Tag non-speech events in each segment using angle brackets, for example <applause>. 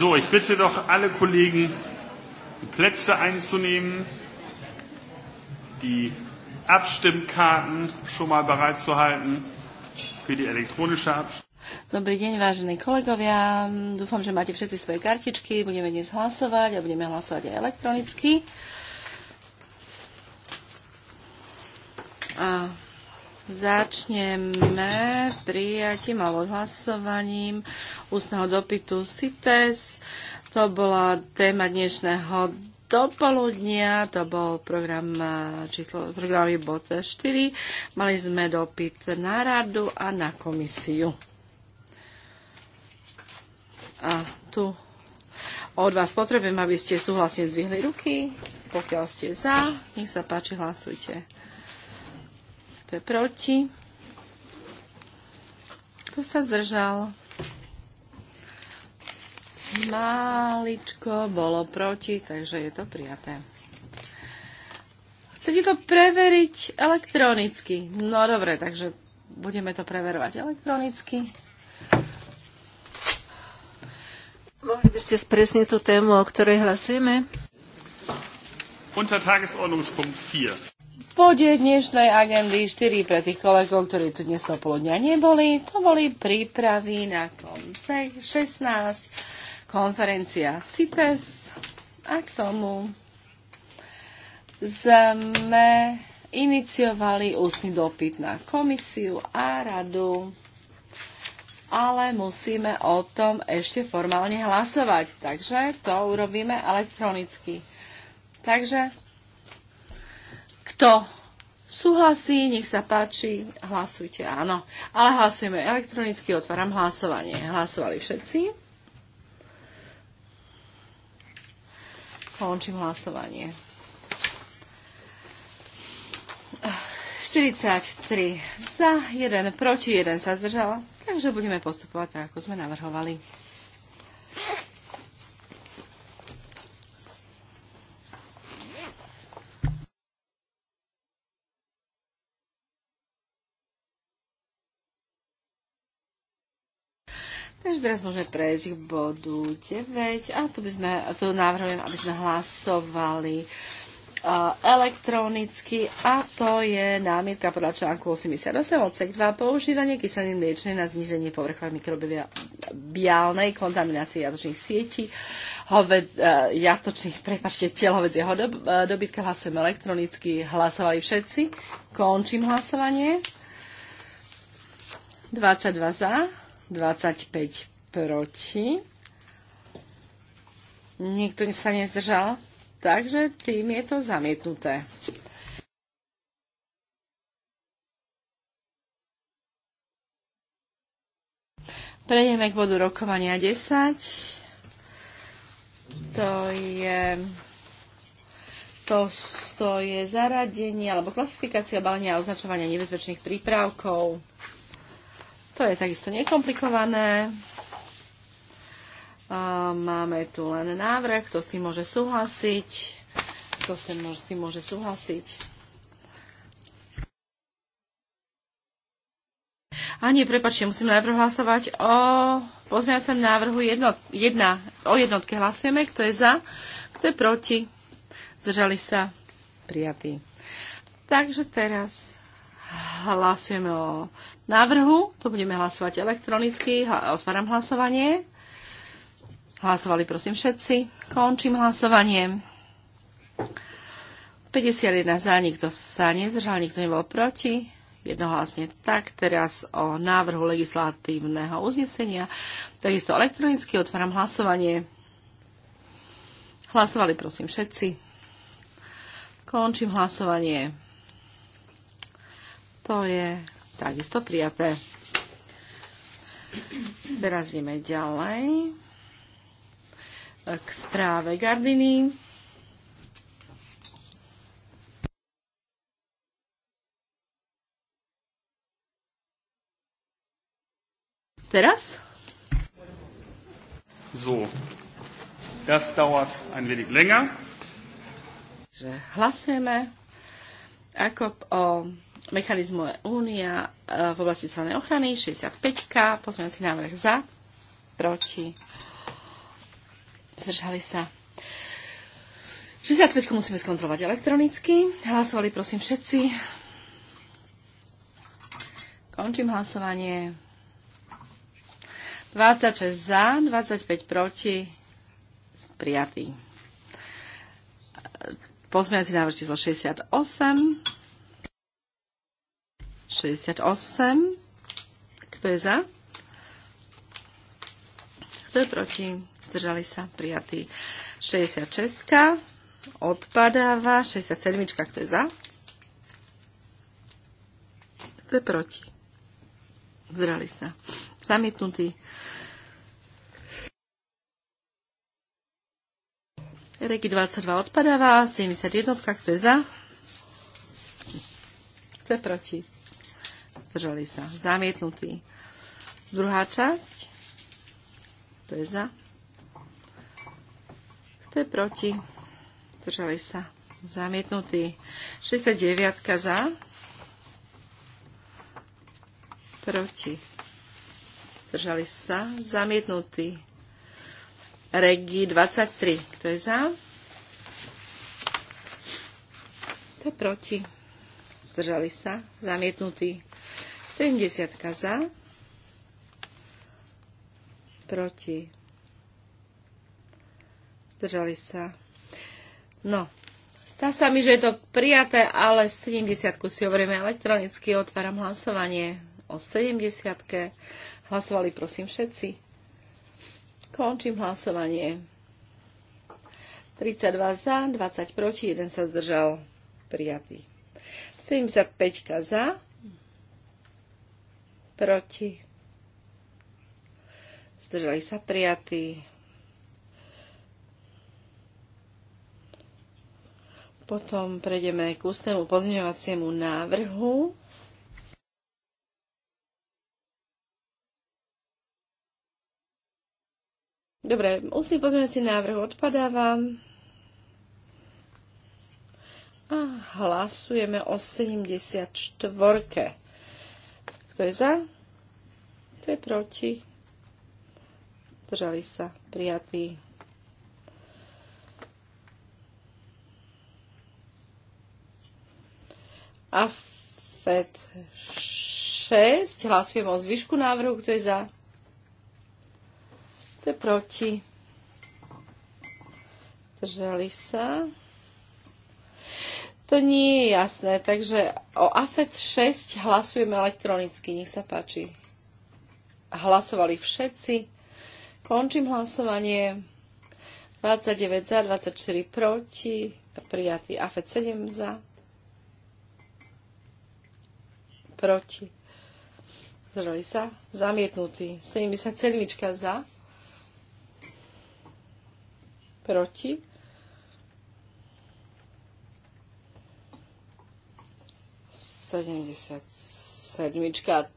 So, ich bitte doch alle Kollegen, die Plätze einzunehmen, die Abstimmkarten schon mal bereitzuhalten für die elektronische Abstimmung. Dobrý deň, vážení kolegovia. Dúfam, že máte všetci svoje kartičky. Budeme dnes hlasovať a budeme hlasovať aj elektronicky. A Začneme prijatím alebo odhlasovaním ústneho dopytu CITES. To bola téma dnešného dopoludnia, to bol program eh, číslo, programový bod 4. Mali sme dopyt na radu a na komisiu. A tu od vás potrebujem, aby ste súhlasne zdvihli ruky. Pokiaľ ste za, nech sa páči, hlasujte. Kto je proti? Kto sa zdržal? Máličko bolo proti, takže je to prijaté. Chcete to preveriť elektronicky? No dobre, takže budeme to preverovať elektronicky. Mohli by ste spresniť tú tému, o ktorej hlasujeme? Unter Tagesordnungspunkt 4 bode dnešnej agendy 4 pre tých kolegov, ktorí tu dnes do poludňa neboli. To boli prípravy na konce 16, konferencia CITES a k tomu sme iniciovali ústny dopyt na komisiu a radu, ale musíme o tom ešte formálne hlasovať, takže to urobíme elektronicky. Takže kto súhlasí, nech sa páči, hlasujte áno. Ale hlasujeme elektronicky, otváram hlasovanie. Hlasovali všetci. Končím hlasovanie. 43 za, 1 proti, 1 sa zdržal. Takže budeme postupovať tak, ako sme navrhovali. Takže teraz môžeme prejsť k bodu 9 a tu, by sme, tu navrhujem, aby sme hlasovali elektronicky a to je námietka podľa článku 88 odsek 2 používanie kyseliny mliečnej na zníženie povrchovej mikrobiálnej kontaminácie jatočných sietí hoved, e, jatočných, prepačte, tiel hovedzieho e, dobytka hlasujem elektronicky, hlasovali všetci končím hlasovanie 22 za 25 proti. Nikto sa nezdržal. Takže tým je to zamietnuté. Prejdeme k bodu rokovania 10. To je to, to je zaradenie alebo klasifikácia balenia a označovania nebezpečných prípravkov. To je takisto nekomplikované. Máme tu len návrh, kto s tým môže súhlasiť. Kto s tým môže, súhlasiť. A nie, prepačte, musím najprv hlasovať o pozmeňacom návrhu jedno, jedna, o jednotke hlasujeme, kto je za, kto je proti. Zdržali sa prijatí. Takže teraz Hlasujeme o návrhu. Tu budeme hlasovať elektronicky. Otváram hlasovanie. Hlasovali prosím všetci. Končím hlasovanie. 51 za, nikto sa nezdržal, nikto nebol proti. Jednohlasne tak. Teraz o návrhu legislatívneho uznesenia. Takisto elektronicky otváram hlasovanie. Hlasovali prosím všetci. Končím hlasovanie. To je takisto prijaté. Teraz ideme ďalej k správe Gardiny. Teraz? So, das dauert ein wenig länger. Že hlasujeme ako o mechanizmu Únia e, v oblasti celnej ochrany, 65K, pozmeňací návrh za, proti, zdržali sa. 65 musíme skontrolovať elektronicky. Hlasovali prosím všetci. Končím hlasovanie. 26 za, 25 proti, prijatý. Pozmeňací návrh číslo 68 68. Kto je za? Kto je proti? Zdržali sa prijatí. 66. Odpadáva. 67. Kto je za? Kto je proti? Zdržali sa. Zamietnutý. Regi 22 odpadáva, 71, kto je za? Kto je proti? zdržali sa, zamietnutý. Druhá časť, kto je za, kto je proti, zdržali sa, zamietnutý. 69 za, proti, zdržali sa, zamietnutý. Regi 23, kto je za? To je proti. Zdržali sa. Zamietnutý. 70 za, proti, zdržali sa. No, Stá sa mi, že je to prijaté, ale 70 si hovoríme elektronicky. Otváram hlasovanie o 70. Hlasovali prosím všetci. Končím hlasovanie. 32 za, 20 proti, 1 sa zdržal prijatý. 75 za, proti, zdržali sa prijatí. Potom prejdeme k ústnemu pozmeňovaciemu návrhu. Dobre, ústny pozmeňovací návrh odpadáva. A hlasujeme o 74. Kto je za? Kto je proti? držali sa prijatí. FED 6. Hlasujem o zvyšku návrhu. Kto je za? Kto je proti? Držali sa. To nie je jasné, takže o AFET 6 hlasujeme elektronicky, nech sa páči. Hlasovali všetci. Končím hlasovanie. 29 za, 24 proti, prijatý AFET 7 za, proti. Zdržali sa? Zamietnutý. 77 za. Proti. 77.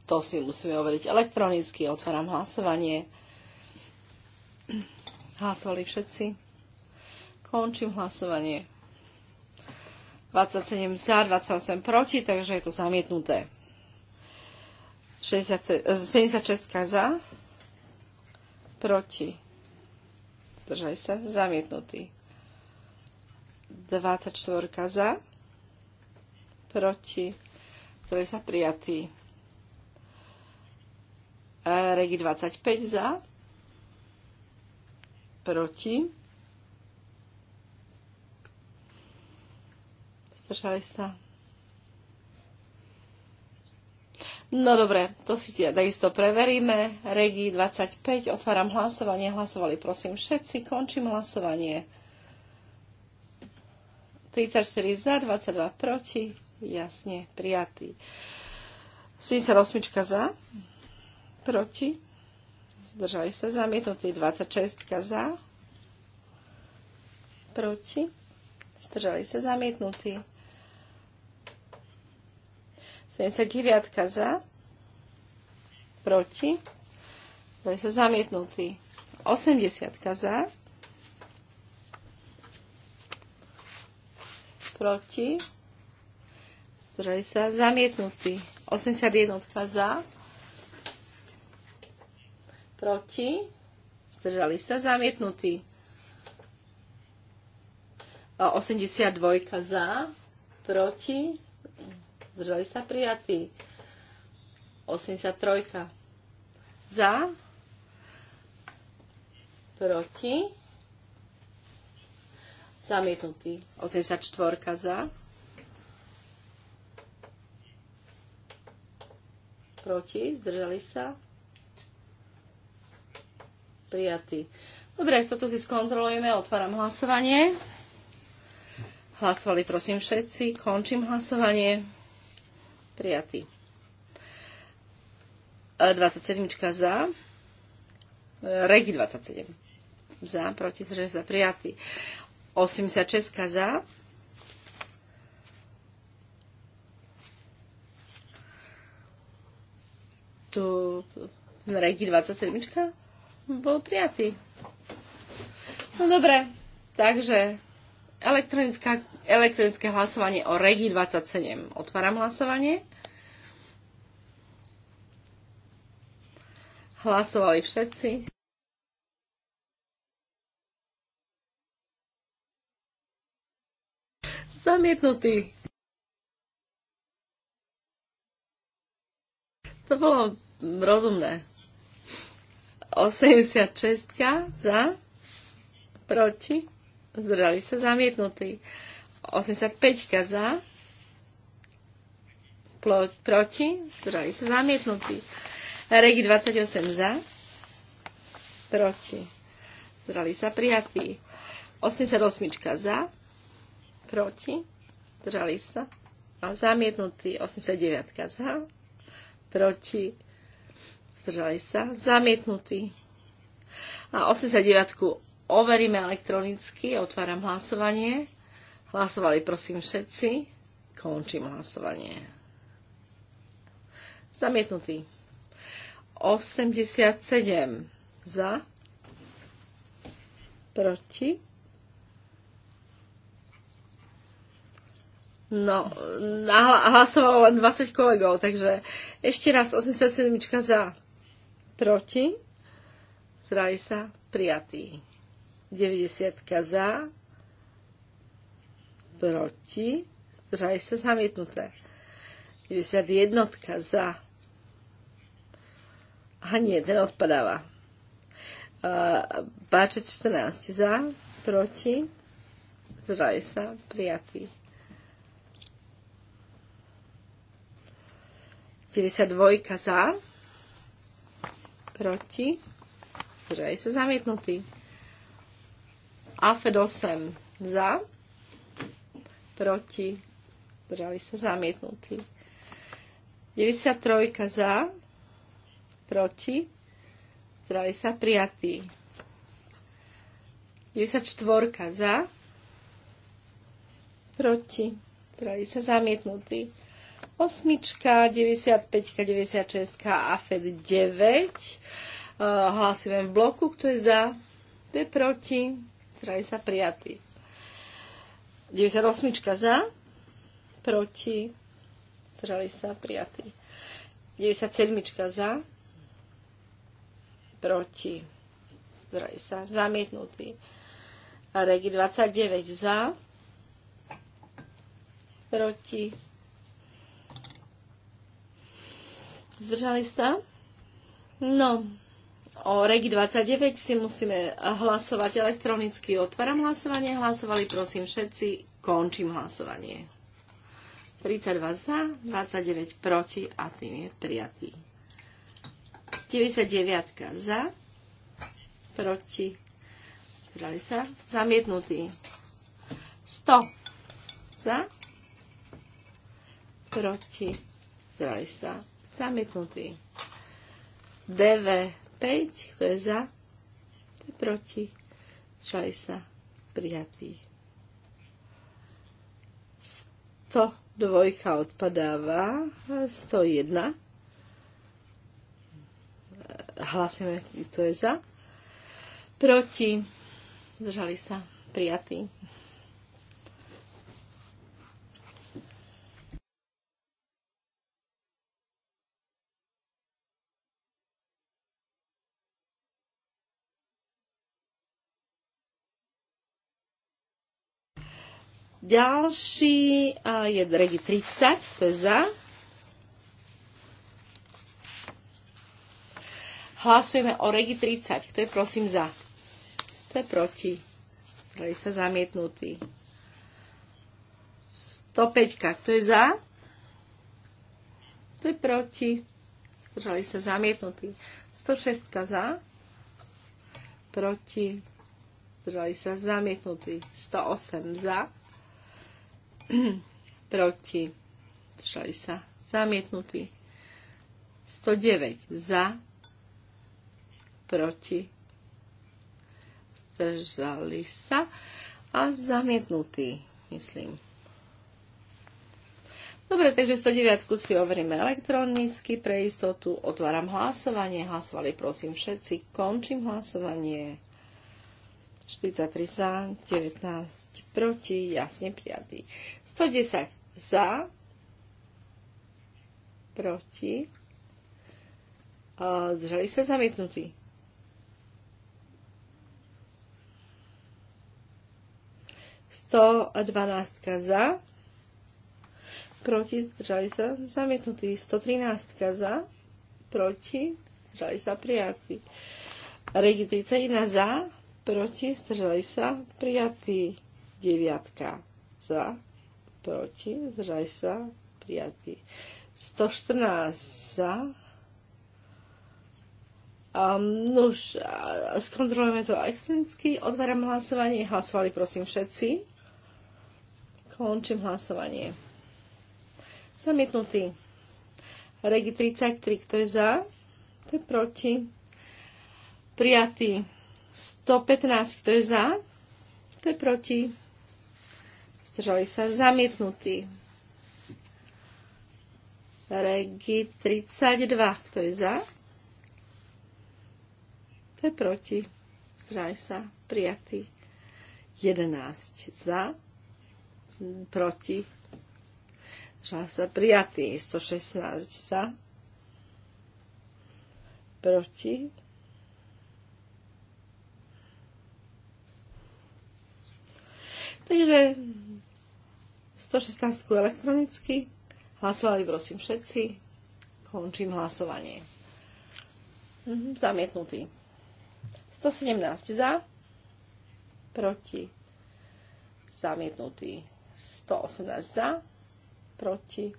To si musíme overiť elektronicky. Otváram hlasovanie. Hlasovali všetci. Končím hlasovanie. 27 za, 28 proti, takže je to zamietnuté. 76 eh, za, proti. Držaj sa, zamietnutý. 24 za, proti zdržali sa prijatí. Regi 25 za, proti, zdržali sa. No dobre, to si teda isto preveríme. Regi 25, otváram hlasovanie. Hlasovali prosím všetci, končím hlasovanie. 34 za, 22 proti jasne prijatý. 78 za, proti, zdržali sa zamietnutí, 26 za, proti, zdržali sa zamietnutí, 79 za, proti, zdržali sa zamietnutí, 80 za, proti, zdržali sa, zamietnutý. 81 za, proti, zdržali sa, zamietnutý. 82 za, proti, zdržali sa, prijatý. 83 za, proti, zamietnutý. 84 za, proti, zdržali sa, prijatý. Dobre, toto si skontrolujeme, otváram hlasovanie. Hlasovali prosím všetci, končím hlasovanie. Prijatý. 27 e, za, e, Regi 27 za, proti zdržali sa, prijatý. 86 za, tu z regi 27 bol prijatý. No dobre, takže elektronická, elektronické hlasovanie o regi 27. Otváram hlasovanie. Hlasovali všetci. Zamietnutý. To bolo rozumné. 86 za, proti, zdržali sa zamietnutí. 85 za, proti, zdržali sa zamietnutí. Regi 28 za, proti, zdržali sa prijatí. 88 za, proti, zdržali sa a zamietnutí. 89 za, proti, zdržali sa, zamietnutý. A 89 overíme elektronicky, otváram hlasovanie. Hlasovali prosím všetci, končím hlasovanie. Zamietnutý. 87 za, proti, No, hlasovalo len 20 kolegov, takže ešte raz 87 za, proti, zdraví sa, prijatý. 90 za, proti, Zdraví sa zamietnuté. 91 za, a nie, ten odpadáva. Uh, Báčet 14 za, proti, zdržali sa, prijatý. 92 za, proti, aj sa zamietnutí. AFED 8 za, proti, zdržali sa zamietnutí. 93 za, proti, zdržali sa prijatí. 94 za, proti, zdržali sa zamietnutí osmička, 95, 96 a FED 9. Eh, hlasujeme v bloku, kto je za, kto je proti, zdraví sa prijatý. 98 za, proti, zdraví sa prijatý. 97 za, proti, zdraví sa zamietnutý. Regi 29 za, proti, Zdržali sa? No, o Regi 29 si musíme hlasovať elektronicky. Otváram hlasovanie. Hlasovali prosím všetci. Končím hlasovanie. 32 za, 29 proti a tým je prijatý. 99 za, proti, zdrali sa, zamietnutý. 100 za, proti, zdrali sa, Zamietnutý. DV 5, kto je za, je proti, čaj sa prijatý. 102 odpadáva, 101. Hlasíme, kto je za. Proti, zdržali sa, prijatý. Ďalší je regi 30, to je za. Hlasujeme o regi 30, kto je prosím za. Kto je proti. Regi sa zamietnutý. 105, kto je za. Kto je proti. Zdržali sa zamietnutý. 106 za. Proti. Zdržali sa zamietnutý. 108 za <clears throat> proti, zdržali sa zamietnutí. 109 za, proti, zdržali sa a zamietnutí, myslím. Dobre, takže 109 si overíme elektronicky. Pre istotu otváram hlasovanie. Hlasovali prosím všetci. Končím hlasovanie. 43 za, 19 proti, jasne prijatý. 110 za, proti, zdržali sa zamietnutí. Sto dvanáctka za, proti, zdržali sa zamietnutí. 113 za, proti, zdržali sa prijatí. Regi 31 za, proti, zdržali sa, prijatý. Deviatka za, proti, zdržali sa, prijatý. 114 za. Um, nuž, skontrolujeme to elektronicky. Otváram hlasovanie. Hlasovali prosím všetci. Končím hlasovanie. Zamietnutý. Regi 33, kto je za? To je proti. Prijatý. 115, kto je za, kto je proti, zdržali sa zamietnutí. Regi 32, kto je za, kto je proti, zdržali sa prijatí. 11 za, proti, zdržali sa prijatí. 116 za, proti, Takže 116 elektronicky. Hlasovali prosím všetci. Končím hlasovanie. Mhm, zamietnutý. 117 za, proti, zamietnutý. 118 za, proti,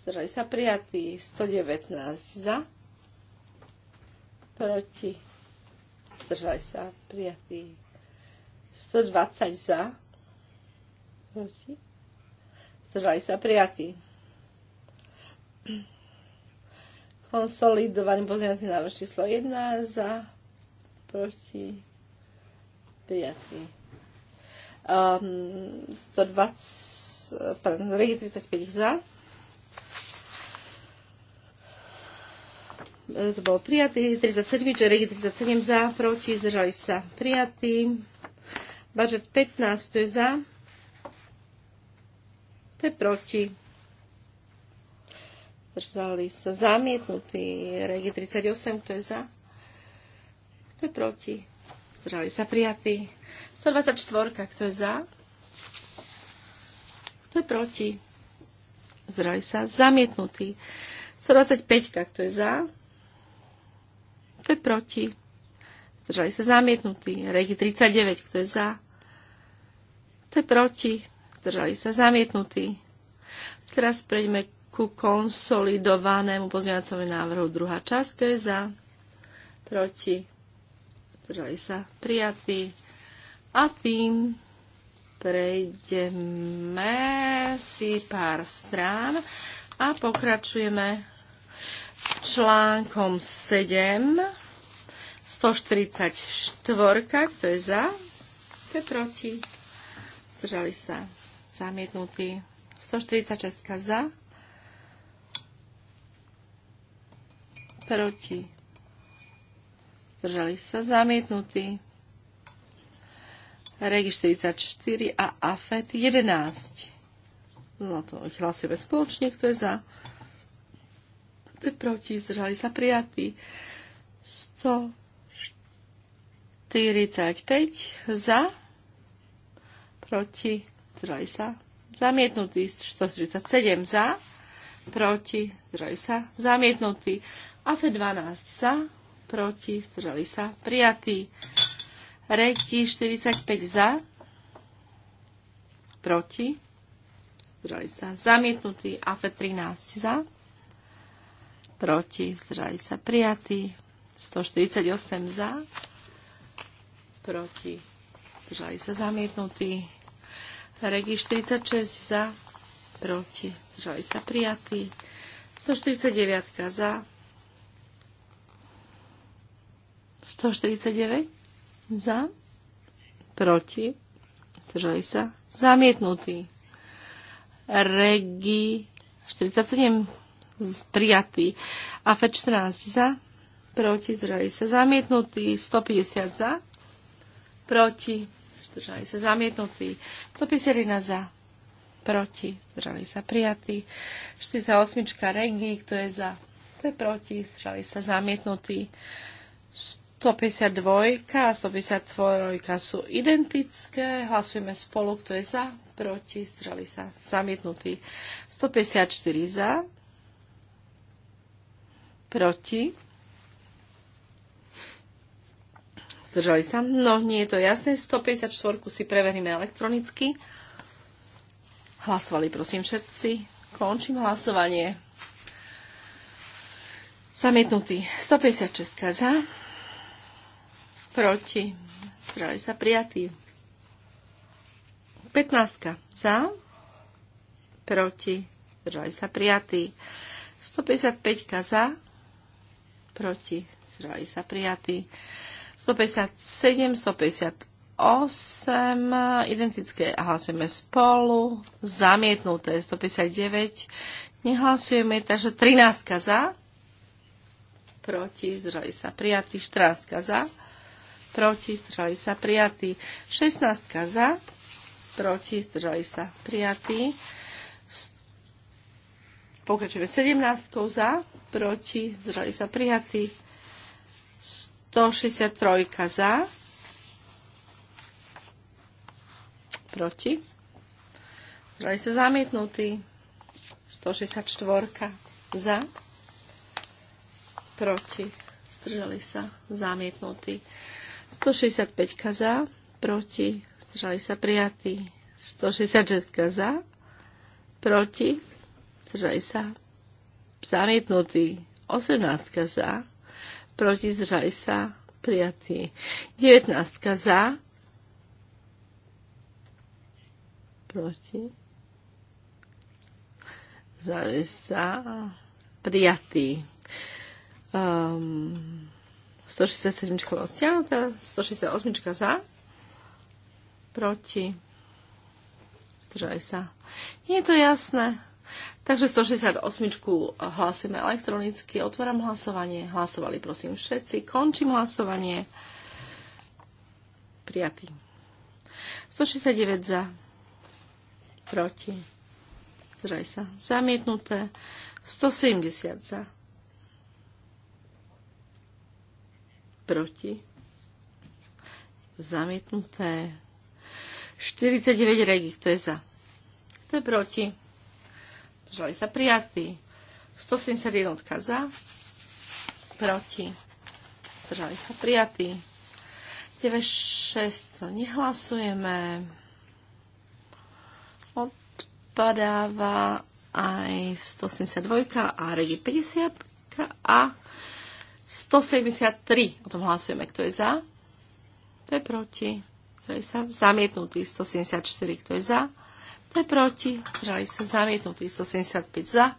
zdržali sa prijatí. 119 za, proti, zdržali sa prijatí. 120 za. Proti. Zdržali sa prijatí. Konsolidovaný pozmeňovací návrh číslo 1 za. Proti. Prijatý. Um, 120, pardon, regi 35 za. to bolo prijatý, 37, čiže regi 37 za, proti, zdržali sa prijatým. Budget 15, to je za. To je proti. Zdržali sa zamietnutí. Regi 38, to je za. To je proti. Zdržali sa prijatí. 124, kto je za? Kto je proti? Zdržali sa zamietnutí. 125, kto je za? Kto je proti? Zdržali sa zamietnutí. Regi 39, kto je za? Kto je proti? Zdržali sa zamietnutí. Teraz prejdeme ku konsolidovanému pozmeňovacomu návrhu. Druhá časť, kto je za? Proti? Zdržali sa prijatí. A tým prejdeme si pár strán a pokračujeme článkom 7 144, kto je za, kto je proti. Zdržali sa zamietnutí. 146 za, proti. Zdržali sa zamietnutí. Regi 44 a AFET 11. No to hlasujeme spoločne, kto je za, kto je proti, zdržali sa prijatí. 100 45 za, proti, zdroj sa, zamietnutý 147 za, proti, zdroj sa, zamietnutý. fe 12 za, proti, zdroj sa, prijatý. Reky 45 za, proti, zdroj sa, zamietnutý. fe 13 za, proti, zdroj sa, prijatý. 148 za, proti, zdržali sa zamietnutí. Regi 46 za, proti, zdržali sa prijatí. 149 za, 149 za, proti, zdržali sa, zamietnutí. Regi 47 prijatý. a 14 za, proti zdržali sa zamietnutí, 150 za, proti, zdržali sa zamietnutí, 151 za, proti, zdržali sa prijatí, 48 regi, kto je za, to je proti, zdržali sa zamietnutí, 152 a 153 sú identické, hlasujeme spolu, kto je za, proti, zdržali sa zamietnutí, 154 za, proti, Zdržali sa? No, nie je to jasné. 154 si preveríme elektronicky. Hlasovali prosím všetci. Končím hlasovanie. Zamietnutý. 156 za. Proti. Zdržali sa prijatí. 15 za. Proti. Zdržali sa prijatí. 155 za. Proti. Zdržali sa prijatí. 157, 158, identické hlasujeme spolu, zamietnuté 159, nehlasujeme, takže 13 za, proti, zdržali sa prijatí, 14 za, proti, zdržali sa prijatí, 16 za, proti, zdržali sa prijatí, pokračujeme 17 za, proti, zdržali sa prijatí, 163 za, proti, zdržali sa zamietnutý. 164 za, proti, zdržali sa zamietnutý. 165 za, proti, zdržali sa prijatí, 166 za, proti, zdržali sa zamietnutý. 18 za, proti zdržali sa prijatí. 19 za, proti zdržali sa prijatí. Um, 167 stiahnutá, 168 za, proti zdržali sa. Nie je to jasné. Takže 168 hlasujeme elektronicky. Otváram hlasovanie. Hlasovali prosím všetci. Končím hlasovanie. Prijatý. 169 za. Proti. Zraj sa. Zamietnuté. 170 za. Proti. Zamietnuté. 49 regi. Kto je za? Kto je proti? zdržali sa prijatí. 171 za, proti, zdržali sa prijatí. 96 nehlasujeme. Odpadáva aj 172 a regi 50 a 173. O tom hlasujeme, kto je za, kto je proti, Zdržali sa zamietnutý. 174, kto je za, to je proti. Zdržali sa zamietnutí. 175 za.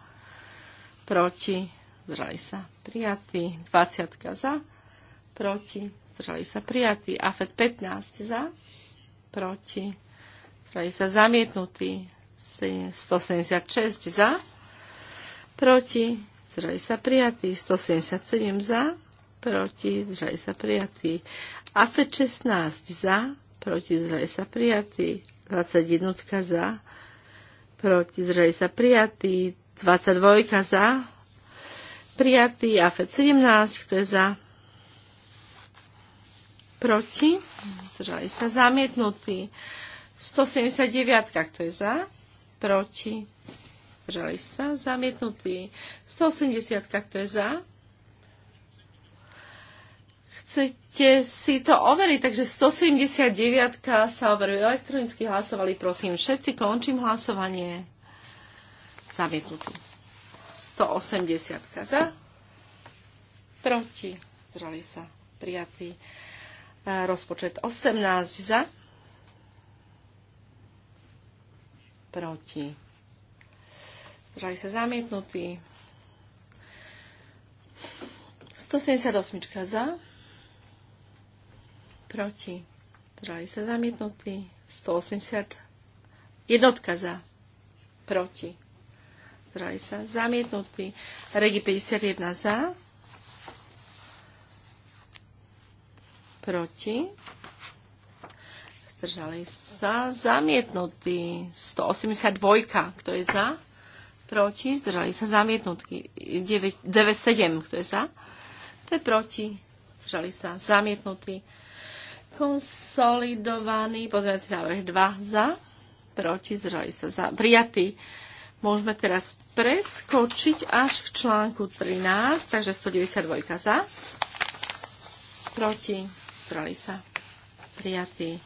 Proti. Zdržali sa prijatí. 20 za. Proti. Zdržali sa prijatí. AFED 15 za. Proti. Zdržali sa zamietnutí. 176 za. Proti. Zdržali sa prijatí. 177 za. Proti. Zdržali sa prijatí. AFED 16 za. Proti. Zdržali sa prijatí. 21 za, proti zdržali sa prijatí, 22 za, prijatí a FED 17, kto je za, proti, zdržali sa zamietnutí, 179, kto je za, proti, zdržali sa zamietnutí, 180, kto je za, chcete si to overiť, takže 179 sa overuje elektronicky, hlasovali prosím všetci, končím hlasovanie. Zamietnutý. 180 za, proti, zdržali sa, prijatý. E, rozpočet 18 za, proti. Zdržali sa zamietnutí. 178 za, proti, zdržali sa zamietnutí, 180, jednotka za, proti, zdržali sa zamietnutí, regi 51 za, proti, zdržali sa zamietnutí, 182, kto je za, proti, zdržali sa zamietnutí, 97, kto je za, kto je proti, zdržali sa zamietnutí, Konsolidovaný pozmeňovací návrh 2 za, proti, zdržali sa za, prijatý. Môžeme teraz preskočiť až k článku 13, takže 192 za, proti, zdržali sa, prijatý.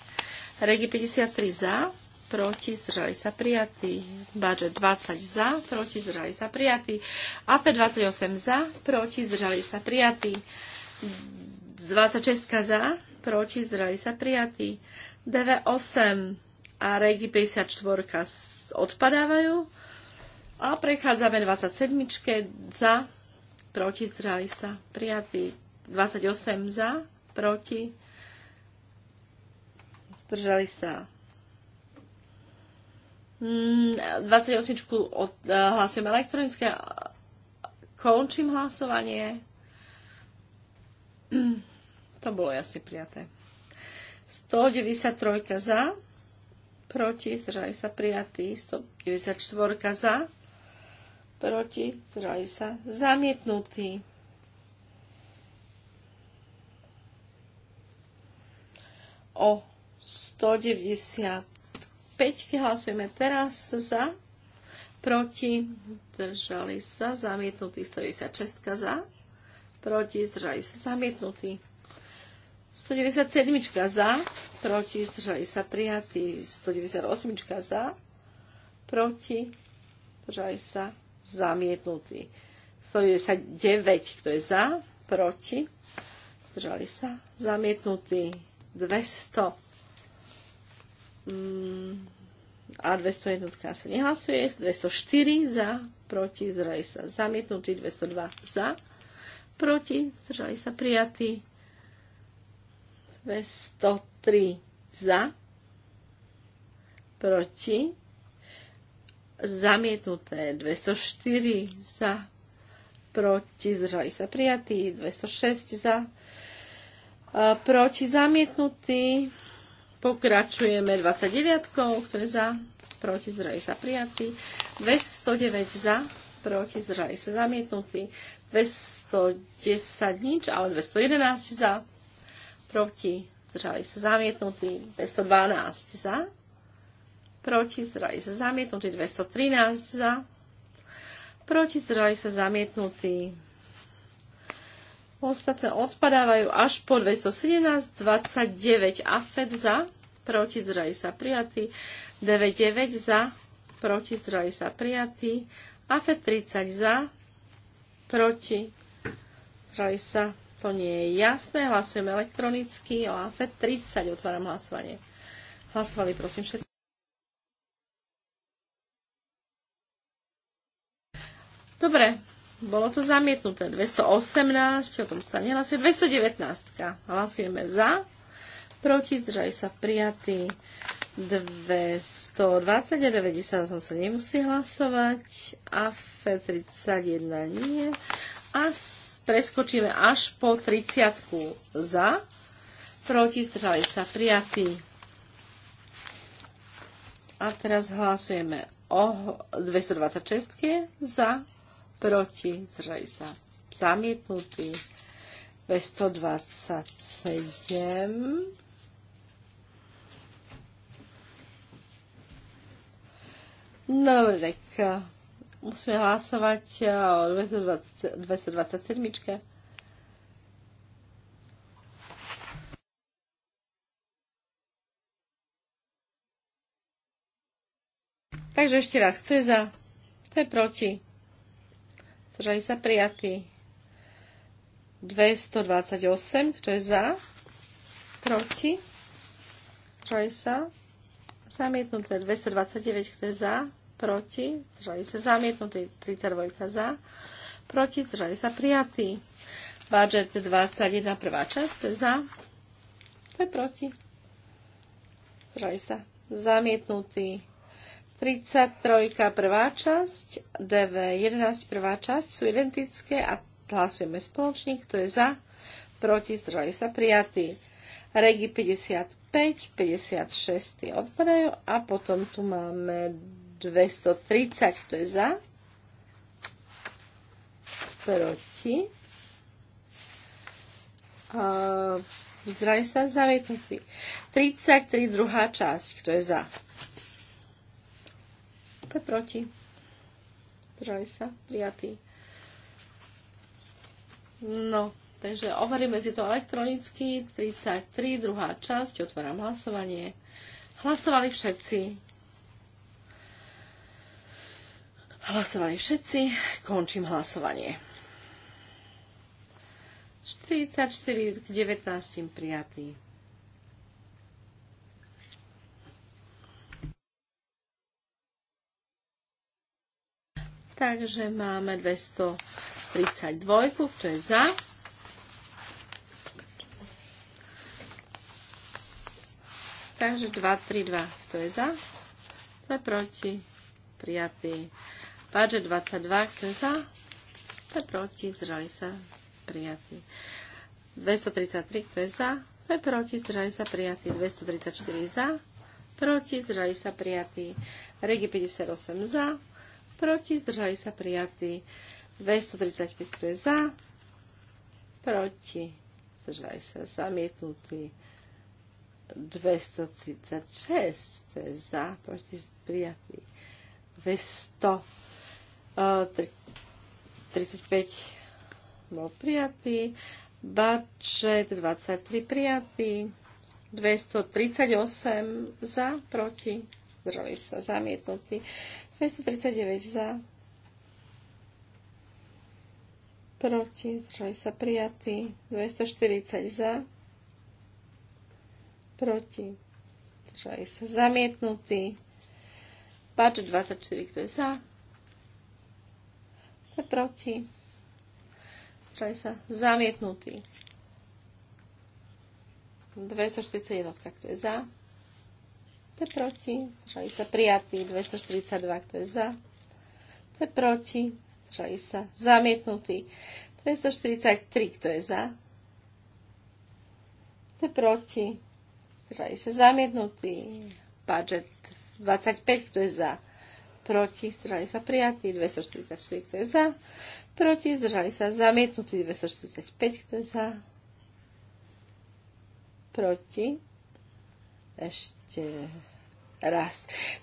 Regi 53 za, proti, zdržali sa prijatí. Budget 20 za, proti, zdržali sa prijatí. AP 28 za, proti, zdržali sa prijatí. 26 za, proti, zdržali sa prijatí. DV8 a Regi 54 odpadávajú. A prechádzame 27 za, proti, zdržali sa prijatí. 28 za, proti, zdržali sa 28 mm, od, eh, hlasujem elektronické. Končím hlasovanie. <clears throat> to bolo jasne prijaté. 193 za, proti, zdržali sa prijatí, 194 za, proti, zdržali sa zamietnutí. O 195 hlasujeme teraz za, proti, zdržali sa zamietnutí, 196 za, proti, zdržali sa zamietnutí. 197 za, proti, zdržali sa prijatí. 198 za, proti, zdržali sa zamietnutí. 199, kto je za, proti, zdržali sa zamietnutí. 200 mm, a 201 sa nehlasuje. 204 za, proti, zdržali sa zamietnutí. 202 za, proti, zdržali sa prijatí. 203 za, proti, zamietnuté 204 za, proti, zdržali sa prijatí, 206 za, proti, zamietnutí, pokračujeme 29, ktoré je za, proti, zdržali sa prijatí, 209 za, proti, zdržali sa zamietnutí, 210 nič, ale 211 za, proti, zdržali sa zamietnutí, 212 za, proti, zdržali sa zamietnutí, 213 za, proti, zdržali sa zamietnutí. Ostatné odpadávajú až po 217, 29 afet za, proti, zdržali sa prijatí, 99 za, proti, zdržali sa prijatí, afet 30 za, proti, zdržali sa to nie je jasné. Hlasujeme elektronicky o 30. E otváram hlasovanie. Hlasovali prosím všetci. Dobre, bolo to zamietnuté. 218, o tom sa nehlasuje. 219. Hlasujeme za. Proti, zdržali sa prijatí. 220 a 90 sa nemusí hlasovať. A F31 e nie. A preskočíme až po 30 za, proti zdržali sa prijatí. A teraz hlasujeme o 226 za, proti zdržali sa zamietnutí. 227 No, tak Musíme hlasovať eh, o 227. Takže ešte raz, kto je za? Kto je proti? Zdržali sa prijatí. 228, kto je za? Proti? Zdržali sa? Zamietnuté. 229, kto je za? proti, zdržali sa zamietnutí, 32 za, proti, zdržali sa prijatí. Budget 21, prvá časť, to je za, to je proti. Zdržali sa zamietnutí. 33, prvá časť, DV 11, prvá časť sú identické a hlasujeme spoločník, kto je za, proti, zdržali sa prijatí. Regi 55, 56 odpadajú a potom tu máme 230, kto je za? Proti. a Zdraví sa zamietnutý. 33, druhá časť, kto je za? Kto proti? Zdraví sa, prijatý. No, takže overíme si to elektronicky. 33, druhá časť, otváram hlasovanie. Hlasovali všetci. Hlasovali všetci. Končím hlasovanie. 44 k 19 prijatý. Takže máme 232, kto je za. Takže 232, kto je za. to je proti. Prijatý. Páže 22, kto je za, je proti, zdržali sa prijatí. 233, kto je za, je proti, zdržali sa prijatí. 234 za, proti, zdržali sa prijatí. Regi 58 za, proti, zdržali sa prijatí. 235, kto je za, proti, zdržali sa zamietnutí. 236, to je za, proti prijatí. 200 35 bol prijatý. bače 23 prijatý. 238 za, proti. Zdržali sa zamietnutí. 239 za, proti, zdržali sa prijatí, 240 za, proti, zdržali sa zamietnutí, páč 24, kto je za, je proti. čaj sa Zamietnutý. 241, kto je za. To je proti. Zdržali sa Prijatý. 242, kto je za. To je proti. Zdržali sa Zamietnutý. 243, kto je za. To je proti. Zdržali sa zamietnutý. Budget 25, kto je za proti, zdržali sa prijatí, 244, kto je za, proti, zdržali sa zamietnutí, 245, kto je za, proti, ešte raz,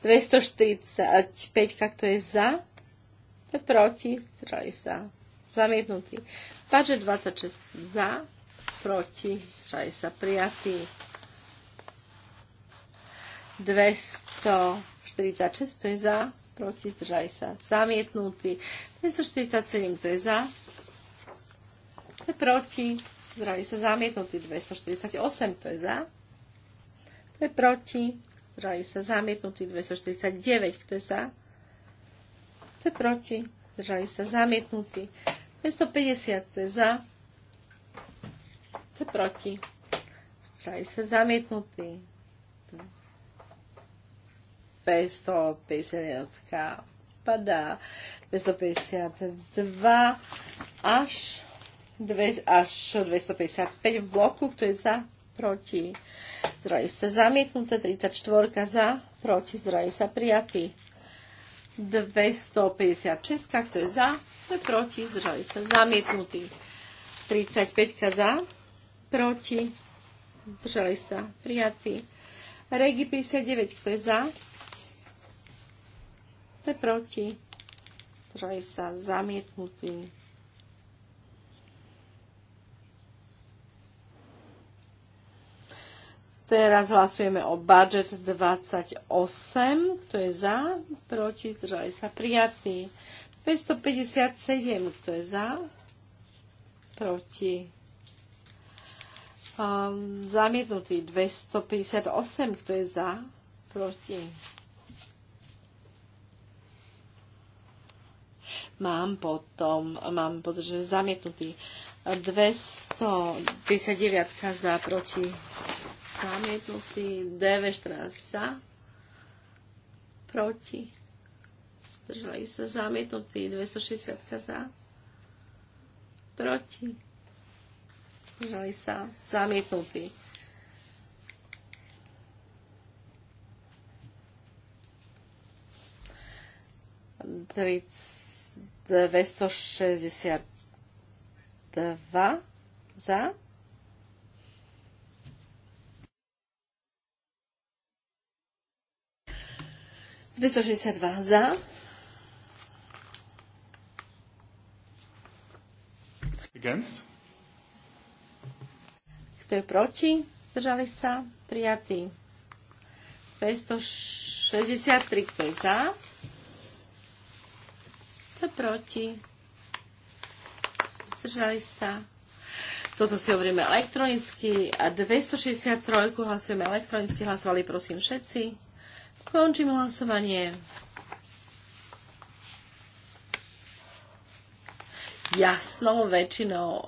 245, kto je za, to je proti, zdržali sa zamietnutí, Paže 26 za, proti, zdržali sa prijatí, 246, to je za, proti, zdržali sa, zamietnutý. 247, kto je za, kto je proti, zdržali sa, zamietnutý. 248, to je za, to je proti, zdržali sa, zamietnutý. 249, kto je za, to je proti, zdržali sa, zamietnutý. 250, kto je za, to je proti, zdržali sa, zamietnutý. 551 padá 252 až, 2, až 255 v bloku, kto je za, proti. Zdroje sa zamietnuté, 34 za, proti, zdroje sa prijatý. 256, kto je za, kto je proti, zdroje sa zamietnutý. 35 za, proti, zdroje sa prijatý. Regi 59, kto je za, to je proti. Zdržali sa zamietnutí. Teraz hlasujeme o budget 28. Kto je za? Proti? Zdržali sa prijatí. 257. Kto je za? Proti? Um, zamietnutý 258. Kto je za? Proti? mám potom, mám pocit, že zamietnutý 259 za proti zamietnutý, DV14 za proti zdržali sa zamietnutý, 260 za proti zdržali sa zamietnutý. Tric, 262 za. dva za. Against. Kto je proti? Zdržali sa? Prijatý. 263, kto je za? zase proti? Zdržali sa. Toto si hovoríme elektronicky a 263 hlasujeme elektronicky. Hlasovali prosím všetci. Končím hlasovanie. Jasnou väčšinou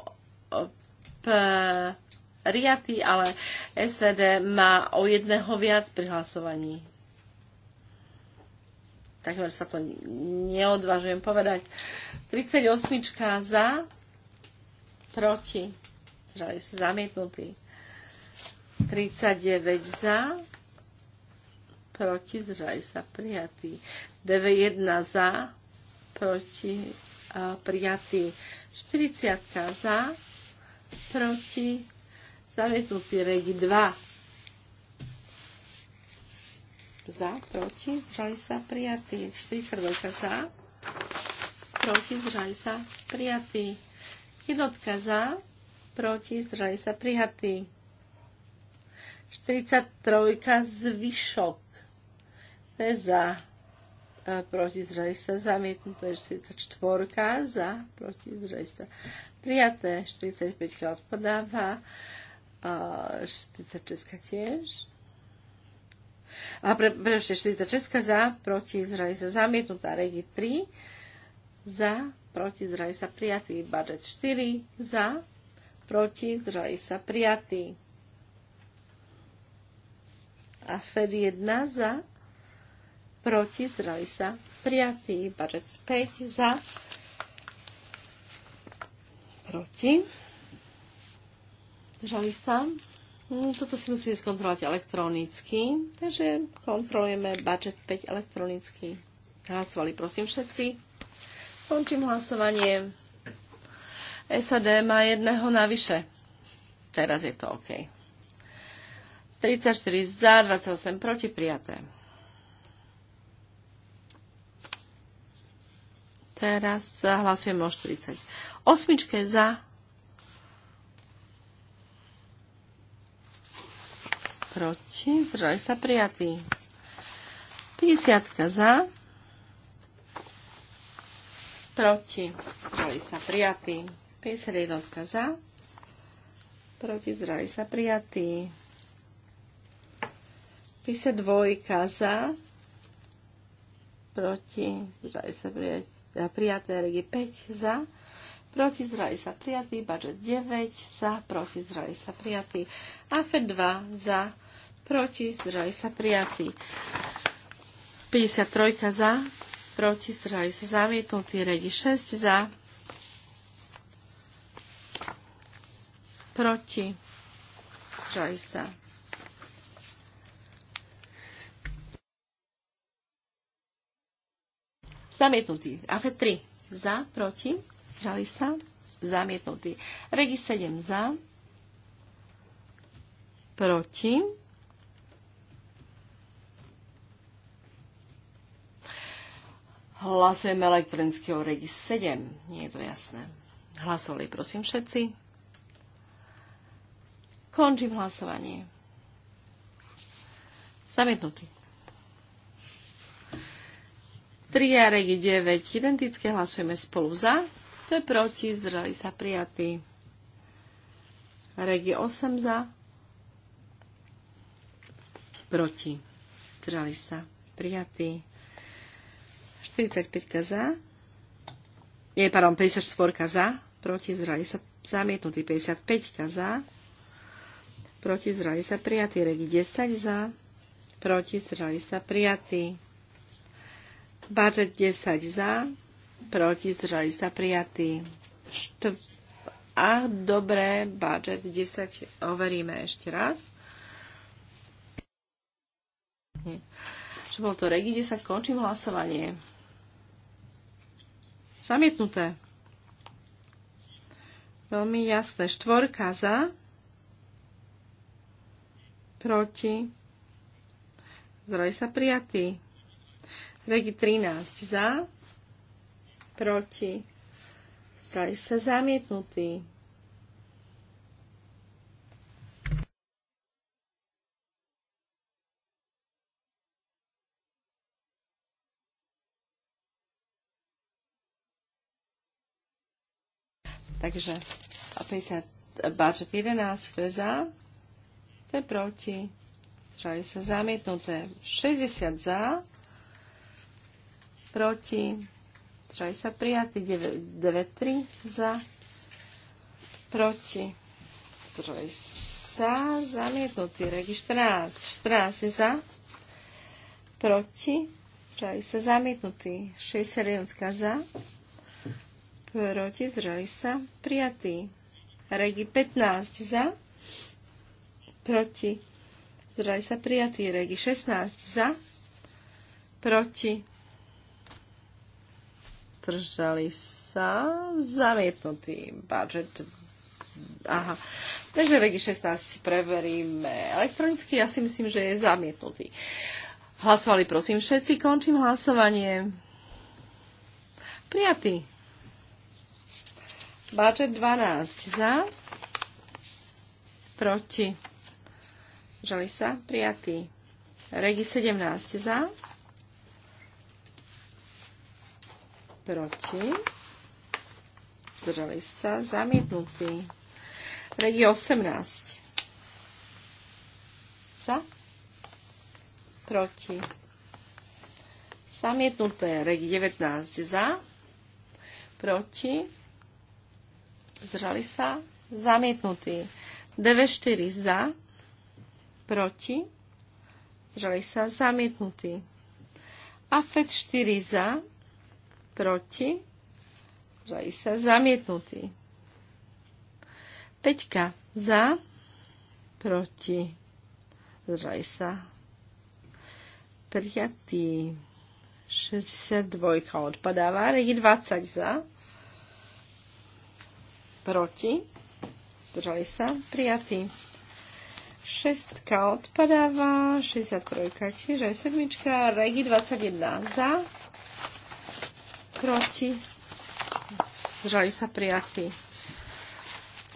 eh, prijatý, ale SED má o jedného viac pri hlasovaní takmer sa to neodvážujem povedať. 38 za, proti, žali sa zamietnutí. 39 za, proti, zdržali sa prijatí. 91 za, proti, a prijatí. 40 za, proti, zamietnutý regi 2 za, proti, zdržali sa prijatí. 42 za, proti, zdržali sa prijatí. Jednotka za, proti, zdržali sa prijatí. 43 zvyšok. To je za, e, proti, zdržali sa zamietnuté. 44 za, proti, zdržali sa prijaté. 45 odpadáva. 46 tiež a pre, pre 46 za, proti zdržali sa zamietnutá, regi 3 za, proti zdržali sa prijatý, budget 4 za, proti zdržali sa prijatý. A FED 1 za, proti zdržali sa prijatý, budget 5 za, proti zdržali sa Hm, toto si musíme skontrolovať elektronicky, takže kontrolujeme budget 5 elektronicky. Hlasovali prosím všetci. Končím hlasovanie. SAD má jedného navyše. Teraz je to OK. 34 za, 28 proti, prijaté. Teraz hlasujeme o 40. Osmičke za, proti, zdržali sa prijatí. 50 za, proti, zdržali sa prijatí. 51 za, proti, zdržali sa prijatí. 52 za, proti, zdržali sa prijaté, prijaté regi 5 za, proti zdraví sa prijatý, budget 9 za, proti zdraví sa prijatý, AFE 2 za, proti, zdržali sa prijatí. 53 za, proti, zdržali sa zamietnutí, redi 6 za, proti, zdržali sa. Zamietnutý. AFE 3 za, proti, zdržali sa, zamietnutí. Regi 7 za, proti, Hlasujeme elektronicky o regi 7. Nie je to jasné. Hlasovali prosím všetci. Končím hlasovanie. Zamietnutý. 3 a regi 9 identické. Hlasujeme spolu za. To je proti. Zdržali sa prijatí. Regi 8 za. Proti. Zdržali sa prijatí. 45 za. Nie, pardon, 54 za. Proti zdržali sa zamietnutí. 55 za. Proti zdržali sa prijatí. Regi 10 za. Proti zdržali sa prijatí. Budget 10 za. Proti zdržali sa prijatý, Štv... A dobré, budget 10 overíme ešte raz. Nie. Čo bol to Regi 10, končím hlasovanie. Zamietnuté. Veľmi jasné. Štvorka za, proti, zdroj sa prijatý. Regi 13 za, proti, zdroj sa zamietnutý. Takže 50, budget 11, kto je za, kto je proti, zdržali sa zamietnuté. 60 za, proti, zdržali sa prijatí, 93 za, proti, zdržali sa zamietnutý, Regi 14, 14 je za, proti, zdržali sa zamietnutý, 61 za, proti, zdržali sa, prijatý. Regi 15 za, proti, zdržali sa, prijatý. Regi 16 za, proti, Držali sa, zamietnutý budget. Aha. Takže Regi 16 preveríme elektronicky. Ja si myslím, že je zamietnutý. Hlasovali prosím všetci. Končím hlasovanie. Prijatý. Budget 12 za, proti, žali sa, prijatý. Regi 17 za, proti, zdržali sa, zamietnutý. Regi 18 za, proti, zamietnuté. Regi 19 za, proti, zdržali sa, zamietnutý. DV4 za, proti, zdržali sa, zamietnutý. AFED 4 za, proti, zdržali sa, zamietnutý. Peťka za, proti, zdržali sa, prijatý. 62 odpadáva, regi 20 za, proti, zdržali sa, prijatý, Šestka odpadáva, 63 tiež aj sedmička, Regi 21 za, proti, zdržali sa, prijatý,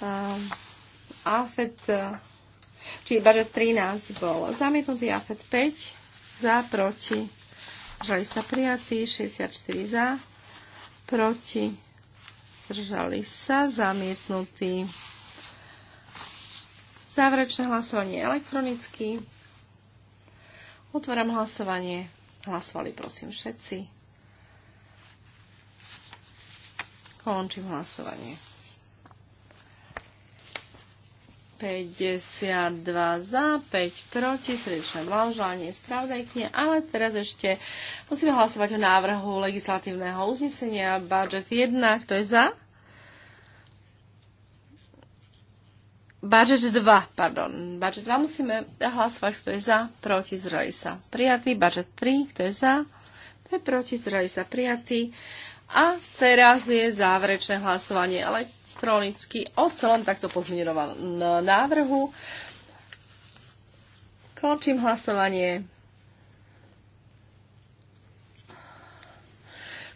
Um, AFED, čiže iba, že 13 bol zamietnutý, AFED 5 za, proti, zdržali sa, prijatí, 64 ehm, za, proti, zdržali sa, zamietnutý. Záverečné hlasovanie elektronicky. Otváram hlasovanie. Hlasovali prosím všetci. Končím hlasovanie. 52 za, 5 proti, srdečné blahoželanie, spravdajkne, ale teraz ešte Musíme hlasovať o návrhu legislatívneho uznesenia. Budget 1, kto je za? Budget 2, pardon. Budget 2 musíme hlasovať, kto je za, proti, zdrali sa. Prijatý. Budget 3, kto je za, kto je proti, zdrali sa. Prijatý. A teraz je záverečné hlasovanie elektronicky o celom takto pozmeňovanom návrhu. Končím hlasovanie.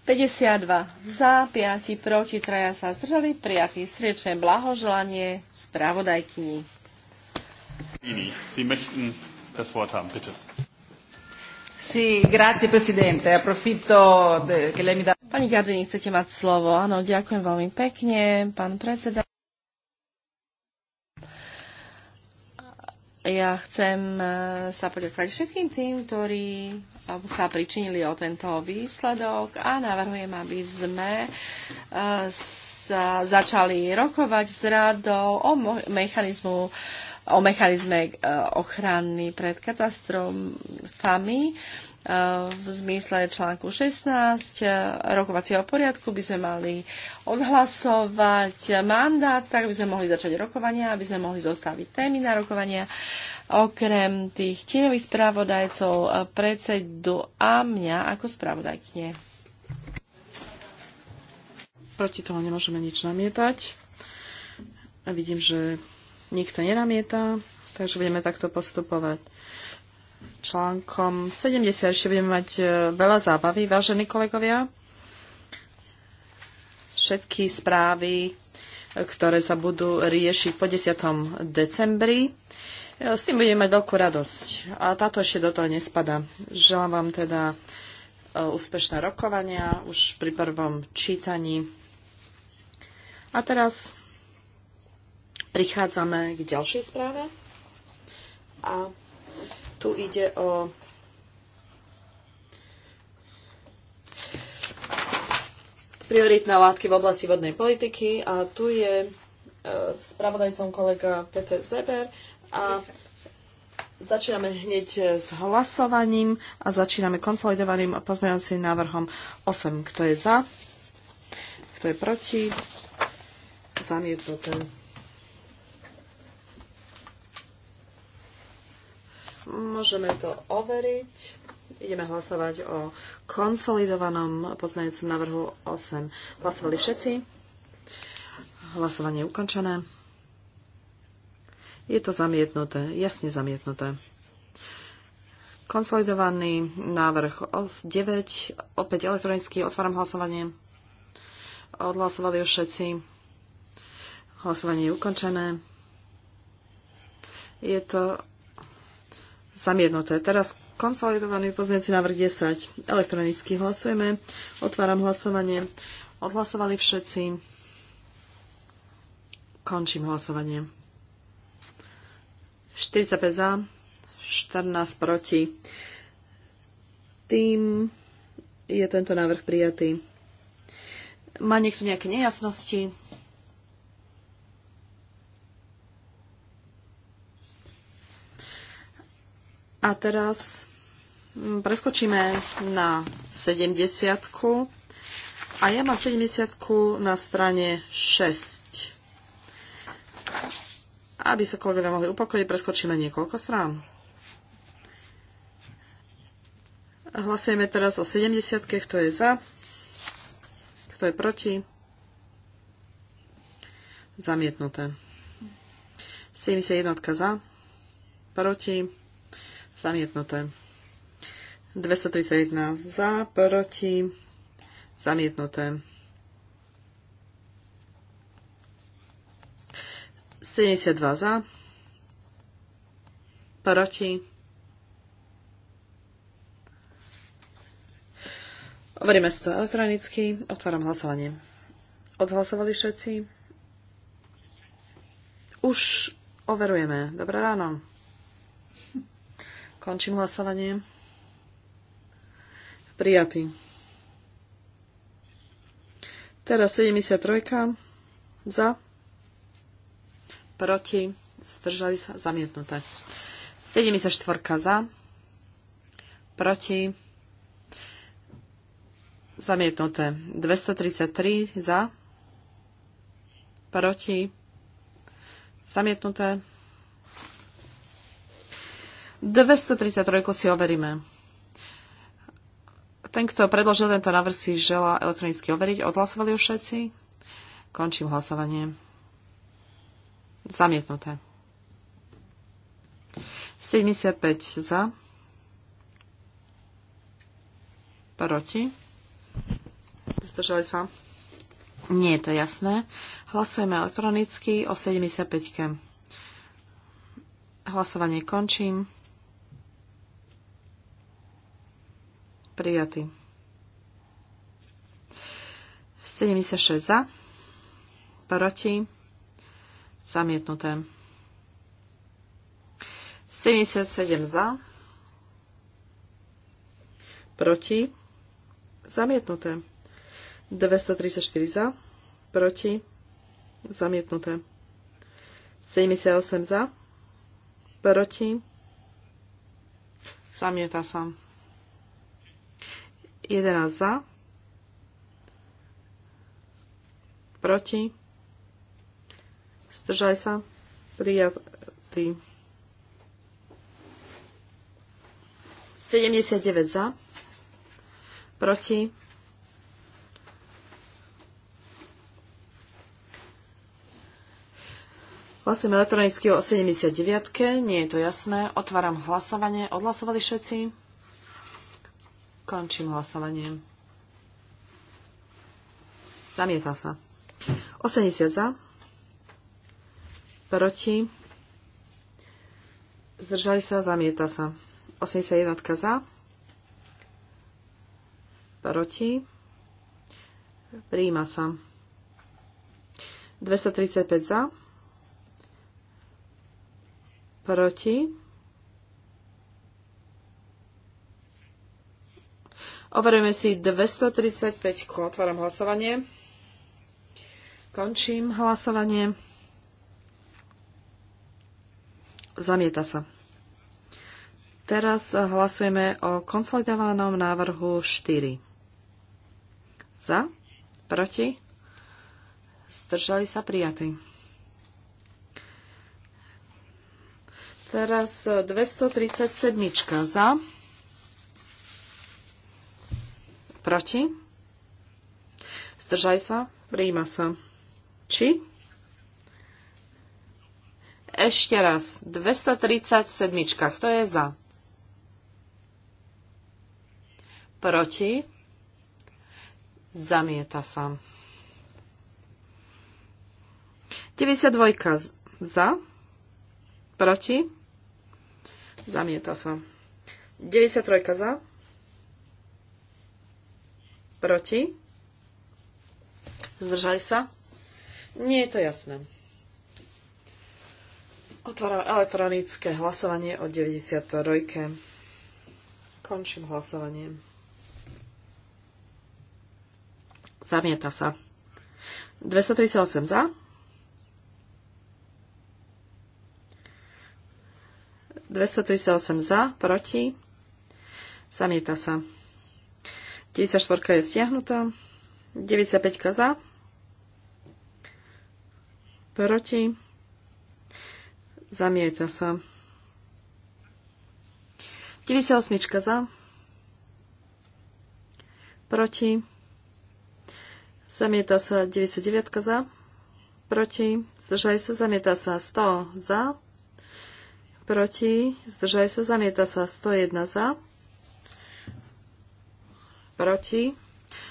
52 za, 5 proti, traja sa zdržali, prijatý srdečné blahoželanie spravodajkyni. Sie möchten das Wort haben, bitte. Sì, grazie Presidente, approfitto che lei mi dá... Pani Gardini, chcete mať slovo? Áno, ďakujem veľmi pekne, pán predseda. Ja chcem e, sa poďakovať všetkým tým, ktorí sa pričinili o tento výsledok a navrhujem, aby sme e, sa začali rokovať s radou o mechanizmu o mechanizme e, ochrany pred katastrofami v zmysle článku 16 e, rokovacieho poriadku by sme mali odhlasovať mandát, tak by sme mohli začať rokovania, aby sme mohli zostaviť témy na rokovania. Okrem tých tieňových správodajcov, e, predsedu a mňa ako správodajkne. Proti toho nemôžeme nič namietať. A vidím, že nikto nenamieta, takže budeme takto postupovať článkom 70 ešte budeme mať e, veľa zábavy, vážení kolegovia. Všetky správy, e, ktoré sa budú riešiť po 10. decembri. E, s tým budeme mať veľkú radosť. A táto ešte do toho nespada. Želám vám teda úspešné rokovania už pri prvom čítaní. A teraz prichádzame k ďalšej správe. A tu ide o prioritné látky v oblasti vodnej politiky a tu je e, spravodajcom kolega Peter Zeber a začíname hneď s hlasovaním a začíname konsolidovaným pozmeňovacím návrhom 8. Kto je za? Kto je proti? Zamietnuté. Môžeme to overiť. Ideme hlasovať o konsolidovanom pozmeňujúcom návrhu 8. Hlasovali všetci. Hlasovanie je ukončené. Je to zamietnuté, jasne zamietnuté. Konsolidovaný návrh 9, opäť elektronicky, otváram hlasovanie. Odhlasovali ho všetci. Hlasovanie je ukončené. Je to zamietnuté. Teraz konsolidovaný pozmeňujúci návrh 10. Elektronicky hlasujeme. Otváram hlasovanie. Odhlasovali všetci. Končím hlasovanie. 45 za, 14 proti. Tým je tento návrh prijatý. Má niekto nejaké nejasnosti? A teraz preskočíme na 70. A ja mám 70 na strane 6. Aby sa kolegovia mohli upokojiť, preskočíme niekoľko strán. Hlasujeme teraz o 70. Kto je za? Kto je proti? Zamietnuté. 71 za. Proti Zamietnuté. 231 za, proti, zamietnuté. 72 za, proti. Overíme si to elektronicky. Otváram hlasovanie. Odhlasovali všetci? Už overujeme. Dobré ráno. Končím hlasovanie. Prijatý. Teraz 73. Za. Proti. Zdržali sa. Zamietnuté. 74. Za. Proti. Zamietnuté. 233 za. Proti. Zamietnuté. 233 si overíme. Ten, kto predložil tento návrh, si želá elektronicky overiť. Odhlasovali už všetci? Končím hlasovanie. Zamietnuté. 75 za. Proti. Zdržali sa. Nie je to jasné. Hlasujeme elektronicky o 75. Hlasovanie končím. prijatý. 76 za, proti, zamietnuté. 77 za, proti, zamietnuté. 234 za, proti, zamietnuté. 78 za, proti, zamieta sa. 11 za, proti, zdržali sa, prijatý. 79 za, proti, Hlasujem elektronicky o 79. Nie je to jasné. Otváram hlasovanie. Odhlasovali všetci? Končím hlasovanie. Zamieta sa. 80 za. Proti. Zdržali sa, zamieta sa. 81 za. Proti. Príjima sa. 235 za. Proti Overujeme si 235. Otváram hlasovanie. Končím hlasovanie. Zamieta sa. Teraz hlasujeme o konsolidovanom návrhu 4. Za? Proti? Zdržali sa prijatí. Teraz 237. Za? Proti? Zdržaj sa? prijíma sa. Či? Ešte raz. 237. Kto je za? Proti? Zamieta sa. 92. Za? Proti? Zamieta sa. 93. Za? Proti? Zdržali sa? Nie je to jasné. Otváram elektronické hlasovanie o 93. Končím hlasovanie. Zamieta sa. 238 za. 238 za, proti. Zamieta sa. 94 je stiahnutá. 95 za. Proti. Zamieta sa. 98 za. Proti. Zamieta sa 99 za. Proti. Zdržaj sa, zamieta sa 100 za. Proti. Zdržaj sa, zamieta sa 101 za proti,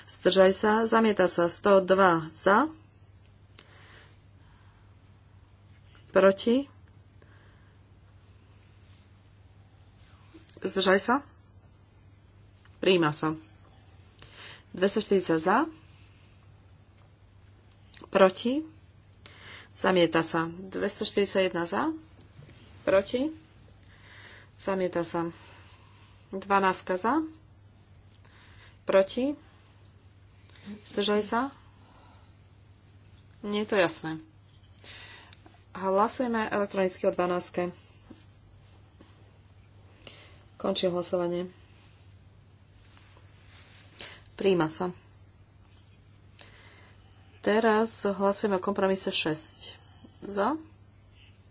zdržaj sa, zamieta sa 102 za, proti, zdržaj sa, príjma sa 240 za, proti, zamieta sa 241 za, proti, zamieta sa 12 za, Proti? Zdržali sa? Nie je to jasné. Hlasujeme elektronicky o 12. Končím hlasovanie. Príjma sa. Teraz hlasujeme o kompromise 6. Za?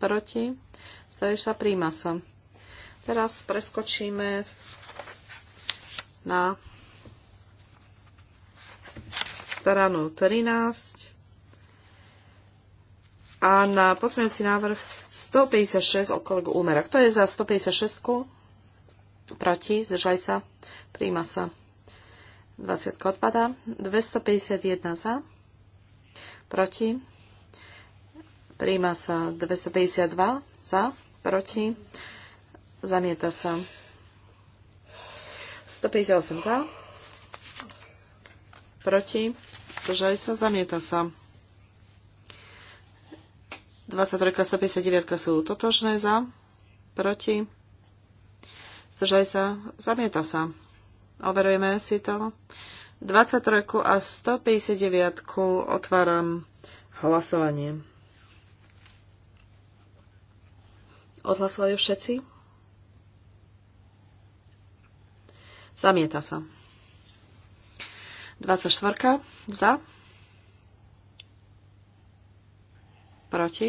Proti? Zdržali sa? Príjma sa. Teraz preskočíme na stranu 13 a na posmiaci návrh 156 od kolegu Úmera. Kto je za 156? Proti? Zdržaj sa? Príjma sa. 20 odpada. 251 za. Proti? Príjma sa. 252 za. Proti? Zamieta sa. 158 za. Proti? zdržali sa, zamieta sa. 23 a 159 sú totožné za, proti, Zdržaj sa, zamieta sa. Overujeme si to. 23 a 159 otváram hlasovanie. Odhlasovali všetci? Zamieta sa. 24 za. Proti.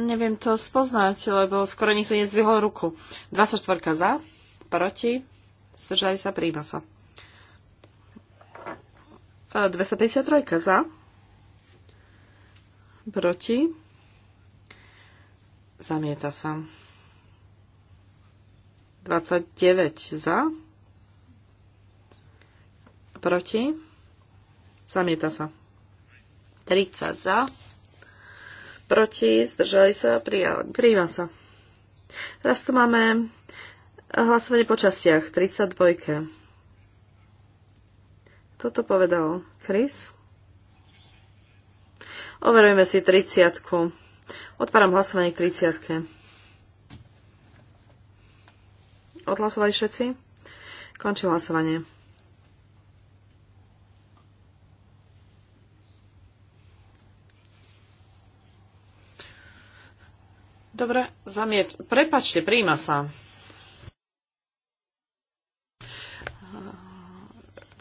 Neviem to spoznať, lebo skoro nikto nezvihol ruku. 24 za. Proti. Zdržali sa, príjma sa. 253 za. Proti. Zamieta sa. 29 za, proti, zamieta sa. 30 za, proti, zdržali sa, prijíma sa. Teraz tu máme eh, hlasovanie po častiach, 32. Toto povedal Chris. Overujeme si 30. Otváram hlasovanie k 30. Odhlasovali všetci? Končím hlasovanie. Dobre, zamiet. Prepačte, príjma sa.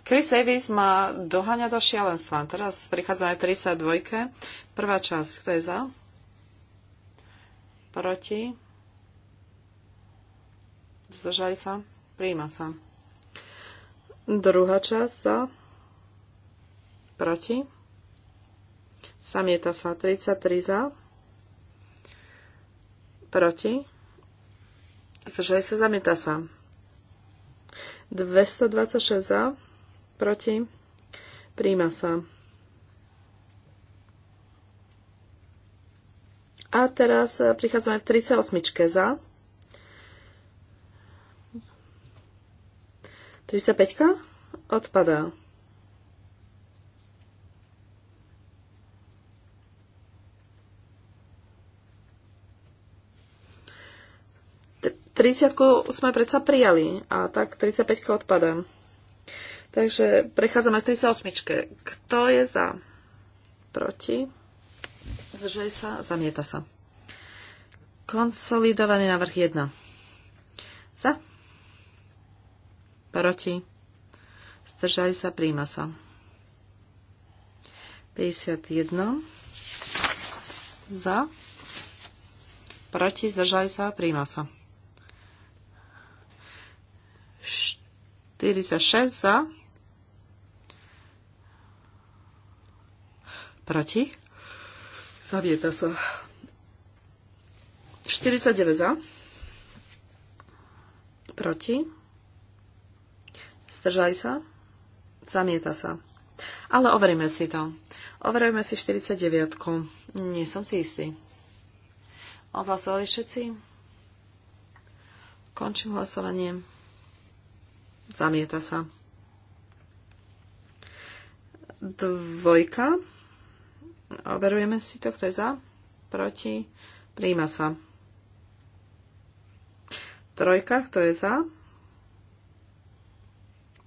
Chris Davis má doháňa do šialenstva. Teraz prichádzame 32. Prvá časť. Kto je za? Proti? zdržali sa, príjma sa. Druhá časť za, proti, Samieta sa, 33 za, proti, zdržali sa, zamieta sa. 226 za, proti, príjma sa. A teraz eh, prichádzame v 38 za, 35 odpadá. T 30 sme predsa prijali a tak 35 odpadá. Takže prechádzame k 38. Kto je za? Proti? Zdržuje sa? Zamieta sa. Konsolidovaný návrh 1. Za? proti, zdržali sa, príjma sa. 51 za, proti, zdržali sa, príjma sa. 46 za, proti, zavieta sa. 49 za, proti, Zdržali sa? Zamieta sa. Ale overíme si to. Overujeme si 49. Nie som si istý. Odhlasovali všetci? Končím hlasovanie. Zamieta sa. Dvojka. Overujeme si to, kto je za, proti, príjma sa. Trojka, kto je za,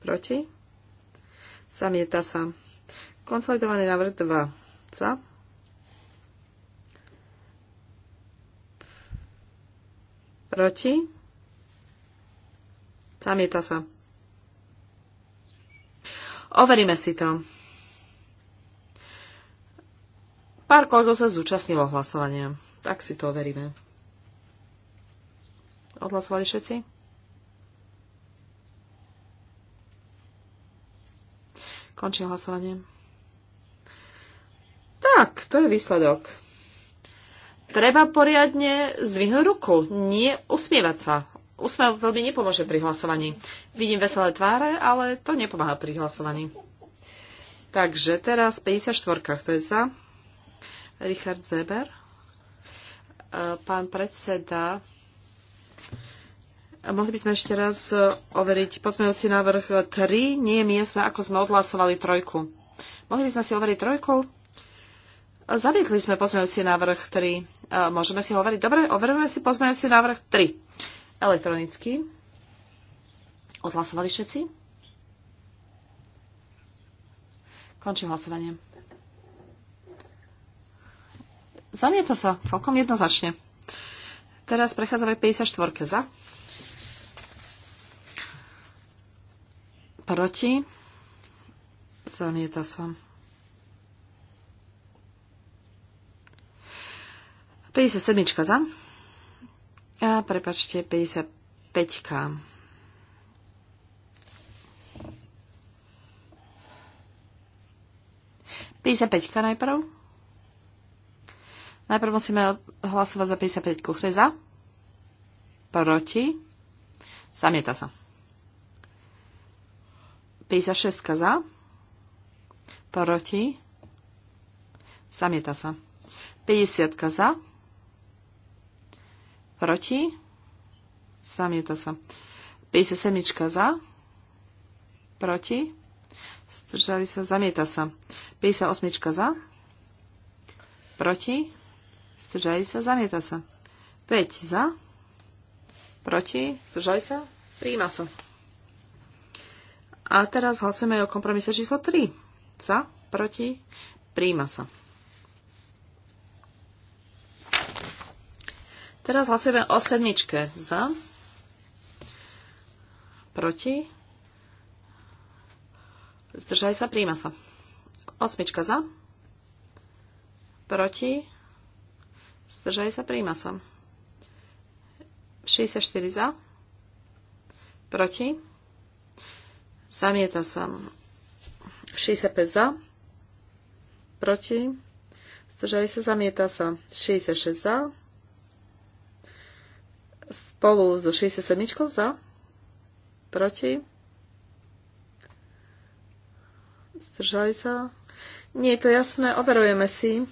Proti? Zamieta sa. Konsolidovaný návrh 2. Za? Proti? Zamieta sa. Overíme si to. Pár kolegov sa zúčastnilo hlasovania. Tak si to overíme. Odhlasovali všetci? Končím hlasovanie. Tak, to je výsledok. Treba poriadne zdvihnúť ruku, nie usmievať sa. Úsmev veľmi nepomôže pri hlasovaní. Vidím veselé tváre, ale to nepomáha pri hlasovaní. Takže teraz 54. Kto je za? Richard Zeber. E, pán predseda Mohli by sme ešte raz e, overiť pozmeňujúci návrh 3. Nie je miesta, ako sme odhlasovali trojku. Mohli by sme si overiť trojku? Zamietli sme pozmeňujúci návrh 3. E, môžeme si hovoriť. Dobre, overujeme si pozmeňujúci návrh 3. Elektronicky. Odhlasovali všetci? Končím hlasovanie. Zamieta sa celkom jednoznačne. Teraz prechádzame 54. Za Proti? Zamieta sa. 57 za. A prepačte, 55. -ka. 5 najprv. Najprv musíme hlasovať za 55. Kto je za? Proti? Zamieta sa. 56 za. Proti. Zamieta sa. 50 za. Proti. Zamieta sa. 57 za. Proti. Zdržali sa. Zamieta sa. 58 za. Proti. Zdržali sa. Zamieta sa. 5 za. Proti. Zdržali sa. Príjima sa. A teraz hlasujeme o kompromise číslo 3. Za, proti, príjma sa. Teraz hlasujeme o sedmičke. Za, proti, zdržaj sa, príjma sa. Osmička za, proti, zdržaj sa, príjma sa. 64 za, proti, Zamieta sa 65 za, proti, zdržali sa, zamieta sa 66 za, spolu so 67 za, proti, zdržali sa. Nie je to jasné, overujeme si.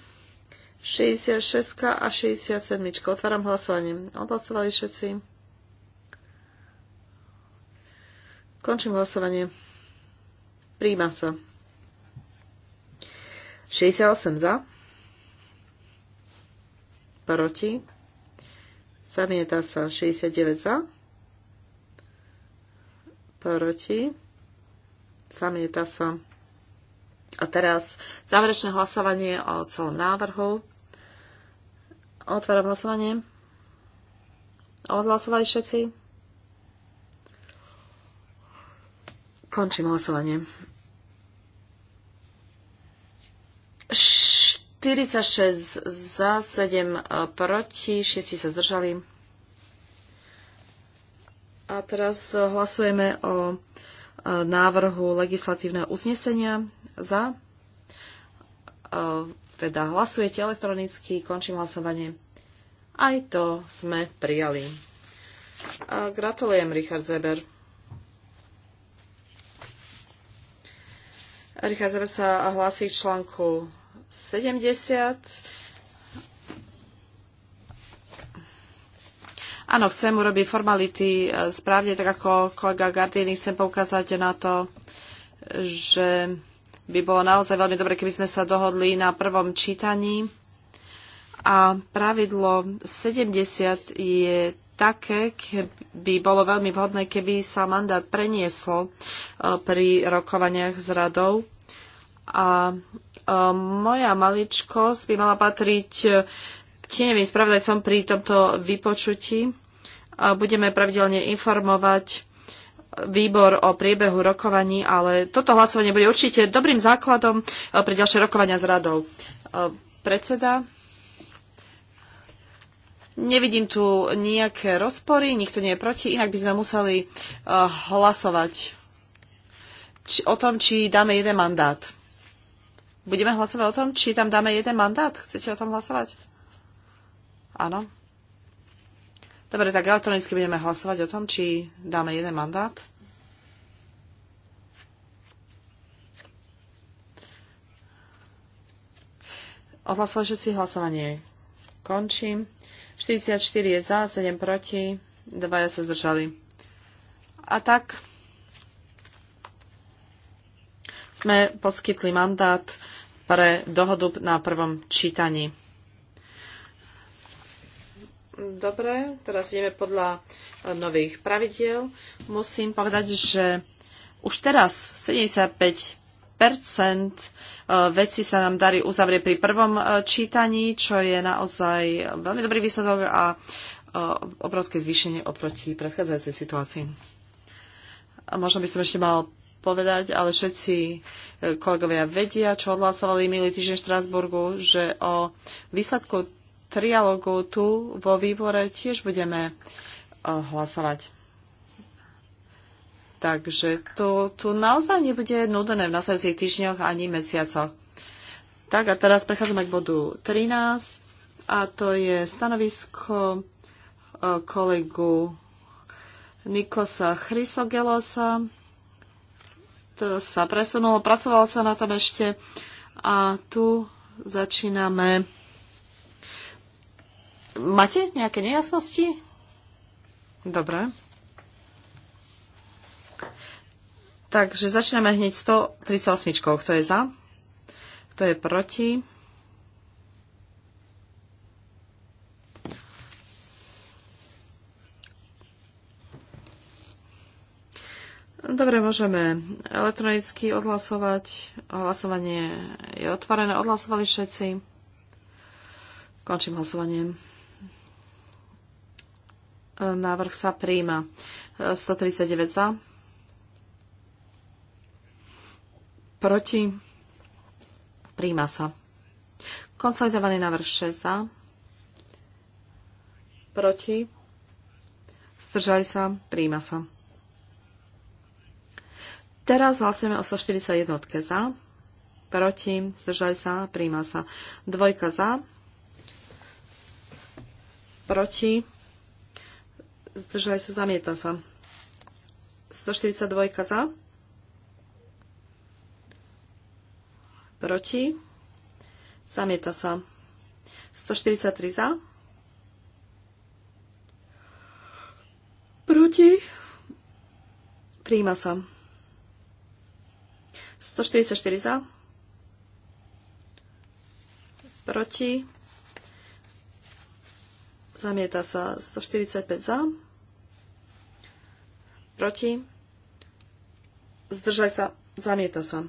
66 a 67. Otváram hlasovanie. Odhlasovali všetci. Končím hlasovanie. Príjma sa. 68 za. Proti. Zamieta sa 69 za. Proti. Zamieta sa. A teraz záverečné hlasovanie o celom návrhu. Otváram hlasovanie. Odhlasovali všetci? Končím hlasovanie. 46 za, 7 e, proti, 6 sa zdržali. A teraz hlasujeme o e, návrhu legislatívneho uznesenia za. E, teda hlasujete elektronicky, končím hlasovanie. Aj to sme prijali. gratulujem, Richard Zeber. Richard Zeber sa hlási k článku 70. Áno, chcem urobiť formality e, správne, tak ako kolega Gardini, chcem poukázať na to, že by bolo naozaj veľmi dobre, keby sme sa dohodli na prvom čítaní. A pravidlo 70 je také keby bolo veľmi vhodné, keby sa mandát preniesol e, pri rokovaniach s radou. A e, moja maličkosť by mala patriť k e, tieňovým spravodajcom pri tomto vypočutí. Budeme pravidelne informovať výbor o priebehu rokovaní, ale toto hlasovanie bude určite dobrým základom pre ďalšie rokovania s radou. Predseda, Nevidím tu nejaké rozpory, nikto nie je proti, inak by sme museli uh, hlasovať či, o tom, či dáme jeden mandát. Budeme hlasovať o tom, či tam dáme jeden mandát? Chcete o tom hlasovať? Áno. Dobre, tak elektronicky budeme hlasovať o tom, či dáme jeden mandát. Odhlasovali všetci hlasovanie. Končím. 44 je za, 7 proti, 2 sa zdržali. A tak sme poskytli mandát pre dohodu na prvom čítaní. Dobre, teraz ideme podľa nových pravidiel. Musím povedať, že už teraz 75 E, veci sa nám darí uzavrieť pri prvom e, čítaní, čo je naozaj veľmi dobrý výsledok a e, obrovské zvýšenie oproti predchádzajúcej situácii. A možno by som ešte mal povedať, ale všetci kolegovia vedia, čo odhlasovali milý týždeň v Štrásburgu, že o výsledku trialogu tu vo výbore tiež budeme hlasovať. Takže to, to naozaj nebude nudné v nasledujúcich týždňoch ani mesiacoch. Tak a teraz prechádzame k bodu 13 a to je stanovisko e, kolegu Nikosa Chrysogelosa. To sa presunulo, pracovalo sa na tom ešte a tu začíname. Máte nejaké nejasnosti? Dobre. Takže začíname hneď 138. Kto je za? Kto je proti? Dobre, môžeme elektronicky odhlasovať. Hlasovanie je otvorené. Odhlasovali všetci. Končím hlasovanie. Návrh sa príjma. 139 za. Proti? Príjma sa. Konsolidovaný návrh 6 za. Proti? Zdržali sa. Príjma sa. Teraz hlasujeme o 141 za. Proti? Zdržali sa. Príjma sa. Dvojka za. Proti? Zdržali sa. Zamieta sa. 142 za proti, zamieta sa. 143 za, proti, príjma sa. 144 za, proti, zamieta sa 145 za, proti, zdržaj sa, zamieta sa.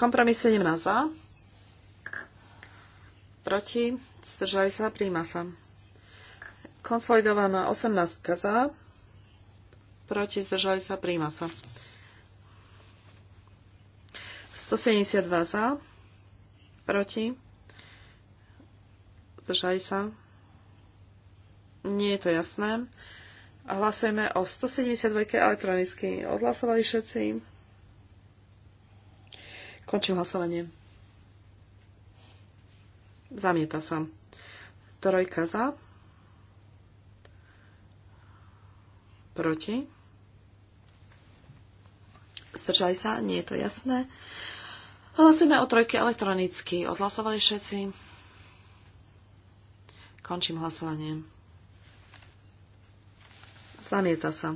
Kompromis 17 za. Proti. Zdržali sa. Príjma sa. Konsolidovaná 18 za. Proti. Zdržali sa. Príjma sa. 172 za. Proti. Zdržali sa. Nie je to jasné. Hlasujeme o 172 elektronicky. Odhlasovali všetci. Končím hlasovanie. Zamieta sa. Trojka za. Proti. Zdržali sa, nie je to jasné. Hlasujeme o trojke elektronicky. Odhlasovali všetci. Končím hlasovanie. Zamieta sa.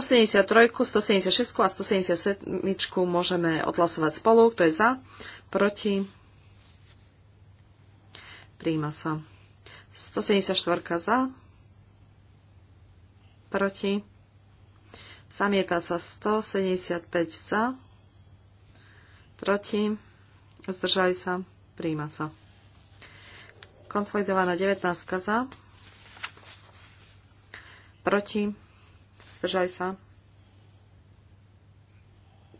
173, 176 a 177 môžeme odhlasovať spolu. Kto je za? Proti? Príjma sa. 174 za? Proti? Zamieta sa 175 za? Proti? Zdržali sa? Príjma sa. Konsolidovaná 19 za? Proti? zdržaj sa,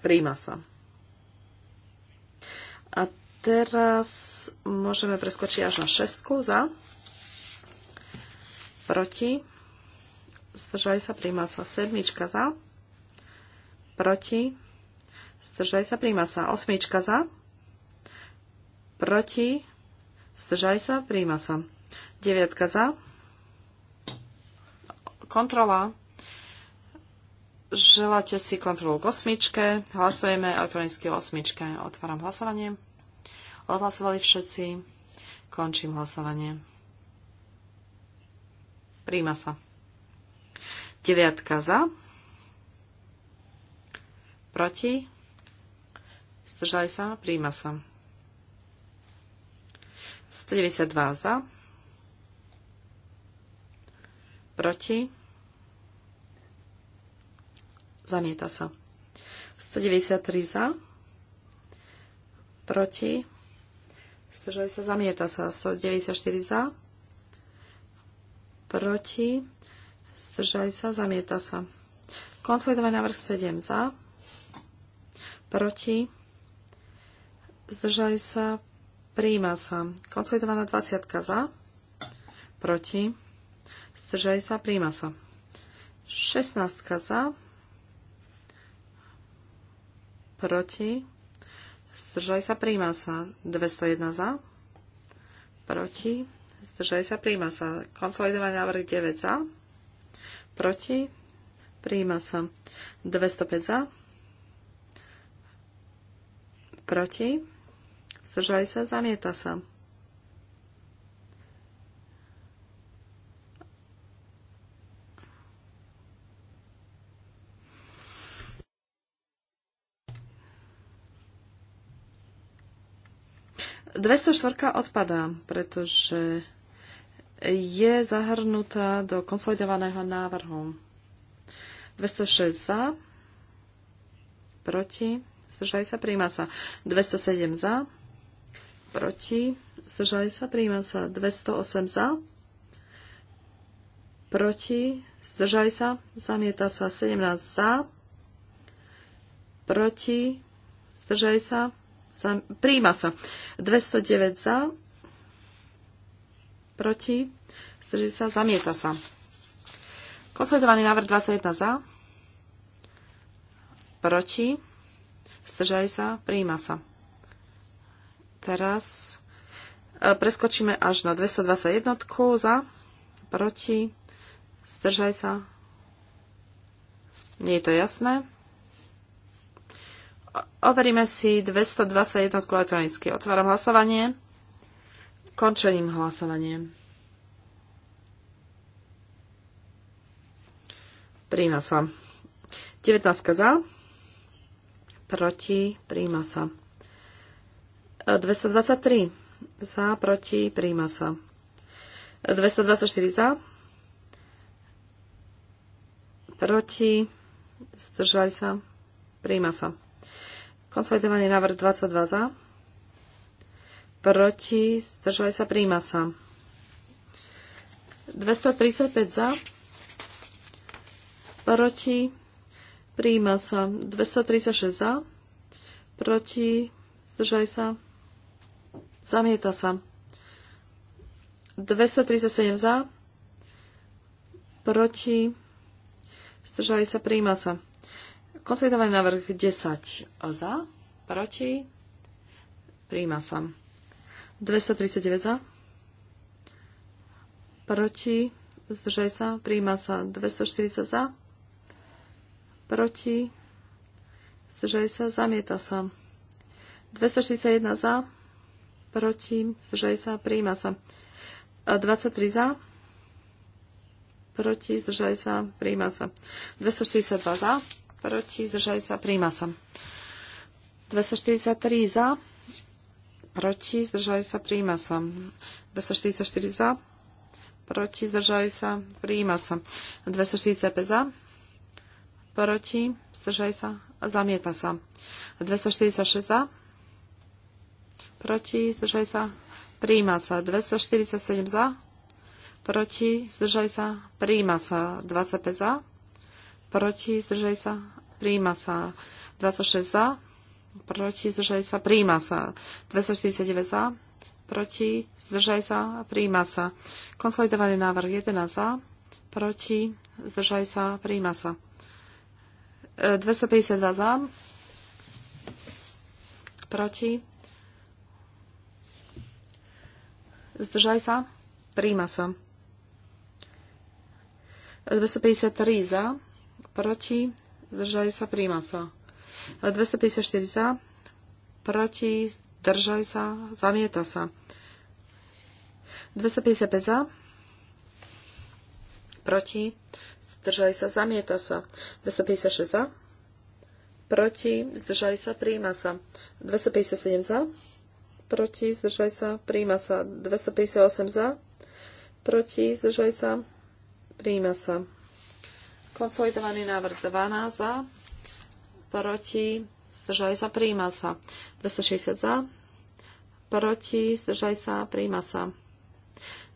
príjma sa. A teraz môžeme preskočiť až na šestku za, proti, Zdržaj sa, príjma sa, sedmička za, proti, Zdržaj sa, príjma sa, osmička za, proti, Zdržaj sa, príjma sa, deviatka za, kontrola, Želáte si kontrolu k osmičke. Hlasujeme elektronicky o osmičke. Otváram hlasovanie. Odhlasovali všetci. Končím hlasovanie. Príjma sa. Deviatka za. Proti. Zdržali sa. Príjma sa. 192 za. Proti Zamieta sa. 193 za. Proti. Zdržali sa. Zamieta sa. 194 za. Proti. Zdržali sa. Zamieta sa. Konsolidovaný návrh 7 za. Proti. Zdržali sa. Príjma sa. Konsolidovaná 20 za. Proti. Zdržali sa. Príjma sa. 16 za proti, zdržali sa, príjma sa. 201 za, proti, zdržali sa, príjma sa. Konsolidovaný návrh 9 za, proti, príjma sa. 205 za, proti, zdržali sa, zamieta sa. 204 odpadá, pretože je zahrnutá do konsolidovaného návrhu. 206 za, proti, zdržali sa, príjma sa. 207 za, proti, zdržali sa, príjma sa. 208 za, proti, zdržali sa, zamieta sa. 17 za, proti, zdržali sa, za, príjma sa. 209 za, proti, zdrží sa, zamieta sa. Konsolidovaný návrh 21 za, proti, zdržaj sa, príjma sa. Teraz e, preskočíme až na 221 za, proti, zdržaj sa. Nie je to jasné. Overíme si 221 elektronicky. Otváram hlasovanie. Končením hlasovanie. Príjma sa. 19 za. Proti. Príjma sa. 223 za. Proti. Príjma sa. 224 za. Proti. Zdržali sa. Príjma sa. Konsolidovaný návrh 22 za. Proti, zdržali sa, príjma sa. 235 za. Proti, príjma sa. 236 za. Proti, zdržali sa, zamieta sa. 237 za. Proti, zdržali sa, príjma sa. Konsolidovaný návrh 10 za, proti, prijíma sa. 239 za, proti, zdržaj sa, prijíma sa. 240 za, proti, zdržaj sa, zamieta sa. 241 za, proti, zdržaj sa, prijíma sa. 23 za, proti, zdržaj sa, prijíma sa. 242 za, proti, zdržali sa, príjma sa. 243 za, proti, zdržali sa, príjma sa. 244 za, proti, zdržali sa, príjma sa. 245 za, proti, zdržali sa, zamieta sa. 246 za, proti, zdržali sa, príjma sa. 247 za, proti, zdržali sa, príjma sa. 25 za, proti, zdržaj sa, príjma sa. 26 za, proti, zdržaj sa, príjma sa. 249 za, proti, zdržaj sa, príjma sa. Konsolidovaný návrh 11 za, proti, zdržaj sa, príjma sa. 252 e, za, proti, Zdržaj sa, príjma sa. 253 e, za, proti, zdržali sa, príjma sa. 254 za, proti, zdržali sa, zamieta sa. 255 za, proti, zdržali sa, zamieta sa. 256 za, proti, zdržali sa, príjma sa. 257 za, proti, zdržali sa, príjma sa. 258 za, proti, zdržali sa, príjma sa. Konsolidovaný návrh 12 za, proti, zdržali sa, príjma sa. 260 za, proti, zdržali sa, príjma sa.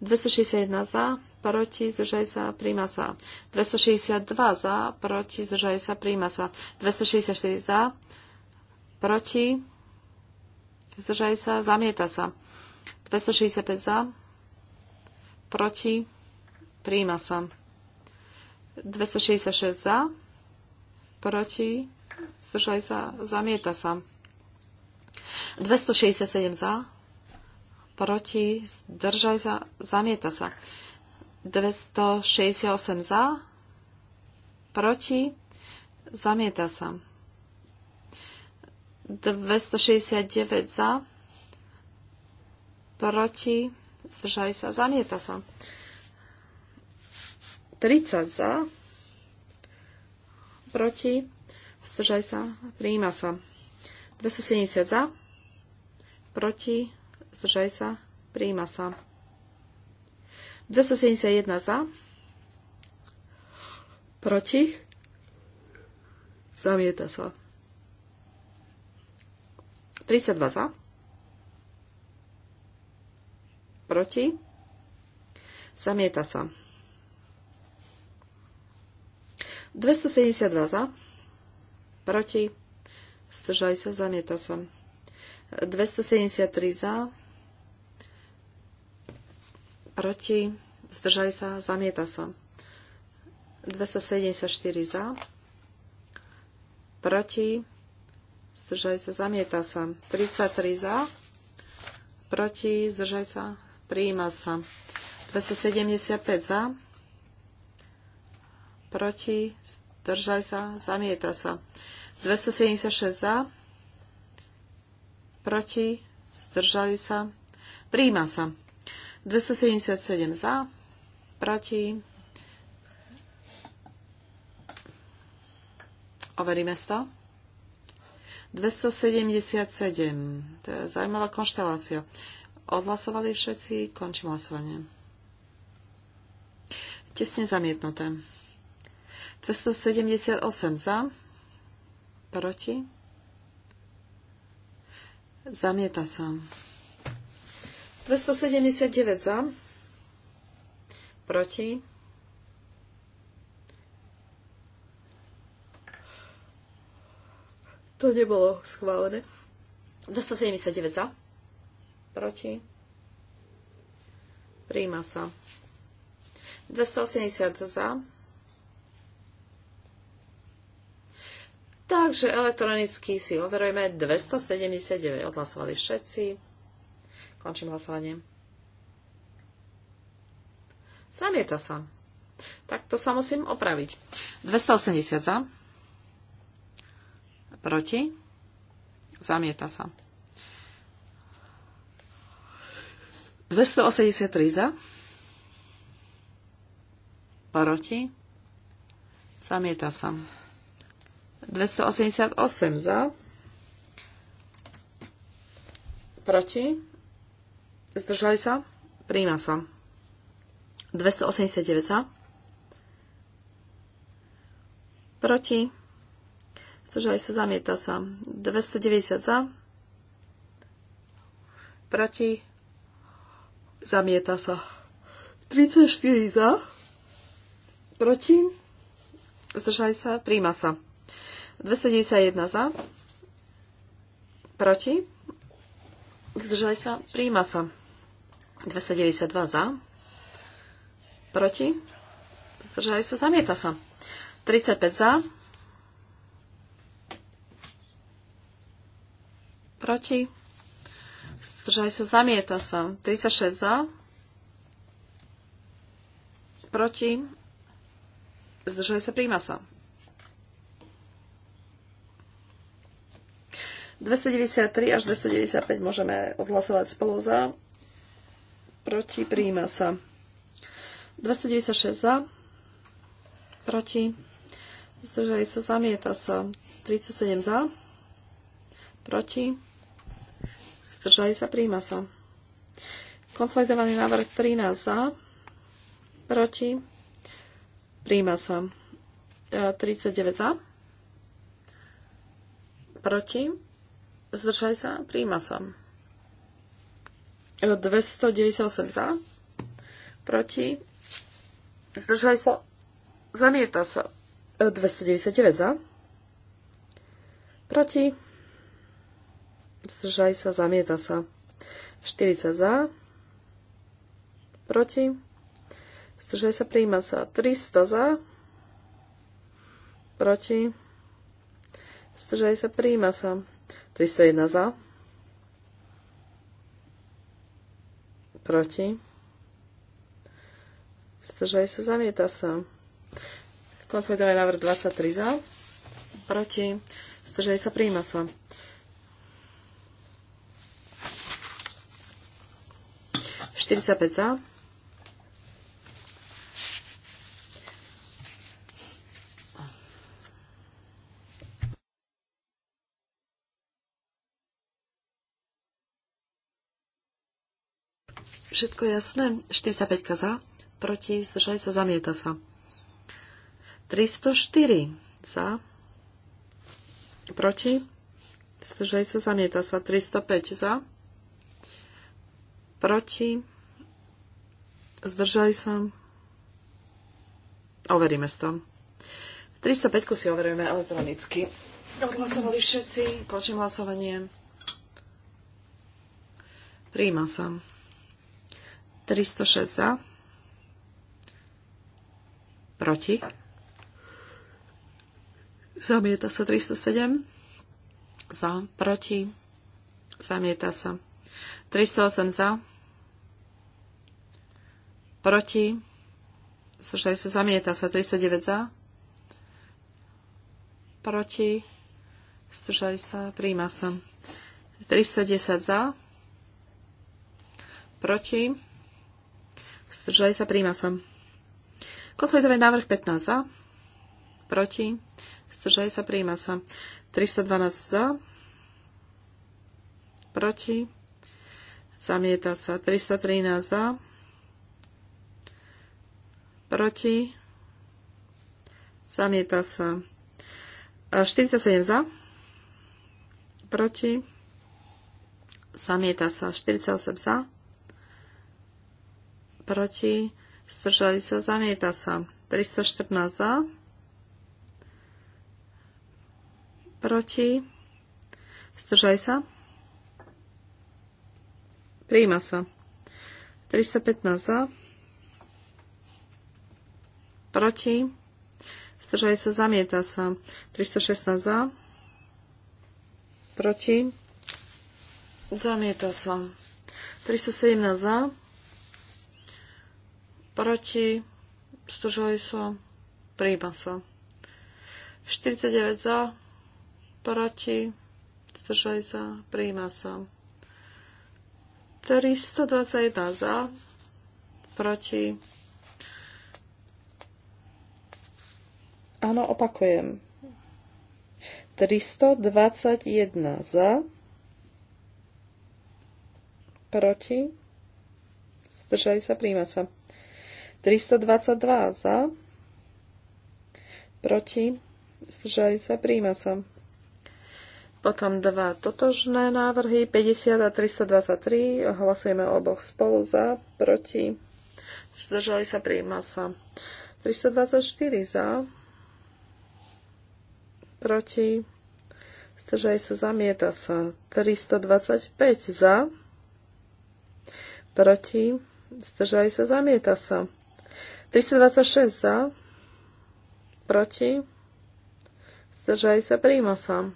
261 za, proti, zdržaj sa, príjma sa. 262 za, proti, zdržaj sa, príjma sa. 264 za, proti, zdržaj sa, zamieta sa. 265 za, proti, príjma sa. 266 za, proti, zdržali sa, zamieta sa. 267 za, proti, zdržali sa, zamieta sa. 268 za, proti, zamieta sa. 269 za, proti, zdržali sa, zamieta sa. 30 za, proti, zdržaj sa, prijíma sa. 270 za, proti, zdržaj sa, prijíma sa. 271 za, proti, zamieta sa. 32 za, proti, zamieta sa. 272 za, proti, zdržali sa, zamieta sa. 273 za, proti, zdržali sa, zamieta sa. 274 za, proti, zdržali sa, zamieta sa. 33 za, proti, zdržaj sa, prijíma sa. 275 za, proti, zdržaj sa, zamieta sa. 276 za, proti, zdržali sa, príjma sa. 277 za, proti, overíme 100. 277. To je zaujímavá konštelácia. Odhlasovali všetci, končím hlasovanie. Tesne zamietnuté. 278 za, proti, zamieta sa. 279 za, proti, to nebolo schválené. 279 za, proti, príjma sa. 280 za, Takže elektronicky si overujeme 279. Odhlasovali všetci. Končím hlasovanie. Zamieta sa. Tak to sa musím opraviť. 280 za. Proti. Zamieta sa. 283 za. Proti. Zamieta sa. 288 za, proti, zdržali sa, príjma sa. 289 za, proti, zdržali sa, zamieta sa. 290 za, proti, zamieta sa. 34 za, proti, zdržali sa, príjma sa. 291 za. Proti. Zdržali sa. Príjima sa. 292 za. Proti. Zdržali sa. Zamieta sa. 35 za. Proti. Zdržali sa. Zamieta sa. 36 za. Proti. Zdržali sa. Príjima sa. 293 až 295 môžeme odhlasovať spolu za. Proti prijíma sa. 296 za. Proti. Zdržali sa. Zamieta sa. 37 za. Proti. Zdržali sa. Prijíma sa. Konsolidovaný návrh 13 za. Proti. Prijíma sa. 39 e, za. Proti zdržaj sa, príjma sa. 298 e, za, proti, zdržaj sa, zamieta sa. 299 e, za, proti, zdržaj sa, zamieta sa. 40 za, proti, zdržaj sa, príjma sa. 300 za, proti, zdržaj sa, príjma sa. 301 za. Proti. Zdržaj sa, zamieta sa. Konsolidovaný návrh 23 za. Proti. Zdržaj sa, príjma sa. 45 za Všetko jasné? 45 za, proti, zdržali sa, zamieta sa. 304 za, proti, zdržali sa, zamieta sa. 305 za, proti, zdržali sa. Overíme si to. 305 si overujeme elektronicky. Odhlasovali všetci, končím hlasovanie. Príjma sa. 306 za. Proti. Zamieta sa 307. Za. Proti. Zamieta sa. 308 za. Proti. Zdržali sa. Zamieta sa. 309 za. Proti. Zdržali sa. Príjma sa. 310 za. Proti Zdržali sa, príjma sa. Konsolidovaný návrh 15 za. Proti. Zdržali sa, príjma sa. 312 za. Proti. Zamieta sa. 313 za. Proti. Zamieta sa. 47 za. Proti. Zamieta sa. 48 za proti, zdržali sa, zamieta sa. 314 za, proti, zdržali sa, prijíma sa. 315 za, proti, zdržali sa, zamieta sa. 316 za, proti, zamieta sa. 317 za, proti, zdržali sa, príjma sa. 49 za, proti, zdržali sa, príjma sa. 321 za, proti. Áno, opakujem. 321 za, proti, zdržali sa, príjma sa. 322 za, proti, zdržali sa, príjma sa. Potom dva totožné návrhy, 50 a 323, hlasujeme o oboch spolu za, proti, zdržali sa, príjma sa. 324 za, proti, zdržali sa, zamieta sa. 325 za, proti, zdržali sa, zamieta sa. 326 za, proti, zdržali sa, príjma sa.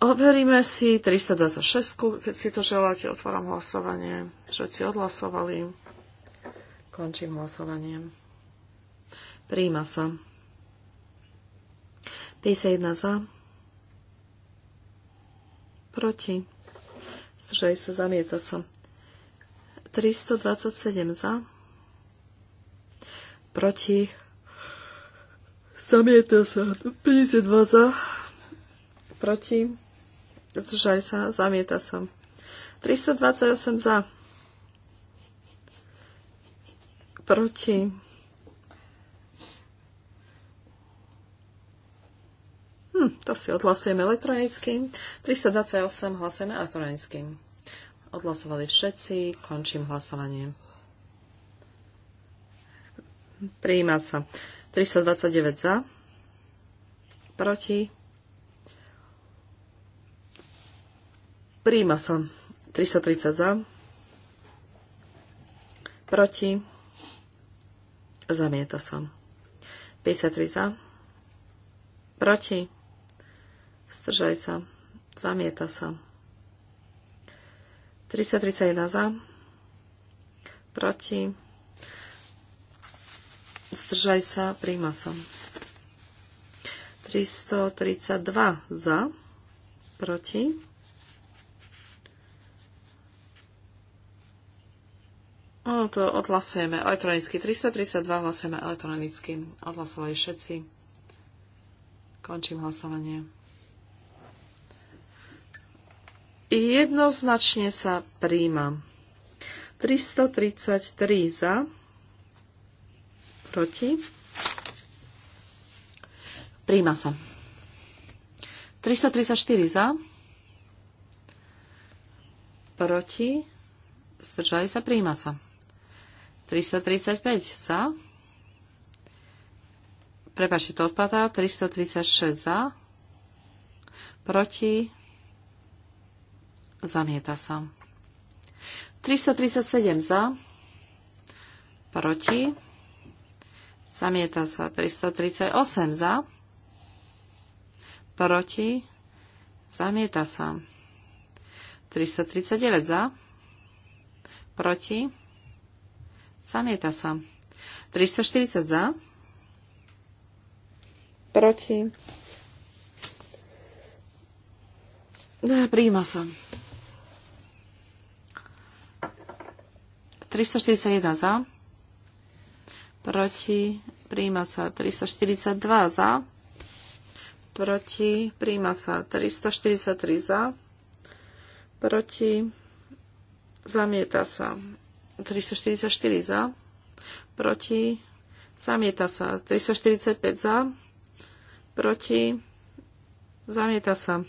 Overíme si 326, keď si to želáte, otváram hlasovanie. Všetci odhlasovali. Končím hlasovanie. Príjma sa. 51 za. Proti aj sa, zamieta sa. 327 za, proti, zamieta sa, 52 za, proti, zdržaj sa, zamieta sa. 328 za, proti, Hm, to si odhlasujeme elektronicky. 328 hlasujeme elektronicky. Odhlasovali všetci. Končím hlasovanie. Prijíma sa. 329 za. Proti. Prijíma sa. 330 za. Proti. Zamieta sa. 53 za. Proti. Zdržaj sa. Zamieta sa. 331 za. Proti. zdržaj sa. Príjma sa. 332 za. Proti. No to odhlasujeme elektronicky. 332 hlasujeme elektronicky. Odhlasovali všetci. Končím hlasovanie. Jednoznačne sa príjma. 333 za, proti. Príjma sa. 334 za, proti. Zdržali sa, príjma sa. 335 za. Prepačte, to odpadá. 336 za. Proti Zamieta sa. 337 za, proti, zamieta sa. 338 za, proti, zamieta sa. 339 za, proti, zamieta sa. 340 za, proti, no, prijíma sa. 341 za, proti, príjma sa 342 za, proti, príjma sa 343 za, proti, zamieta sa 344 za, proti, zamieta sa 345 za, proti, zamieta sa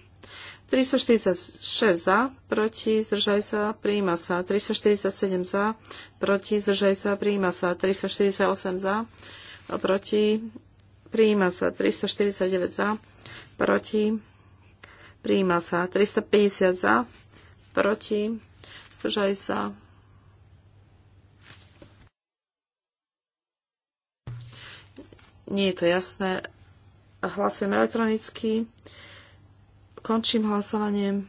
346 za, proti, zdržaj sa, príjma sa. 347 za, proti, zdržaj sa, príjma sa. 348 za, proti, príjma sa. 349 za, proti, príjma sa. 350 za, proti, zdržaj sa. Nie je to jasné. Hlasujem elektronicky. Končím hlasovanie.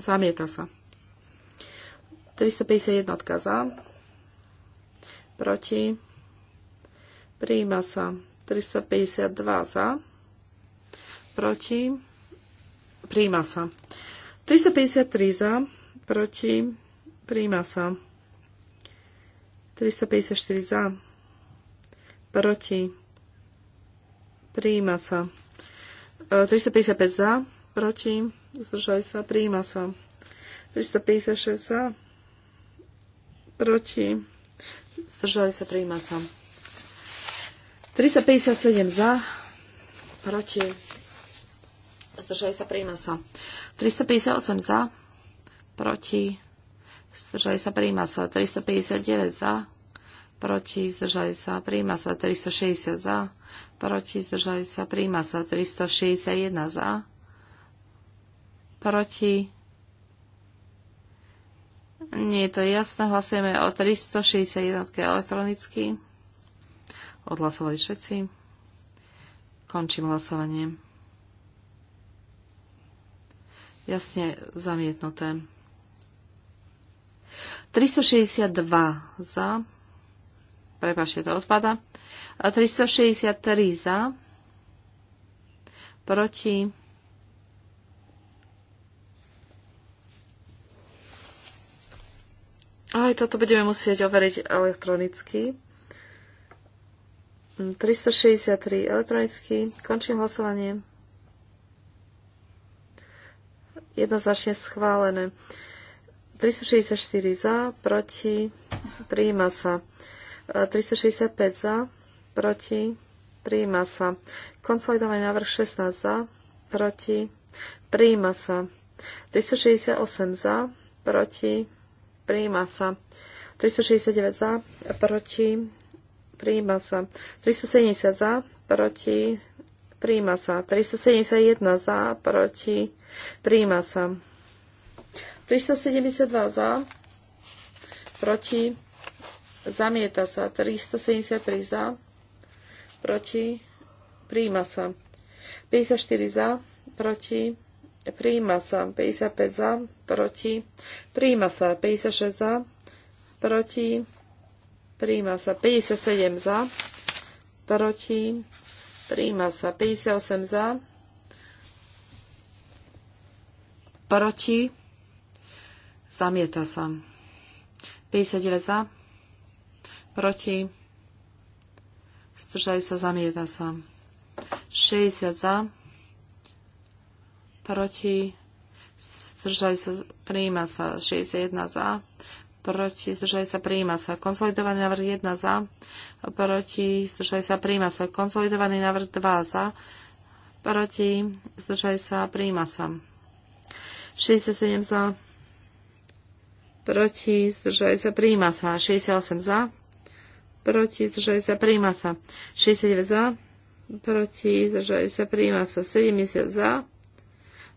Zamieta sa. 351 za. Proti. Prijíma sa. 352 za. Proti. Prijíma sa. 353 za. Proti. Prijíma sa. 354 za. Proti. Prijíma sa. 355 za, proti, zdržali sa, prijíma sa. 356 za, proti, zdržali sa, prijíma sa. 357 za, proti, zdržali sa, prijíma sa. 358 za, proti, zdržali sa, prijíma sa. 359 za, proti, zdržali sa, prijíma sa. 360 za, proti, zdržali sa, príjma sa 361 za, proti, nie je to jasné, hlasujeme o 361 elektronicky. Odhlasovali všetci. Končím hlasovanie. Jasne zamietnuté. 362 za, Prepašte, to odpada. 363 za, proti, Aj toto budeme musieť overiť elektronicky. 363 elektronicky. Končím hlasovanie. Jednoznačne schválené. 364 za, proti, príjima sa. 365 za, proti, prijíma sa. Konsolidovaný návrh 16 za, proti, prijíma sa. 368 za, proti, prijíma sa. 369 za, proti, prijíma sa. 370 za, proti, prijíma sa. 371 za, proti, prijíma sa. 372 za, proti, Zamieta sa. 373 za. Proti. príjma sa. 54 za. Proti. príjma sa. 55 za. Proti. príjma sa. 56 za. Proti. príjma sa. 57 za. Proti. príjma sa. 58 za. Proti. Zamieta sa. 59 za proti, zdržali sa, zamieta sa. 60 za, proti, zdržali sa, prijíma sa. 61 za, proti, zdržali sa, prijíma sa. Konsolidovaný návrh 1 za, proti, zdržali sa, prijíma sa. Konsolidovaný návrh 2 za, proti, zdržali sa, prijíma sa. 67 za, proti, zdržali sa, prijíma sa. 68 za, proti, zdržali sa, príjma sa. 69 za, proti, zdržali sa, príjma sa. 70 za,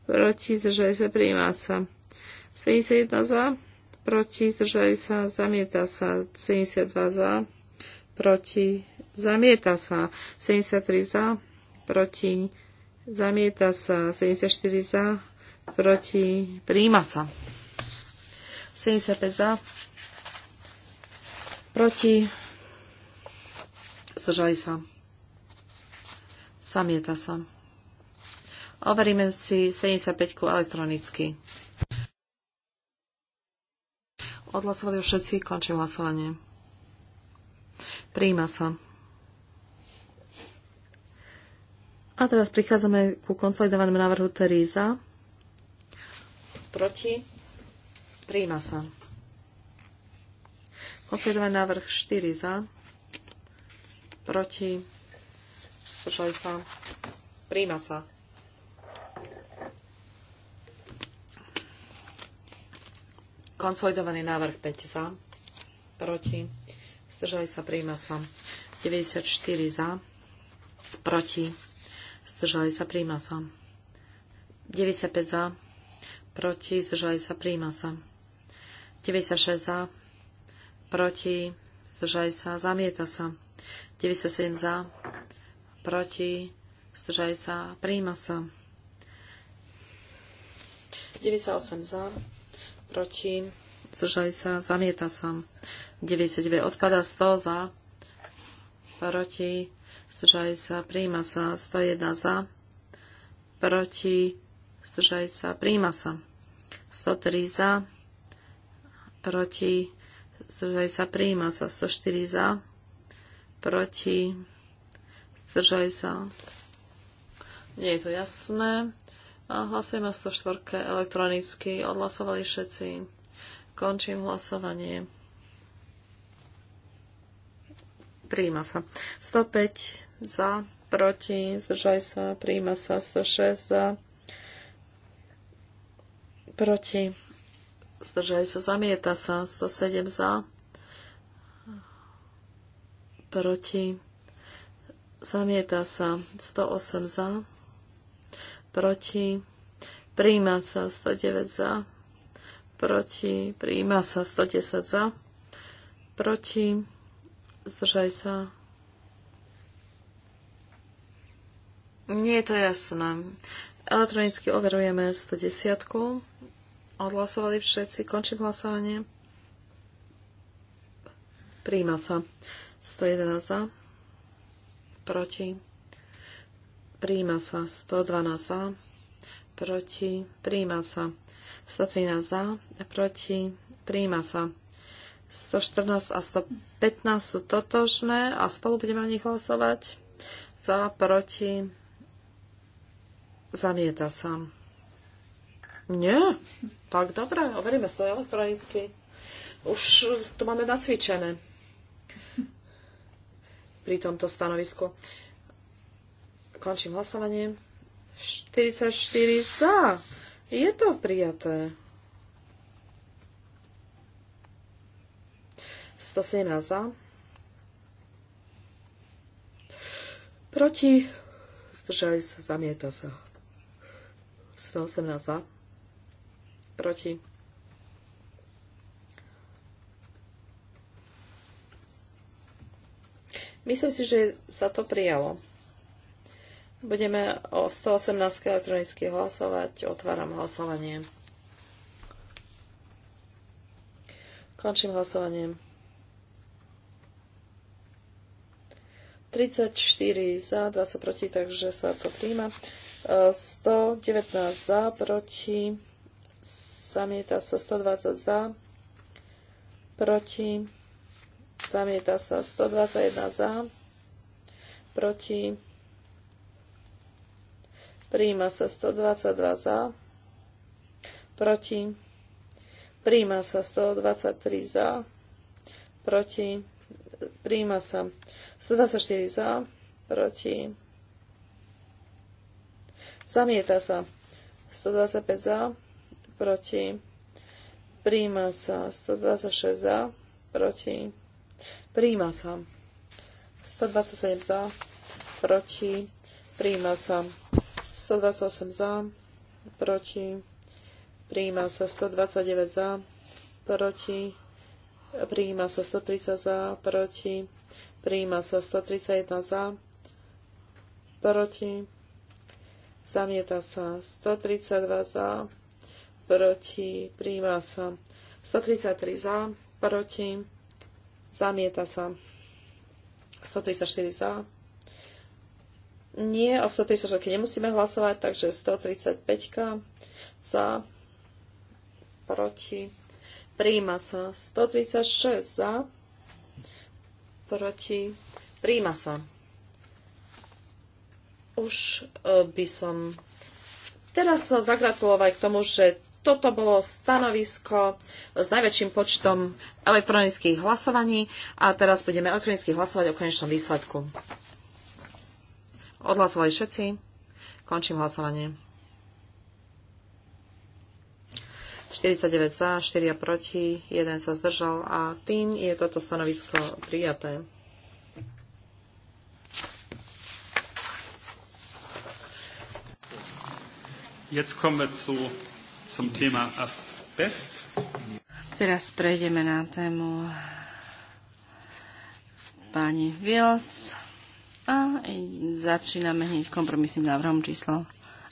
proti, zdržali sa, príjma sa. 71 za, proti, zdržali sa, zamieta sa. 72 za, proti, zamieta sa. 73 za, proti, zamieta sa. 74 za, proti, príjma sa. 75 za, proti, zdržali sa. Samieta sa. Overíme si 75 elektronicky. Odhlasovali všetci, končím hlasovanie. Príjma sa. A teraz prichádzame ku konsolidovanému návrhu Teríza. Proti. Príjma sa. Konsolidovaný návrh 4 za proti, zdržali sa, príjma sa. Konsolidovaný návrh 5 za, proti, zdržali sa, príjma sa. 94 za, proti, zdržali sa, príjma sa. 95 za, proti, zdržali sa, príjma sa. 96 za, proti, zdržali sa, zamieta sa. 97 za, proti, zdržaj sa, prijíma sa. 98 za, proti, zdržaj sa, zamieta sa. 99 odpada, 100 za, proti, zdržaj sa, prijíma sa. 101 za, proti, zdržaj sa, prijíma sa. 103 za, proti, zdržaj sa, prijíma sa. 104 za, proti, zdržaj sa. Nie je to jasné. A hlasujeme o 104 elektronicky. Odhlasovali všetci. Končím hlasovanie. Príjma sa. 105 za, proti, zdržaj sa, príjma sa. 106 za, proti, zdržaj sa, zamieta sa. 107 za, proti, zamieta sa 108 za, proti, príjma sa 109 za, proti, príjma sa 110 za, proti, zdržaj sa. Nie je to jasné. Elektronicky overujeme 110. Odhlasovali všetci. Končím hlasovanie. Príjma sa. 111 za, proti, príjma sa 112 za, proti, príjma sa 113 za, proti, príjma sa 114 a 115 sú totožné a spolu budeme o nich hlasovať. Za, proti, zamieta sa. Nie, tak dobre, overíme to elektronicky. Už to máme nacvičené pri tomto stanovisku. Končím hlasovanie. 44 za. Je to prijaté. 117 za. Proti. Zdržali sa, zamieta sa. 118 za. Proti Myslím si, že sa to prijalo. Budeme o 118 elektronicky hlasovať. Otváram hlasovanie. Končím hlasovanie. 34 za, 20 proti, takže sa to príjma. 119 e, za, proti, zamieta sa 120 za, proti, zamieta sa 121 za, proti, príjma sa 122 za, proti, príjma sa 123 za, proti, príjma sa 124 za, proti, zamieta sa 125 za, proti, príjma sa 126 za, proti, Príjma sa. 127 za, proti, príjma sa. 128 za, proti, príjma sa. 129 za, proti, príjma sa. 130 za, proti, príjma sa. 131 za, proti, zamieta sa. 132 za, proti, príjma sa. 133 za, proti, Zamieta sa. 134 za. Nie, o 136 nemusíme hlasovať, takže 135 za, proti, príjma sa. 136 za, proti, príjma sa. Už e, by som teraz sa zagratulovať k tomu, že toto bolo stanovisko s najväčším počtom elektronických hlasovaní a teraz budeme elektronicky hlasovať o konečnom výsledku. Odhlasovali všetci. Končím hlasovanie. 49 za, 4 proti, 1 sa zdržal a tým je toto stanovisko prijaté. Jetzt kommen wir zu zum Thema Asbest. Teraz prejdeme na tému pani Wills a začíname hneď kompromisným návrhom číslo.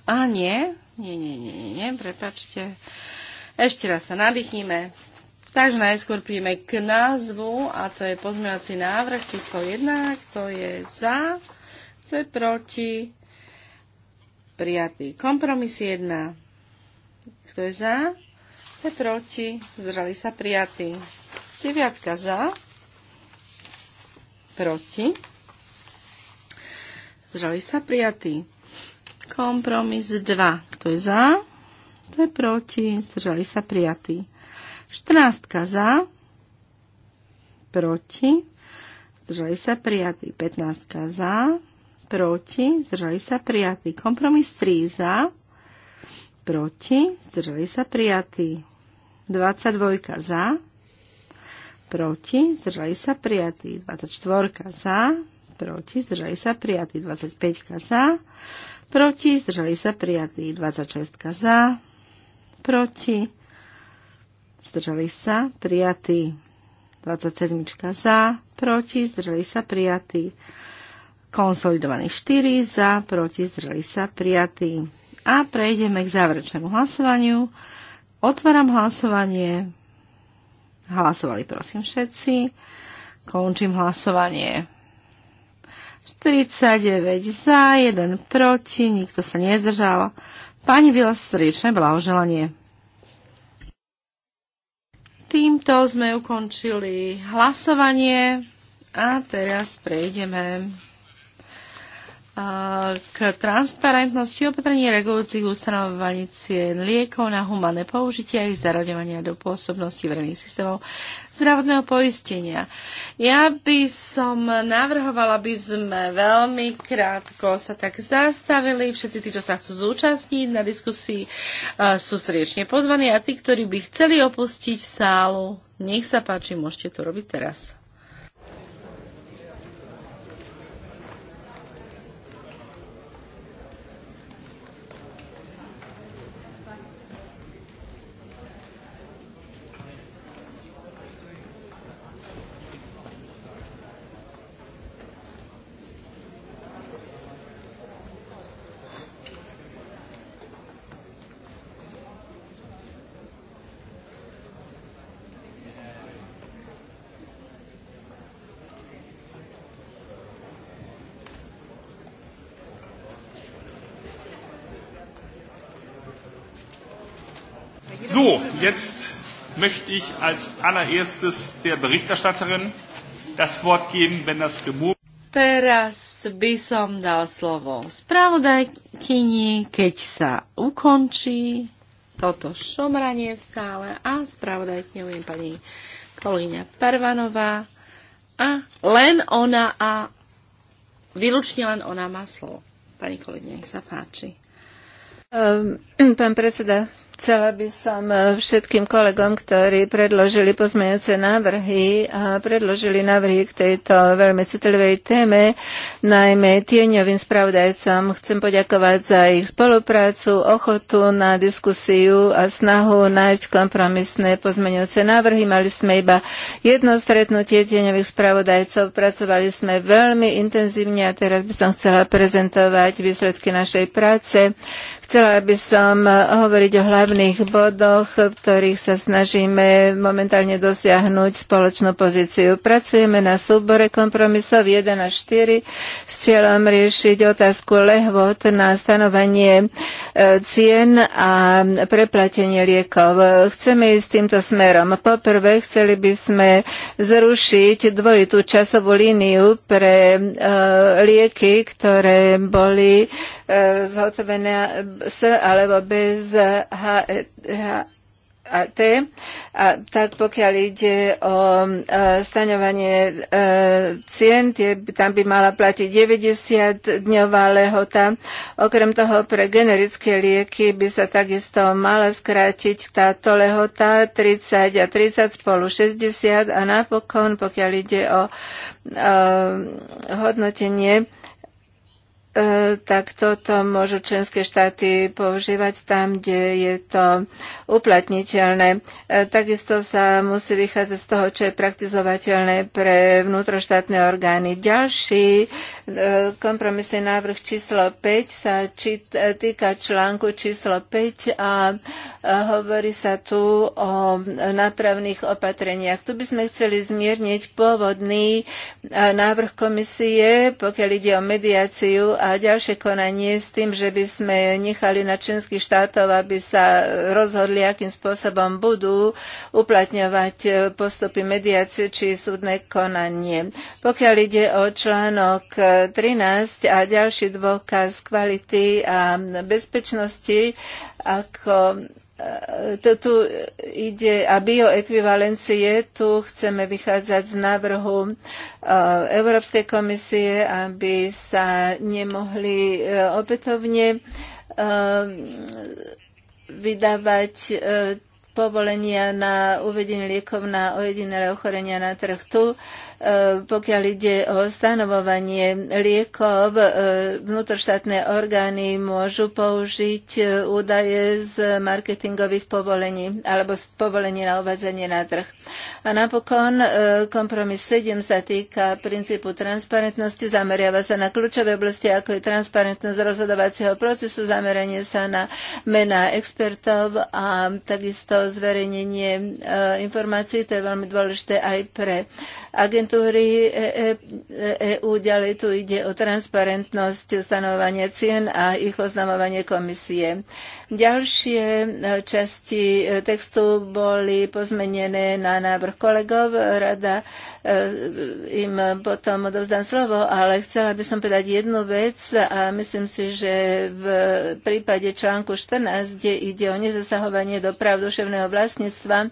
A nie, nie, nie, nie, nie, nie, prepačte. Ešte raz sa nadýchnime. Takže najskôr príjme k názvu a to je pozmeňovací návrh číslo 1, kto je za, kto je proti, prijatý kompromis 1, kto je za? Kto je proti? Zdržali sa prijatí. Deviatka za. Proti. Zdržali sa prijatí. Kompromis 2. Kto je za? Kto je proti? Zdržali sa prijatí. Štrnáctka za. Proti. Zdržali sa prijatí. 15 za. Proti. Zdržali sa prijatí. Kompromis 3 za proti, zdržali sa prijatí. 22 za, proti, zdržali sa prijatí. 24 za, proti, zdržali sa prijatí. 25 za, proti, zdržali sa prijatí. 26 za, proti, zdržali sa prijatí. 27 za, proti, zdržali sa prijatí. Konsolidovaných 4 za, proti, zdržali sa prijatí. A prejdeme k záverečnému hlasovaniu. Otváram hlasovanie. Hlasovali prosím všetci. Končím hlasovanie. 49 za, 1 proti, nikto sa nezdržal. Pani Vila, srdečné blahoželanie. Týmto sme ukončili hlasovanie a teraz prejdeme k transparentnosti opatrení regulujúcich ustanovovaní cien liekov na humané použitie a ich zaraďovania do pôsobnosti verejných systémov zdravotného poistenia. Ja by som navrhovala, aby sme veľmi krátko sa tak zastavili. Všetci tí, čo sa chcú zúčastniť na diskusii, sú srdečne pozvaní a tí, ktorí by chceli opustiť sálu, nech sa páči, môžete to robiť teraz. So, jetzt möchte ich als allererstes der Berichterstatterin das Wort geben, wenn das gemurrt Teraz by som dal slovo spravodajkyni, keď sa ukončí toto šomranie v sále a spravodajkňou je pani Kolíňa Parvanová a len ona a výlučne len ona má slovo. Pani Kolíňa, nech sa páči. Um, <clears throat> pán predseda, Chcela by som e, všetkým kolegom, ktorí predložili pozmeňujúce návrhy a predložili návrhy k tejto veľmi citlivej téme, najmä tieňovým spravodajcom, chcem poďakovať za ich spoluprácu, ochotu na diskusiu a snahu nájsť kompromisné pozmeňujúce návrhy. Mali sme iba jedno stretnutie tieňových spravodajcov, pracovali sme veľmi intenzívne a teraz by som chcela prezentovať výsledky našej práce Chcela by som hovoriť o hlavných bodoch, v ktorých sa snažíme momentálne dosiahnuť spoločnú pozíciu. Pracujeme na súbore kompromisov 1 a 4 s cieľom riešiť otázku lehvot na stanovanie e, cien a preplatenie liekov. Chceme ísť týmto smerom. Poprvé, chceli by sme zrušiť dvojitú časovú líniu pre e, lieky, ktoré boli zhotovené s alebo bez HET a T. A tak pokiaľ ide o e, staňovanie e, cien, tam by mala platiť 90-dňová lehota. Okrem toho pre generické lieky by sa takisto mala skrátiť táto lehota 30 a 30 spolu 60 a napokon, pokiaľ ide o e, hodnotenie, E, tak toto môžu členské štáty používať tam, kde je to uplatniteľné. E, takisto sa musí vychádzať z toho, čo je praktizovateľné pre vnútroštátne orgány. Ďalší e, kompromisný návrh číslo 5 sa týka článku číslo 5 a hovorí sa tu o nápravných opatreniach. Tu by sme chceli zmierniť pôvodný návrh komisie, pokiaľ ide o mediáciu a ďalšie konanie s tým, že by sme nechali na členských štátov, aby sa rozhodli, akým spôsobom budú uplatňovať postupy mediácie či súdne konanie. Pokiaľ ide o článok 13 a ďalší dôkaz kvality a bezpečnosti, ako to tu ide a bioekvivalencie, tu chceme vychádzať z návrhu e, Európskej komisie, aby sa nemohli e, opätovne e, vydávať povolenia na uvedenie liekov na ojedinelé ochorenia na trh. Tu pokiaľ ide o stanovovanie liekov, e, vnútroštátne orgány môžu použiť e, údaje z marketingových povolení alebo z povolení na uvádzanie na trh. A napokon e, kompromis 7 sa týka princípu transparentnosti, zameriava sa na kľúčové oblasti, ako je transparentnosť rozhodovacieho procesu, zameranie sa na mená expertov a takisto zverejnenie informácií. To je veľmi dôležité aj pre agentúry EU. E, e, e Ďalej tu ide o transparentnosť stanovania cien a ich oznamovanie komisie. Ďalšie e, časti e, textu boli pozmenené na návrh kolegov. Rada e, im potom odovzdám slovo, ale chcela by som povedať jednu vec a myslím si, že v prípade článku 14, kde ide o nezasahovanie do práv duševného vlastníctva,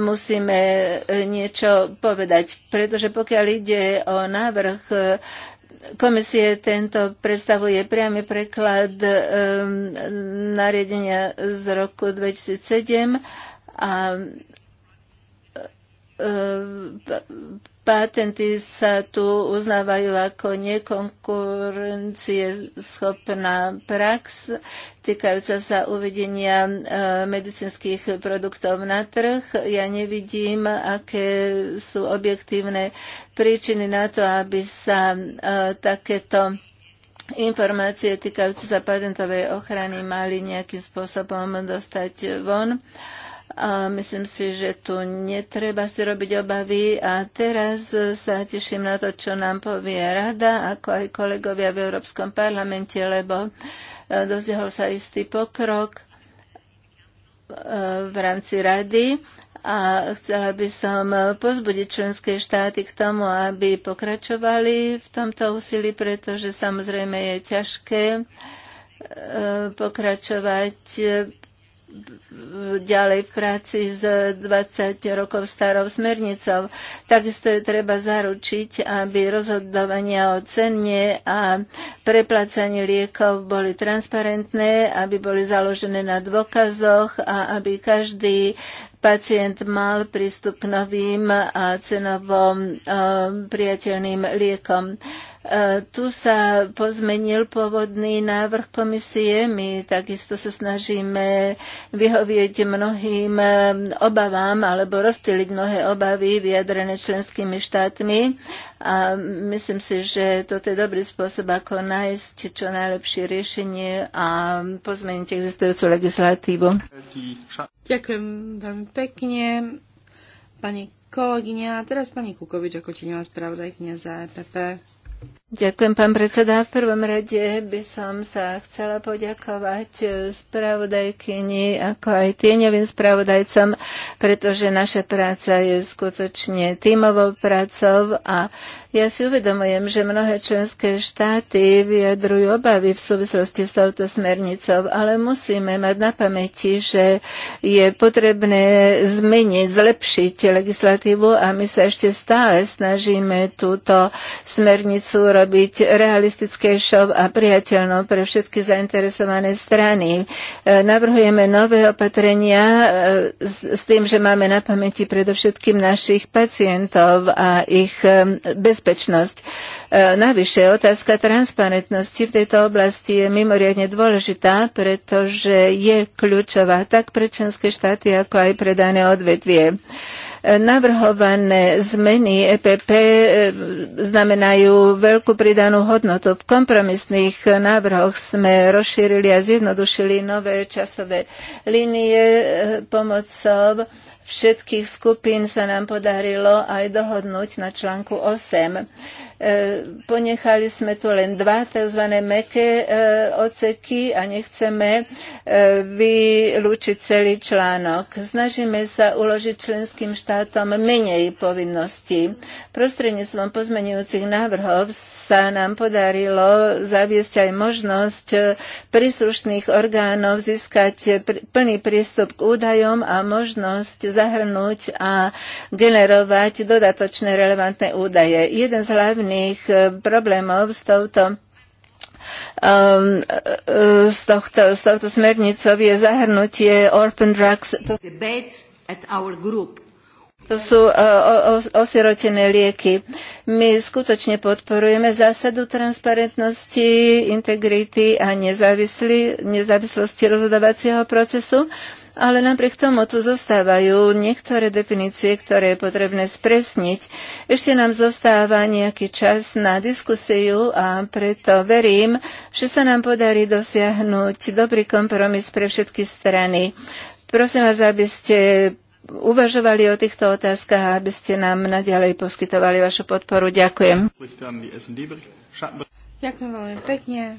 musíme niečo povedať, pretože pokiaľ ide o návrh komisie tento predstavuje priamy preklad um, nariadenia z roku 2007 a E, patenty sa tu uznávajú ako nekonkurencieschopná prax týkajúca sa uvedenia e, medicínskych produktov na trh. Ja nevidím, aké sú objektívne príčiny na to, aby sa e, takéto informácie týkajúce sa patentovej ochrany mali nejakým spôsobom dostať von a myslím si, že tu netreba si robiť obavy a teraz sa teším na to, čo nám povie rada, ako aj kolegovia v Európskom parlamente, lebo e, dozdehol sa istý pokrok e, v rámci rady a chcela by som pozbudiť členské štáty k tomu, aby pokračovali v tomto úsilí, pretože samozrejme je ťažké e, pokračovať ďalej v práci s 20 rokov starou smernicou. Takisto je treba zaručiť, aby rozhodovania o cene a preplácanie liekov boli transparentné, aby boli založené na dôkazoch a aby každý pacient mal prístup k novým a cenovom eh, priateľným liekom. E, tu sa pozmenil pôvodný návrh komisie. My takisto sa snažíme vyhovieť mnohým e, obavám alebo rozstýliť mnohé obavy vyjadrené členskými štátmi a myslím si, že toto je dobrý spôsob, ako nájsť čo najlepšie riešenie a pozmeniť existujúcu legislatívu. Ďakujem veľmi pekne, pani kolegyňa. A teraz pani Kukovič, ako ti nemá spravodajkňa za EPP. Ďakujem, pán predseda. V prvom rade by som sa chcela poďakovať spravodajkyni, ako aj tieňovým spravodajcom, pretože naša práca je skutočne tímovou prácou a ja si uvedomujem, že mnohé členské štáty vyjadrujú obavy v súvislosti s touto smernicou, ale musíme mať na pamäti, že je potrebné zmeniť, zlepšiť legislatívu a my sa ešte stále snažíme túto smernicu robiť realistickejšou a priateľnou pre všetky zainteresované strany. E, navrhujeme nové opatrenia e, s tým, že máme na pamäti predovšetkým našich pacientov a ich e, bezpečnosti bezpečnosť. E, Navyše, otázka transparentnosti v tejto oblasti je mimoriadne dôležitá, pretože je kľúčová tak pre členské štáty, ako aj pre dané odvetvie e, navrhované zmeny EPP e, znamenajú veľkú pridanú hodnotu. V kompromisných návrhoch sme rozšírili a zjednodušili nové časové línie pomocou všetkých skupín sa nám podarilo aj dohodnúť na článku 8. E, ponechali sme tu len dva tzv. meké e, oceky a nechceme e, vylúčiť celý článok. Snažíme sa uložiť členským štátom menej povinností Prostredníctvom pozmenujúcich návrhov sa nám podarilo zaviesť aj možnosť e, príslušných orgánov získať plný prístup k údajom a možnosť zahrnúť a generovať dodatočné relevantné údaje. Jeden z hlavných e, problémov s touto um, e, z, tohto, z tohto smernicou je zahrnutie Orphan Drugs. Debates at our group to sú e, osirotené lieky. My skutočne podporujeme zásadu transparentnosti, integrity a nezávislosti rozhodovacieho procesu, ale napriek tomu tu zostávajú niektoré definície, ktoré je potrebné spresniť. Ešte nám zostáva nejaký čas na diskusiu a preto verím, že sa nám podarí dosiahnuť dobrý kompromis pre všetky strany. Prosím vás, aby ste uvažovali o týchto otázkach a aby ste nám naďalej poskytovali vašu podporu. Ďakujem. Ďakujem veľmi pekne.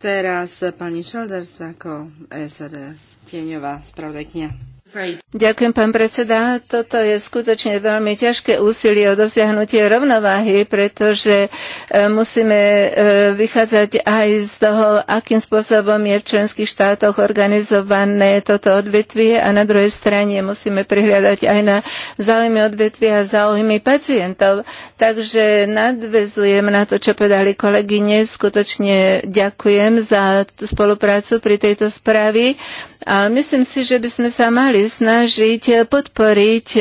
Teraz pani Šelders ako SRD Tieňová spravodajkňa. Ďakujem, pán predseda. Toto je skutočne veľmi ťažké úsilie o dosiahnutie rovnováhy, pretože e, musíme e, vychádzať aj z toho, akým spôsobom je v členských štátoch organizované toto odvetvie a na druhej strane musíme prihľadať aj na záujmy odvetvia a záujmy pacientov. Takže nadvezujem na to, čo povedali kolegyne. Skutočne ďakujem za spoluprácu pri tejto správe a myslím si, že by sme sa mali mali snažiť podporiť e,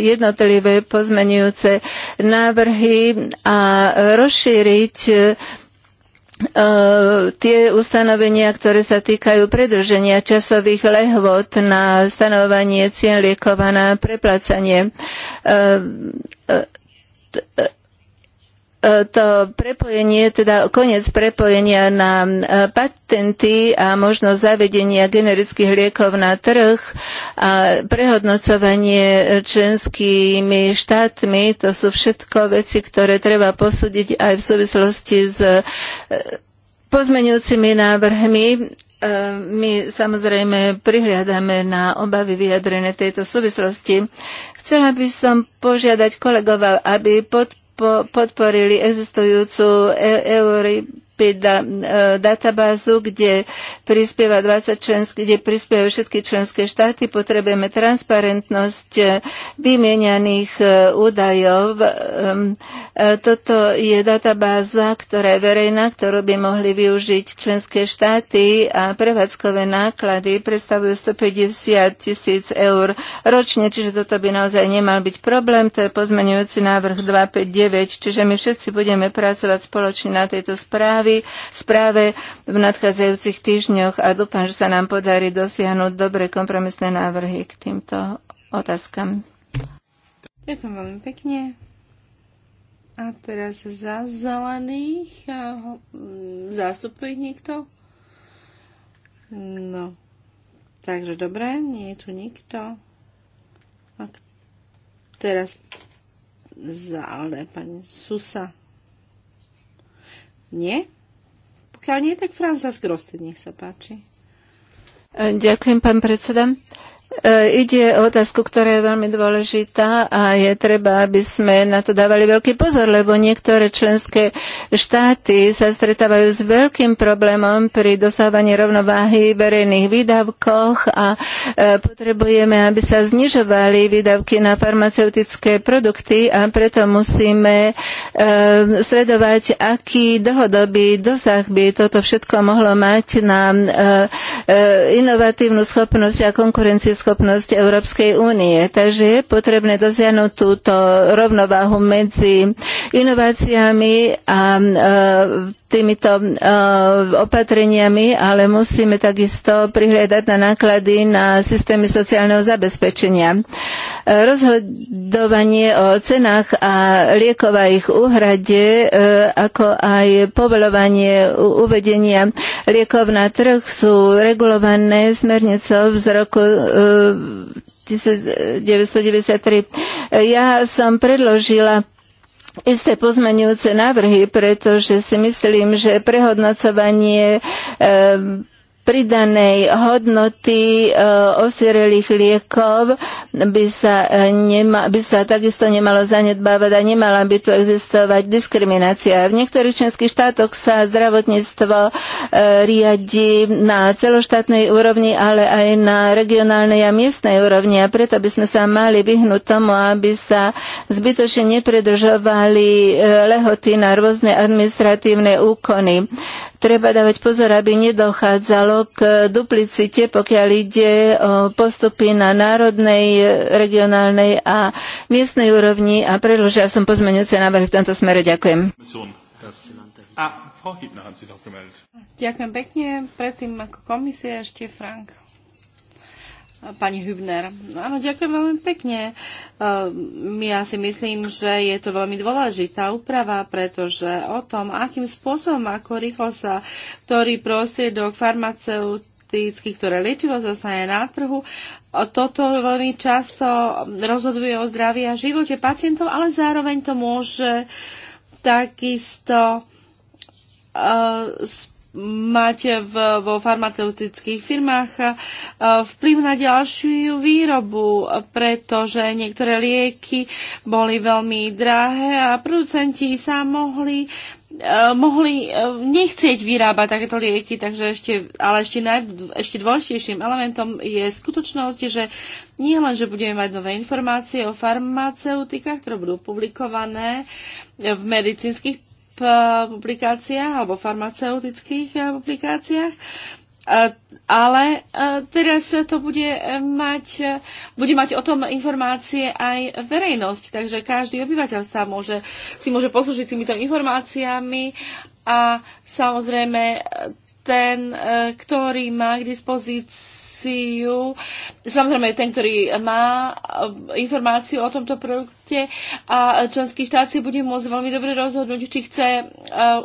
jednotlivé pozmenujúce návrhy a rozšíriť e, tie ustanovenia, ktoré sa týkajú predlženia časových lehvot na stanovanie cien liekov a na preplácanie e, E, to prepojenie, teda koniec prepojenia na e, patenty a možnosť zavedenia generických liekov na trh a prehodnocovanie členskými štátmi, to sú všetko veci, ktoré treba posúdiť aj v súvislosti s e, pozmeňujúcimi návrhmi my samozrejme prihľadáme na obavy vyjadrené tejto súvislosti. Chcela by som požiadať kolegov, aby podporili podporili existujúcu e- Euribor prispieda e, databázu, kde, prispieva 20 členských, kde prispievajú všetky členské štáty. Potrebujeme transparentnosť e, vymienianých e, údajov. Toto je databáza, ktorá je verejná, ktorú by mohli využiť členské štáty a prevádzkové náklady predstavujú 150 tisíc eur ročne, čiže toto by naozaj nemal byť problém. To je pozmenujúci návrh 259, čiže my všetci budeme pracovať spoločne na tejto správe správy, správe v nadchádzajúcich týždňoch a dúfam, že sa nám podarí dosiahnuť dobré kompromisné návrhy k týmto otázkam. Ďakujem veľmi pekne. A teraz za zelených zástupuje niekto? No, takže dobre, nie je tu nikto. A teraz za ale pani Susa. Nie? Pokiaľ nie, tak Francúz Grosted, nech sa páči. Ďakujem, pán predseda. E, ide o otázku, ktorá je veľmi dôležitá a je treba, aby sme na to dávali veľký pozor, lebo niektoré členské štáty sa stretávajú s veľkým problémom pri dosávaní rovnováhy v verejných výdavkoch a e, potrebujeme, aby sa znižovali výdavky na farmaceutické produkty a preto musíme e, sledovať, aký dlhodobý dosah by toto všetko mohlo mať na inovatívnu schopnosť a konkurencieschopnosť schopnosť Európskej únie. Takže je potrebné dosiahnuť túto rovnováhu medzi inováciami a e, týmito e, opatreniami, ale musíme takisto prihľadať na náklady na systémy sociálneho zabezpečenia. E, rozhodovanie o cenách a liekov a ich úhrade, ako aj povolovanie uvedenia liekov na trh sú regulované smernicou z roku 1993. Ja som predložila isté pozmenujúce návrhy, pretože si myslím, že prehodnocovanie e, pridanej hodnoty e, osirelých liekov by sa, e, nema, by sa takisto nemalo zanedbávať a nemala by tu existovať diskriminácia. V niektorých členských štátoch sa zdravotníctvo e, riadi na celoštátnej úrovni, ale aj na regionálnej a miestnej úrovni a preto by sme sa mali vyhnúť tomu, aby sa zbytočne nepredržovali lehoty na rôzne administratívne úkony. Treba dávať pozor, aby nedochádzalo k duplicite, pokiaľ ide o postupy na národnej, regionálnej a miestnej úrovni a predložia som pozmeňujúce návrhy v tomto smere. Ďakujem. Ďakujem pekne. Predtým ako komisia ešte Frank. Pani Hübner. No áno, ďakujem veľmi pekne. Ja e, si myslím, že je to veľmi dôležitá úprava, pretože o tom, akým spôsobom, ako rýchlo sa ktorý prostriedok farmaceut ktoré liečivo zostane na trhu. Toto veľmi často rozhoduje o zdraví a živote pacientov, ale zároveň to môže takisto uh, máte v, vo farmaceutických firmách vplyv na ďalšiu výrobu, pretože niektoré lieky boli veľmi drahé a producenti sa mohli e, mohli e, nechcieť vyrábať takéto lieky, takže ešte, ale ešte, naj, ešte dôležitejším elementom je skutočnosť, že nie len, že budeme mať nové informácie o farmaceutikách, ktoré budú publikované v medicínskych Eh, publikáciách alebo farmaceutických eh, publikáciách. Eh, ale teraz to bude mať, bude mať o tom informácie aj verejnosť, takže každý obyvateľ sa môže, si môže poslúžiť týmito informáciami a samozrejme ten, ktorý má k dispozícii informáciu, samozrejme ten, ktorý má eh, informáciu o tomto produkte a členský štát si bude môcť veľmi dobre rozhodnúť, či chce eh,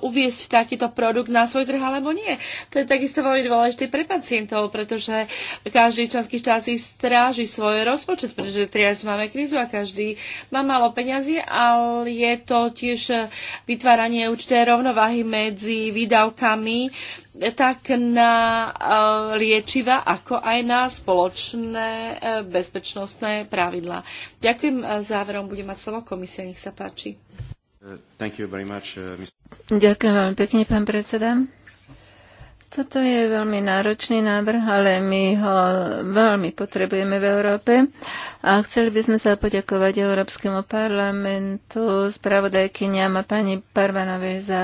uviesť takýto produkt na svoj trh alebo nie. To je takisto veľmi dôležité pre pacientov, pretože každý členský štát si stráži svoj rozpočet, pretože teraz máme krízu a každý má málo peňazí, ale je to tiež eh, vytváranie určité rovnováhy medzi výdavkami tak na e, liečiva, ako aj na spoločné e, bezpečnostné pravidlá. Ďakujem e, záverom, budem mať slovo komisia, nech sa páči. Uh, much, uh, Ďakujem veľmi pekne, pán predseda. Toto je veľmi náročný návrh, ale my ho veľmi potrebujeme v Európe a chceli by sme sa poďakovať Európskemu parlamentu, spravodajkyniam a pani Parvanovej za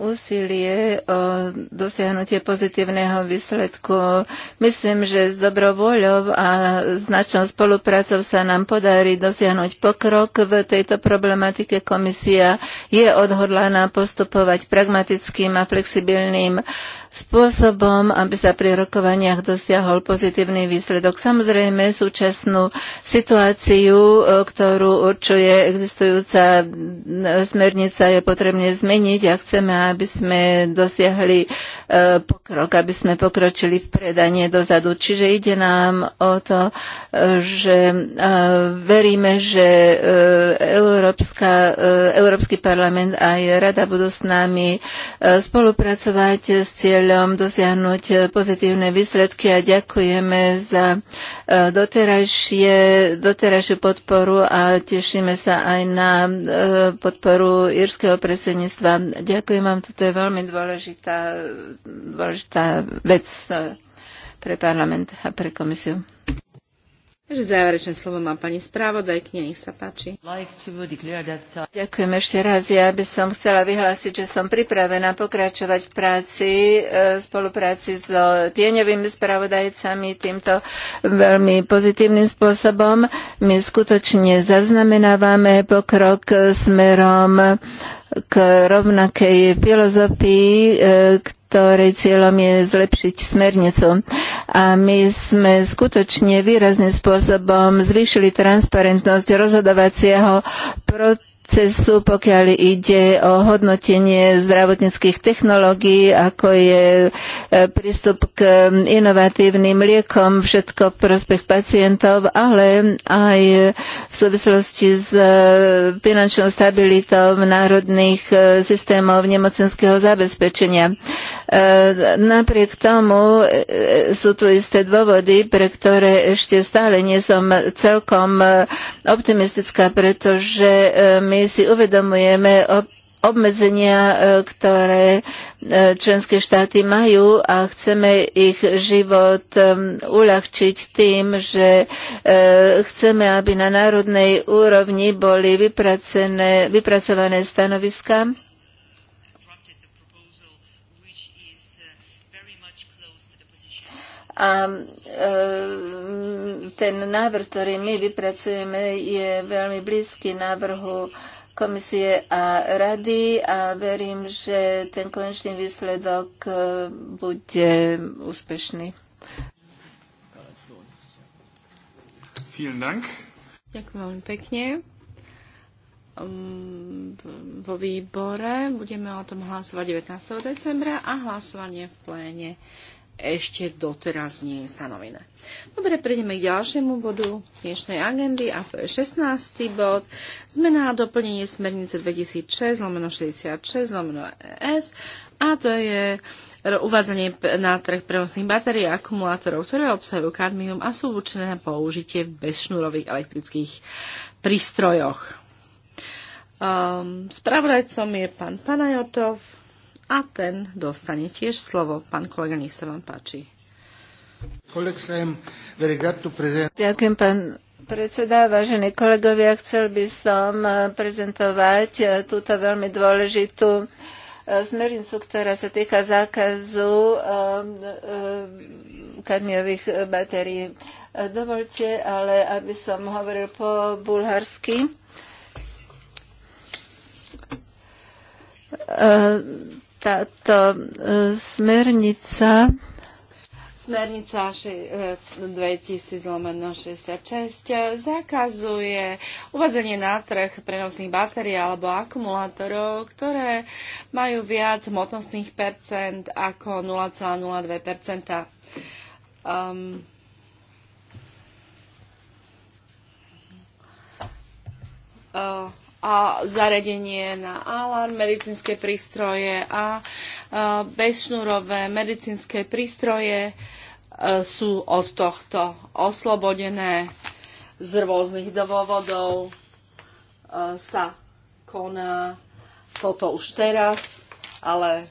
úsilie o dosiahnutie pozitívneho výsledku. Myslím, že s dobrou voľou a značnou spoluprácou sa nám podarí dosiahnuť pokrok v tejto problematike. Komisia je odhodlaná postupovať pragmatickým a flexibilným spôsobom, aby sa pri rokovaniach dosiahol pozitívny výsledok. Samozrejme súčasnú situáciu, e, ktorú určuje existujúca smernica, je potrebné zmeniť a chceme, aby sme dosiahli e, pokrok, aby sme pokročili v predanie dozadu. Čiže ide nám o to, e, že veríme, že Európska, Európsky parlament aj Rada budú s nami spolupracovať s cieľom cieľom dosiahnuť pozitívne výsledky a ďakujeme za e, doterajšie, doterajšiu podporu a tešíme sa aj na e, podporu írskeho predsedníctva. Ďakujem vám, toto je veľmi dôležitá, dôležitá vec e, pre parlament a pre komisiu. Takže záverečné slovo má pani správodajkne, nech sa páči. Uh, Ďakujem ešte raz. Ja by som chcela vyhlásiť, že som pripravená pokračovať v práci, e, spolupráci s so tieňovými spravodajcami týmto veľmi pozitívnym spôsobom. My skutočne zaznamenávame pokrok smerom k rovnakej filozofii, e, ktorej cieľom je zlepšiť smernicu. A my sme skutočne výrazným spôsobom zvýšili transparentnosť rozhodovacieho procesu procesu, pokiaľ ide o hodnotenie zdravotníckých technológií, ako je e, prístup k inovatívnym liekom, všetko v prospech pacientov, ale aj v súvislosti s e, finančnou stabilitou národných e, systémov nemocenského zabezpečenia. E, napriek tomu e, sú tu isté dôvody, pre ktoré ešte stále nie som celkom e, optimistická, pretože my si uvedomujeme obmedzenia, ktoré členské štáty majú a chceme ich život uľahčiť tým, že chceme, aby na národnej úrovni boli vypracované stanoviska A e, ten návrh, ktorý my vypracujeme, je veľmi blízky návrhu komisie a rady a verím, že ten konečný výsledok e, bude úspešný. Dank. Ďakujem veľmi pekne. Mm, vo výbore budeme o tom hlasovať 19. decembra a hlasovanie v pléne ešte doteraz nie je stanovené. Dobre, prejdeme k ďalšiemu bodu dnešnej agendy a to je 16. bod. Zmena a doplnenie smernice 2006 lomeno 66 lomeno ES a to je uvádzanie na trh prenosných batérií a akumulátorov, ktoré obsahujú kadmium a sú určené na použitie v bezšnúrových elektrických prístrojoch. Um, spravodajcom je pán Panajotov, a ten dostane tiež slovo. Pán kolega, nech sa vám páči. Ďakujem, pán predseda, vážení kolegovia. Chcel by som eh, prezentovať eh, túto veľmi dôležitú eh, smernicu, ktorá sa týka zákazu kadmiových batérií. Dovolte, ale aby som hovoril po bulharsky táto e, smernica Smernica 2000 66 e, e, zakazuje uvádzanie na trh prenosných batérií alebo akumulátorov, ktoré majú viac hmotnostných percent ako 0,02 um, uh, a zariadenie na alarm, medicínske prístroje a bezšnúrové medicínske prístroje e, sú od tohto oslobodené z rôznych dôvodov e, sa koná toto už teraz, ale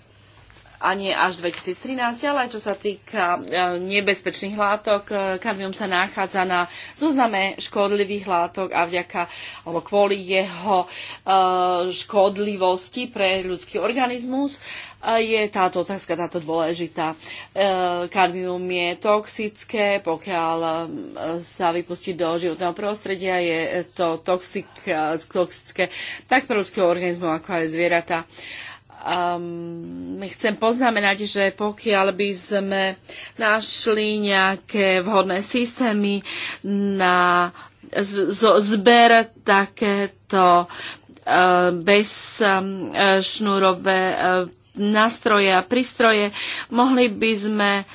a nie až 2013, ale čo sa týka e, nebezpečných látok, e, kamium sa nachádza na zozname škodlivých látok a vďaka, alebo kvôli jeho e, škodlivosti pre ľudský organizmus je táto otázka táto dôležitá. Kadmium je toxické, pokiaľ sa vypustí do životného prostredia, je to toxické tak pre ľudského organizmu, ako aj zvieratá. Um, chcem poznamenať, že pokiaľ by sme našli nejaké vhodné systémy na zber takéto e, bezšnúrové e, nástroje a prístroje, mohli by sme e,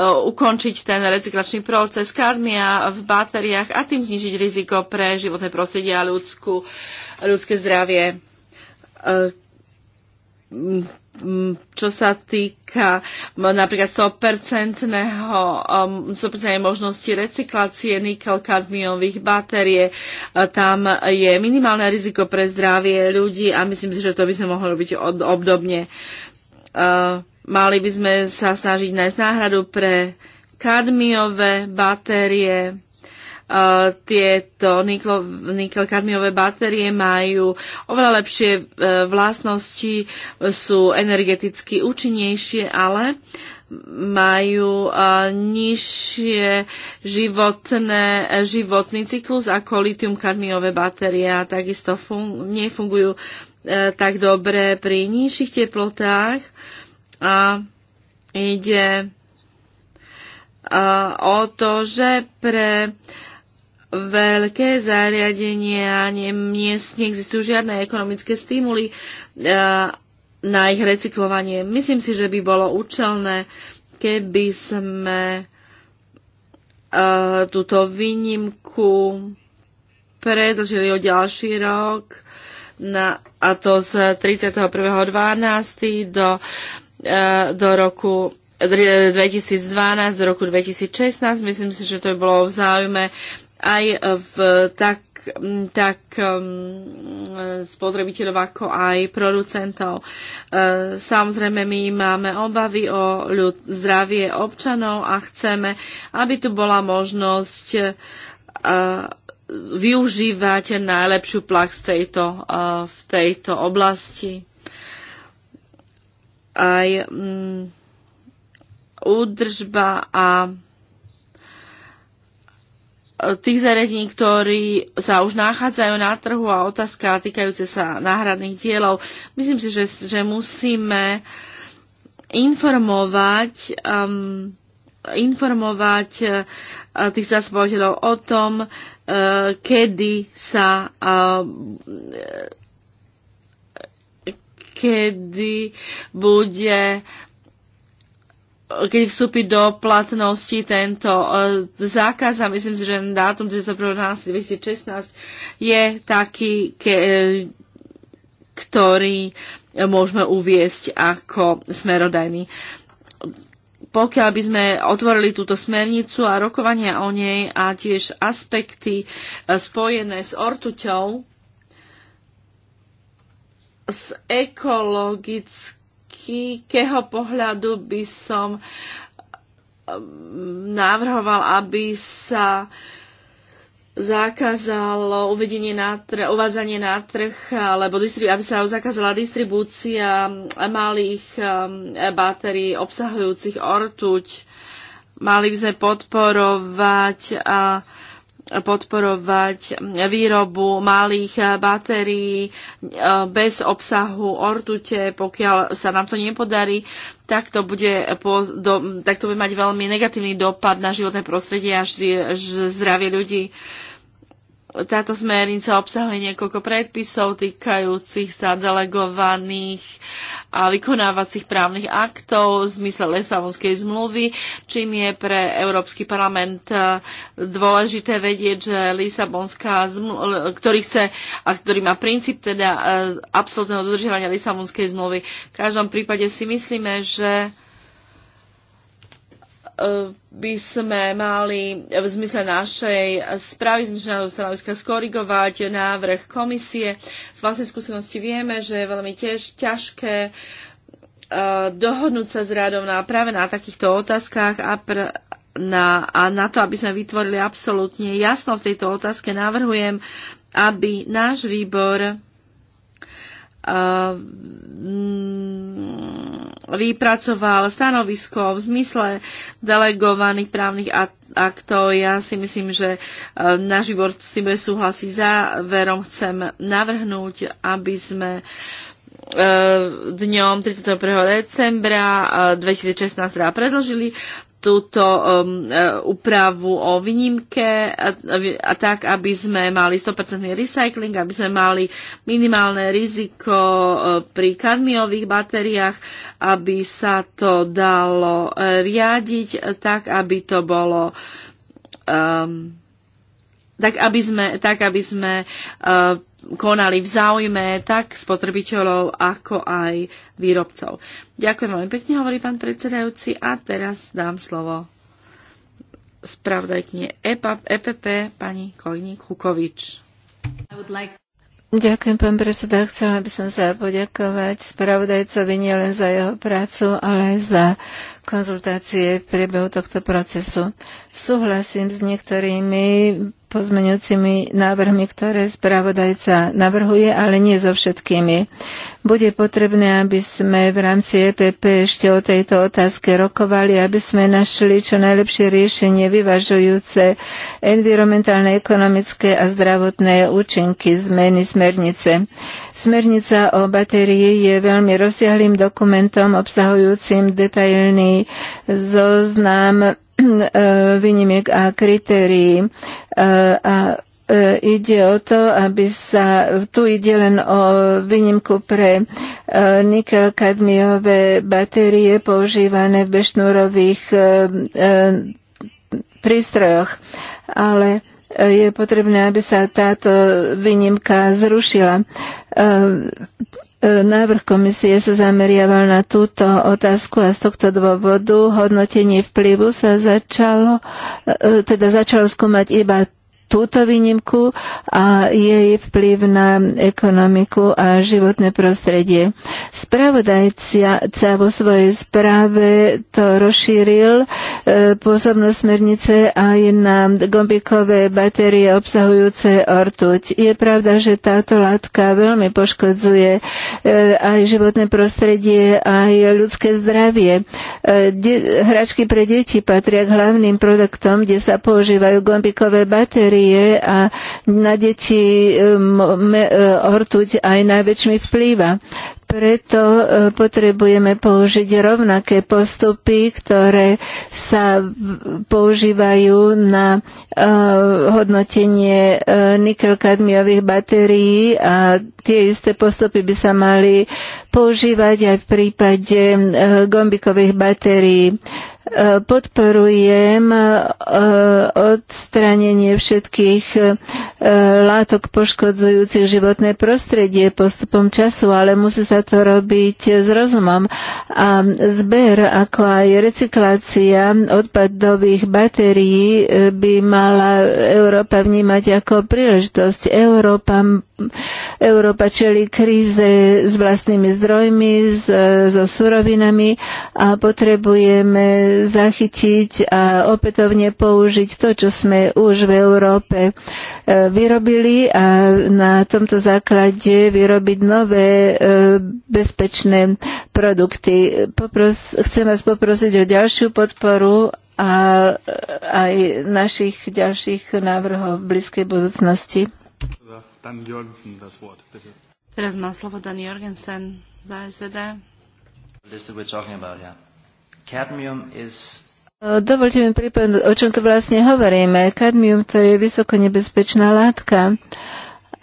ukončiť ten recyklačný proces kadmia v batériách a tým znižiť riziko pre životné prostredie a ľudskú, ľudské zdravie. Ehm, čo sa týka napríklad 100%, 100% ehm, možnosti recyklácie nikel-kadmiových batérie. E, tam je minimálne riziko pre zdravie ľudí a myslím si, že to by sme mohli robiť obdobne. E, mali by sme sa snažiť nájsť náhradu pre kadmiové batérie E, tieto nikel-kadmiové batérie majú oveľa lepšie e, vlastnosti, sú energeticky účinnejšie, ale majú e, nižšie životné, životný cyklus ako litium karmiové batérie a takisto nefungujú tak dobre pri nižších teplotách a ide o to, že pre veľké zariadenia, nie, nie, neexistujú žiadne ekonomické stimuly e, na ich recyklovanie. Myslím si, že by bolo účelné, keby sme e, túto výnimku predlžili o ďalší rok na, a to z 31.12. do, e, do roku 2012 do roku 2016. Myslím si, že to by bolo v záujme aj v tak, tak spotrebiteľov, ako aj producentov. E, samozrejme, my máme obavy o ľud, zdravie občanov a chceme, aby tu bola možnosť e, využívať najlepšiu plax tejto, e, v tejto oblasti. Aj údržba a tých zariadení, ktorí sa už nachádzajú na trhu a otázka týkajúce sa náhradných dielov. Myslím si, že, že musíme informovať, um, informovať uh, tých zaspovateľov o tom, uh, kedy sa uh, kedy bude keď vstúpi do platnosti tento e, zákaz a myslím si, že dátum 2016 je taký, ke, e, ktorý môžeme uviesť ako smerodajný. Pokiaľ by sme otvorili túto smernicu a rokovania o nej a tiež aspekty e, spojené s ortuťou, z ekologického chýkého pohľadu by som um, návrhoval, aby sa zakázalo uvedenie na trh, uvádzanie na trh, alebo aby sa zakázala distribúcia um, malých um, batérií obsahujúcich ortuť. Mali by sme podporovať a podporovať výrobu malých batérií eh, bez obsahu ortute, pokiaľ sa nám to nepodarí, tak to bude, po, do, tak to bude mať veľmi negatívny dopad na životné prostredie a zdravie ľudí. Uh, táto smernica obsahuje niekoľko predpisov týkajúcich sa delegovaných a vykonávacích právnych aktov v zmysle Lisabonskej zmluvy, čím je pre Európsky parlament e, dôležité vedieť, že Lisabonská zmluva, e, ktorý chce a ktorý má princíp teda e, absolútneho dodržiavania Lisabonskej zmluvy. V každom prípade si myslíme, že E, by sme mali v zmysle našej správy, sme zmysle stanoviska skorigovať návrh komisie. Z vlastnej skúsenosti vieme, že je veľmi tiež ťažké e, dohodnúť sa s radou na, práve na takýchto otázkach a, pr, na, a na to, aby sme vytvorili absolútne jasno v tejto otázke, navrhujem, aby náš výbor Ehm, vypracoval stanovisko v zmysle delegovaných právnych aktov. Ja si myslím, že ehm, náš výbor s tým bude súhlasí. Záverom chcem navrhnúť, aby sme ehm, dňom 31. decembra 2016 teda predložili túto um, e, úpravu o výnimke a, a tak, aby sme mali 100% recycling, aby sme mali minimálne riziko e, pri karmiových batériách, aby sa to dalo e, riadiť tak, aby to bolo um, tak aby sme, tak aby sme uh, konali v záujme tak spotrebiteľov, ako aj výrobcov. Ďakujem veľmi pekne, hovorí pán predsedajúci. A teraz dám slovo spravodajkne EPP e pani Kojni Kukovič. Ďakujem, pán predseda. Chcela by som sa poďakovať spravodajcovi nielen za jeho prácu, ale aj za konzultácie v priebehu tohto procesu. Súhlasím s niektorými pozmeňujúcimi návrhmi, ktoré spravodajca navrhuje, ale nie so všetkými. Bude potrebné, aby sme v rámci EPP ešte o tejto otázke rokovali, aby sme našli čo najlepšie riešenie vyvažujúce environmentálne, ekonomické a zdravotné účinky zmeny smernice. Smernica o batérii je veľmi rozsiahlým dokumentom obsahujúcim detailný zoznam Eh, výnimiek a kritérií. Eh, a eh, ide o to, aby sa, tu ide len o výnimku pre nikel-kadmiové batérie používané v bešnúrových prístrojoch. Ale je potrebné, aby sa táto výnimka zrušila. E, návrh komisie sa zameriaval na túto otázku a z tohto dôvodu hodnotenie vplyvu sa začalo, e, e, teda začalo skúmať iba túto výnimku a jej vplyv na ekonomiku a životné prostredie. Spravodajca vo svojej správe to rozšíril e, pôsobnosť smernice aj na gombikové batérie obsahujúce ortuť. Je pravda, že táto látka veľmi poškodzuje e, aj životné prostredie, aj ľudské zdravie. E, de, hračky pre deti patria k hlavným produktom, kde sa používajú gombikové batérie baktérie a na deti um, uh, hortuť aj najväčšmi vplýva preto uh, potrebujeme použiť rovnaké postupy, ktoré sa používajú na uh, hodnotenie nikelkadmiových batérií a tie isté postupy by sa mali používať aj v prípade gombikových batérií podporujem e, odstránenie všetkých e, látok poškodzujúcich životné prostredie postupom času, ale musí sa to robiť s rozumom. A zber, ako aj recyklácia odpadových batérií e, by mala Európa vnímať ako príležitosť. Európa, Európa čeli kríze s vlastnými zdrojmi, so surovinami a potrebujeme zachytiť a opätovne použiť to, čo sme už v Európe e, vyrobili a na tomto základe vyrobiť nové e, bezpečné produkty. Popros, chcem vás poprosiť o ďalšiu podporu a aj našich ďalších návrhov v blízkej budúcnosti. Teraz má slovo Dan Jorgensen za SED. Dovolte mi pripomenúť, o čom tu vlastne hovoríme. Kadmium to je vysoko nebezpečná látka.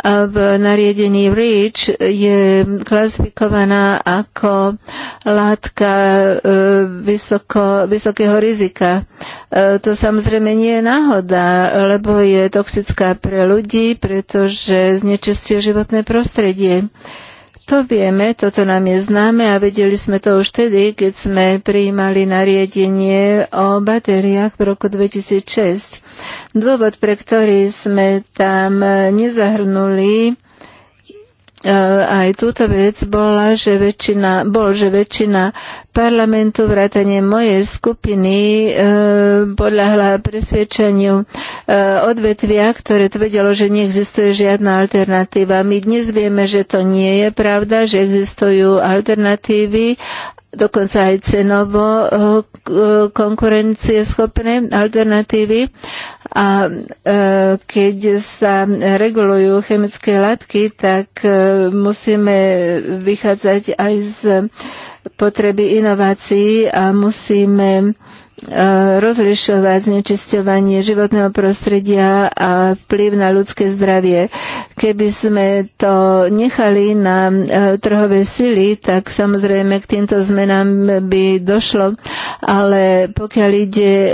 A v nariadení REACH je klasifikovaná ako látka e, vysoko, vysokého rizika. E, to samozrejme nie je náhoda, lebo je toxická pre ľudí, pretože znečistuje životné prostredie. To vieme, toto nám je známe a vedeli sme to už tedy, keď sme prijímali nariadenie o batériách v roku 2006. Dôvod, pre ktorý sme tam nezahrnuli E, aj túto vec bola, že väčšina, bol, že väčšina parlamentu vrátane mojej skupiny e, podľahla presvedčeniu e, odvetvia, ktoré tvrdilo, že neexistuje žiadna alternatíva. My dnes vieme, že to nie je pravda, že existujú alternatívy dokonca aj cenovo e, e, konkurencieschopné alternatívy a e, keď sa regulujú chemické látky, tak e, musíme vychádzať aj z potreby inovácií a musíme e, rozlišovať znečisťovanie životného prostredia a vplyv na ľudské zdravie. Keby sme to nechali na e, trhové sily, tak samozrejme k týmto zmenám by došlo, ale pokiaľ ide e,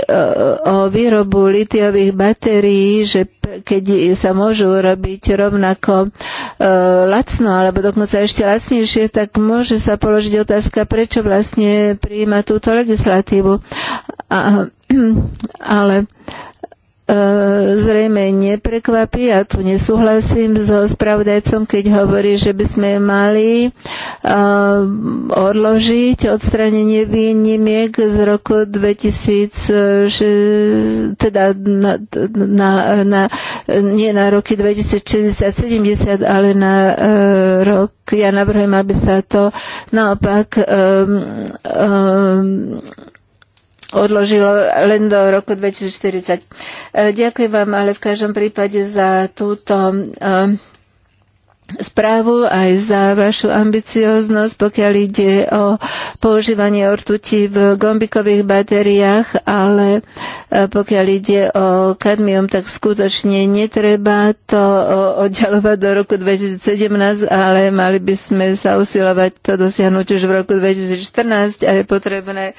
o výrobu litiových batérií, že keď sa môžu robiť rovnako lacno alebo dokonca ešte lacnejšie, tak môže sa položiť otázka, otázka, prečo vlastne prijíma túto legislatívu. A, <clears throat> ale E, zrejme neprekvapí, ja tu nesúhlasím so spravodajcom, keď hovorí, že by sme mali e, odložiť odstranenie výnimiek z roku 2000, že, teda na, na, na, nie na roky 2060-70, ale na e, rok, ja navrhujem, aby sa to naopak um, um, odložilo len do roku 2040. E, ďakujem vám ale v každom prípade za túto e, správu aj za vašu ambicioznosť, pokiaľ ide o používanie ortuti v gombikových batériách, ale e, pokiaľ ide o kadmium, tak skutočne netreba to oddialovať do roku 2017, ale mali by sme sa usilovať to dosiahnuť už v roku 2014 a je potrebné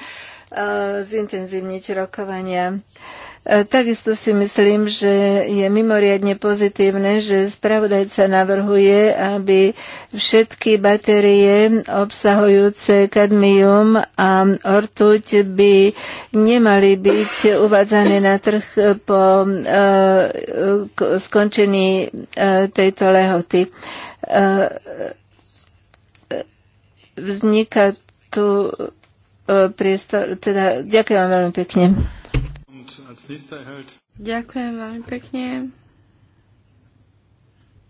E, zintenzívniť rokovania. E, takisto si myslím, že je mimoriadne pozitívne, že spravodajca navrhuje, aby všetky batérie obsahujúce kadmium a ortuť by nemali byť uvádzané na trh po e, skončení tejto lehoty. Vzniká tu E, priestor. Teda ďakujem vám veľmi pekne. Ďakujem veľmi pekne.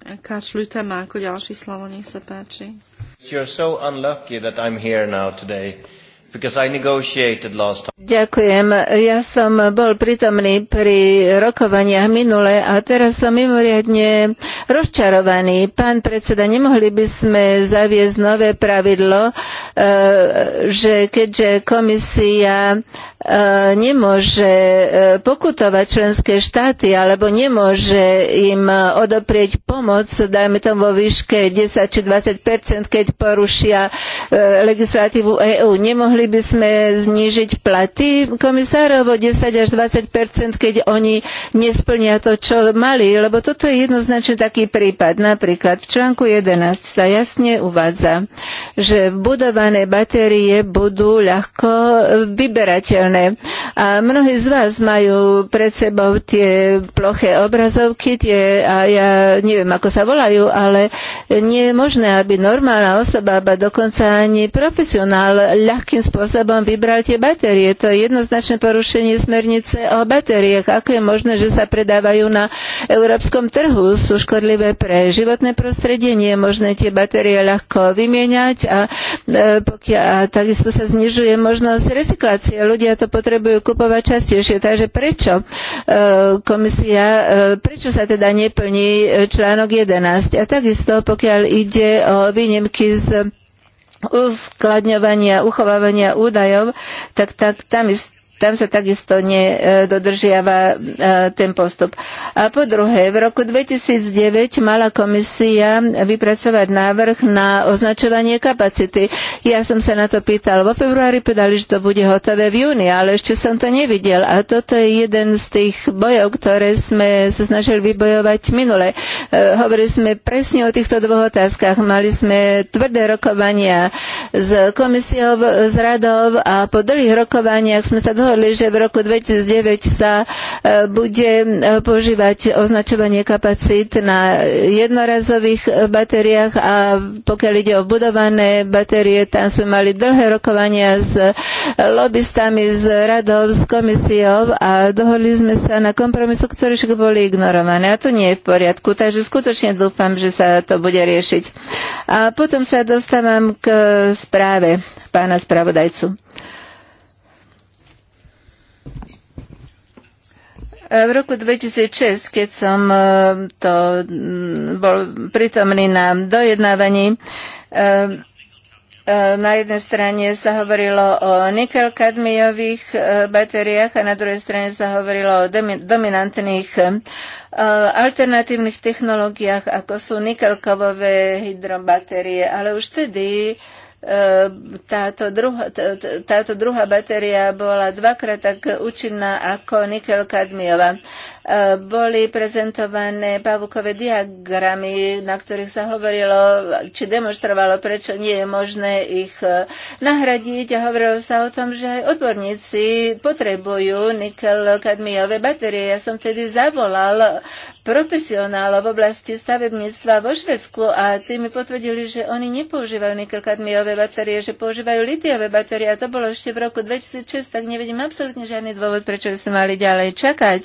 Kačľujte ma ako ďalší slovo, nech sa páči. You're so unlucky that I'm here now today. Ďakujem. Ja som bol prítomný pri rokovaniach minule a teraz som mimoriadne rozčarovaný. Pán predseda, nemohli by sme zaviesť nové pravidlo, e, že keďže komisia e, nemôže e, pokutovať členské štáty alebo nemôže im odoprieť pomoc, dajme tomu vo výške 10 či 20 keď porušia legislatívu EÚ. Nemohli mohli by sme znížiť platy komisárov o 10 až 20 keď oni nesplnia to, čo mali, lebo toto je jednoznačne taký prípad. Napríklad v článku 11 sa jasne uvádza, že budované batérie budú ľahko vyberateľné. A mnohí z vás majú pred sebou tie ploché obrazovky, tie, a ja neviem, ako sa volajú, ale nie je možné, aby normálna osoba, ba dokonca ani profesionál ľahkým spôsobom vybral tie batérie. To je jednoznačné porušenie smernice o batériách. Ako je možné, že sa predávajú na európskom trhu? Sú škodlivé pre životné prostredie, nie je možné tie batérie ľahko vymieňať a, e, pokia, a takisto sa znižuje možnosť recyklácie. Ľudia to potrebujú kupovať častejšie. Takže prečo e, komisia, e, prečo sa teda neplní článok 11? A takisto, pokiaľ ide o výnimky z uskladňovania, uchovávania údajov, tak, tak tam, tam sa takisto nedodržiava e, ten postup. A po druhé, v roku 2009 mala komisia vypracovať návrh na označovanie kapacity. Ja som sa na to pýtal. Vo februári povedali, že to bude hotové v júni, ale ešte som to nevidel. A toto je jeden z tých bojov, ktoré sme sa snažili vybojovať minule. E, hovorili sme presne o týchto dvoch otázkach. Mali sme tvrdé rokovania s komisiou, s radou a po dlhých rokovaniach sme sa dohodli, rozhodli, že v roku 2009 sa e, bude e, používať označovanie kapacít na jednorazových e, batériách a pokiaľ ide o budované batérie, tam sme mali dlhé rokovania s lobbystami, s radov, s komisiou a dohodli sme sa na kompromisu, ktoré však boli ignorované. A to nie je v poriadku, takže skutočne dúfam, že sa to bude riešiť. A potom sa dostávam k správe pána spravodajcu. V roku 2006, keď som e, to bol pritomný na dojednávaní, e, e, na jednej strane sa hovorilo o nikel-kadmiových batériách a na druhej strane sa hovorilo o dominantných alternatívnych technológiách, ako sú nikelkovové hydrobatérie. Ale už tedy Ehm, táto druhá, táto druhá batéria bola dvakrát tak účinná ako nikel kadmiová boli prezentované pavukové diagramy, na ktorých sa hovorilo, či demonstrovalo, prečo nie je možné ich e, nahradiť a hovorilo sa o tom, že aj odborníci potrebujú nikel-kadmiové batérie. Ja som vtedy zavolal profesionálov v oblasti stavebníctva vo Švedsku a tí mi potvrdili, že oni nepoužívajú nikel-kadmiové batérie, že používajú litiové batérie a to bolo ešte v roku 2006, tak nevidím absolútne žiadny dôvod, prečo by sme mali ďalej čakať.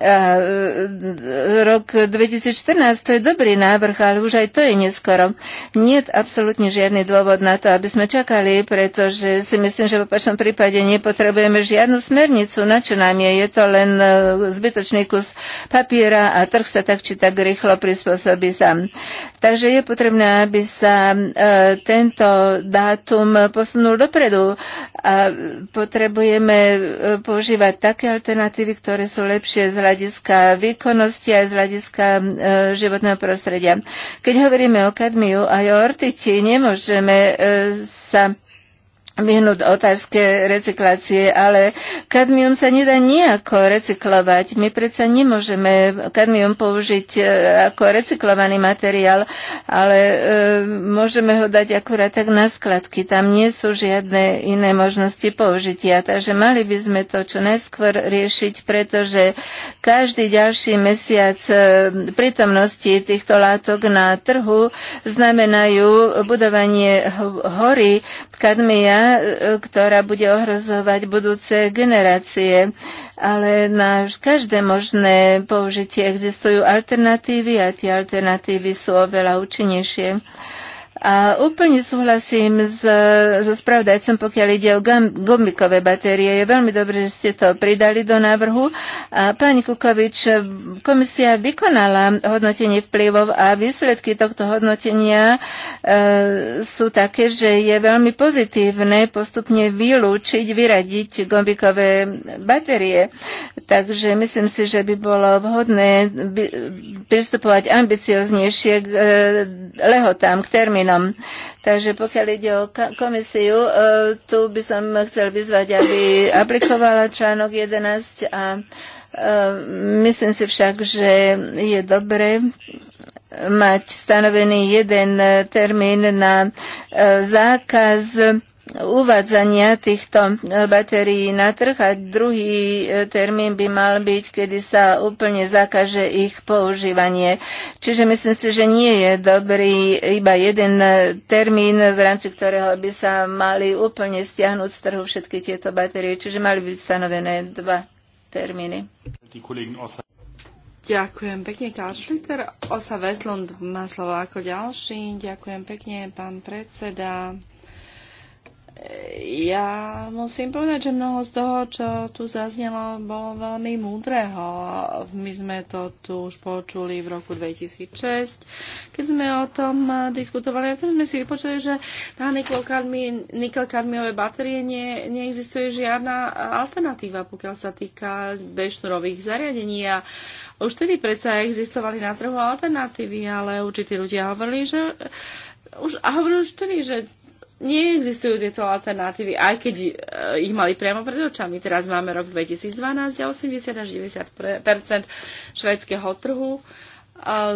E, rok 2014 to je dobrý návrh, ale už aj to je neskoro. Nie je absolútne žiadny dôvod na to, aby sme čakali, pretože si myslím, že v opačnom prípade nepotrebujeme žiadnu smernicu. Na čo nám je? Je to len e, zbytočný kus papiera a trh sa tak či tak rýchlo prispôsobí sám. Takže je potrebné, aby sa e, tento dátum posunul dopredu a potrebujeme používať také alternatívy, ktoré sú lepšie z hľadiska výkonnosti, aj z hľadiska e, životného prostredia. Keď hovoríme o kadmiu aj o ortiči, nemôžeme e, sa vyhnúť otázke recyklácie, ale kadmium sa nedá nejako recyklovať. My predsa nemôžeme kadmium použiť e, ako recyklovaný materiál, ale e, môžeme ho dať akurát tak na skladky. Tam nie sú žiadne iné možnosti použitia, takže mali by sme to čo najskôr riešiť, pretože každý ďalší mesiac e, prítomnosti týchto látok na trhu znamenajú budovanie hory kadmia ktorá bude ohrozovať budúce generácie. Ale na každé možné použitie existujú alternatívy a tie alternatívy sú oveľa účinnejšie. A úplne súhlasím s, so spravodajcom, pokiaľ ide o gam, gumikové batérie. Je veľmi dobré, že ste to pridali do návrhu. A pani Kukovič, komisia vykonala hodnotenie vplyvov a výsledky tohto hodnotenia e, sú také, že je veľmi pozitívne postupne vylúčiť, vyradiť gombikové batérie. Takže myslím si, že by bolo vhodné pristupovať ambicioznejšie k e, lehotám, k termínu termínom. Takže pokiaľ ide o komisiu, e, tu by som chcel vyzvať, aby aplikovala článok 11 a e, myslím si však, že je dobré mať stanovený jeden termín na e, zákaz uvádzania týchto e, batérií na trh a druhý e, termín by mal byť, kedy sa úplne zakaže ich používanie. Čiže myslím si, že nie je dobrý iba jeden e, termín, v rámci ktorého by sa mali úplne stiahnuť z trhu všetky tieto batérie, čiže mali byť stanovené dva termíny. Ďakujem pekne, Karl Schlitter. Osa Veslund má slovo ako ďalší. Ďakujem pekne, pán predseda. Ja musím povedať, že mnoho z toho, čo tu zaznelo, bolo veľmi múdreho. My sme to tu už počuli v roku 2006, keď sme o tom eh, diskutovali. A sme si vypočuli, že na nikel-kadmiové batérie nie, neexistuje žiadna alternatíva, pokiaľ sa týka bešnurových zariadení. A už tedy predsa existovali na trhu alternatívy, ale určití ľudia hovorili, že už, a hovorili už tedy, že neexistujú tieto alternatívy, aj keď e, ich mali priamo pred očami. Teraz máme rok 2012 a 80 až 90 švedského trhu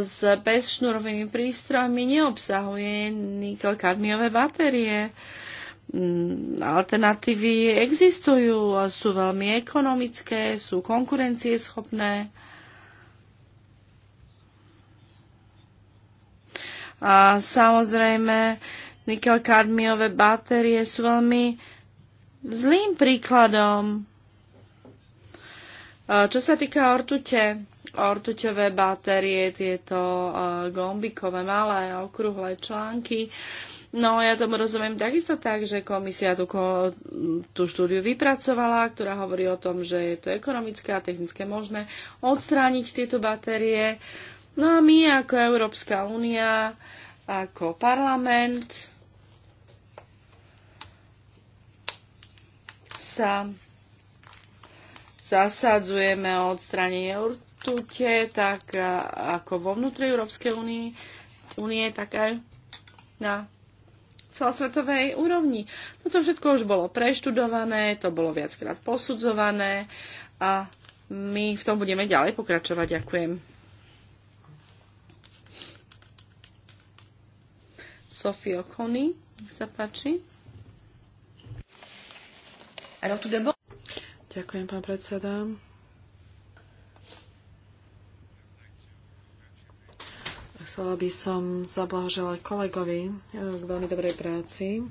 s bezšnúrovými prístrojmi neobsahuje nikel-kadmiové batérie. Mm, alternatívy existujú, sú veľmi ekonomické, sú konkurencieschopné. A samozrejme, nikel-kadmiové batérie sú veľmi zlým príkladom. Čo sa týka ortute, ortuťové batérie, tieto gombikové malé okrúhle články, No, ja tomu rozumiem takisto tak, že komisia tú, tú štúdiu vypracovala, ktorá hovorí o tom, že je to ekonomické a technické možné odstrániť tieto batérie. No a my ako Európska únia, ako parlament, sa zasadzujeme o odstranenie urtute, tak ako vo vnútri Európskej únie, únie tak aj na celosvetovej úrovni. Toto všetko už bolo preštudované, to bolo viackrát posudzované a my v tom budeme ďalej pokračovať. Ďakujem. Sofio Kony, nech sa páči. Ďakujem, pán predseda. Chcela by som zablahoželať kolegovi eh, k veľmi dobrej práci,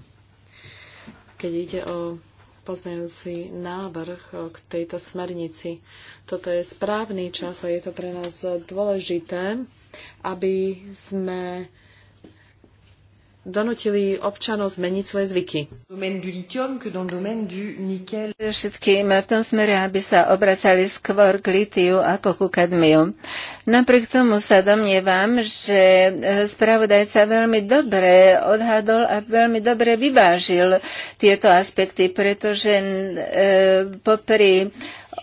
keď ide o pozmeňujúci návrh eh, k tejto smernici. Toto je správny čas a je to pre nás dôležité, aby sme donútili občanov zmeniť svoje zvyky. Všetkým v tom smere, aby sa obracali skôr k litiu ako ku kadmiu. Napriek tomu sa domnievam, že spravodajca veľmi dobre odhadol a veľmi dobre vyvážil tieto aspekty, pretože e, popri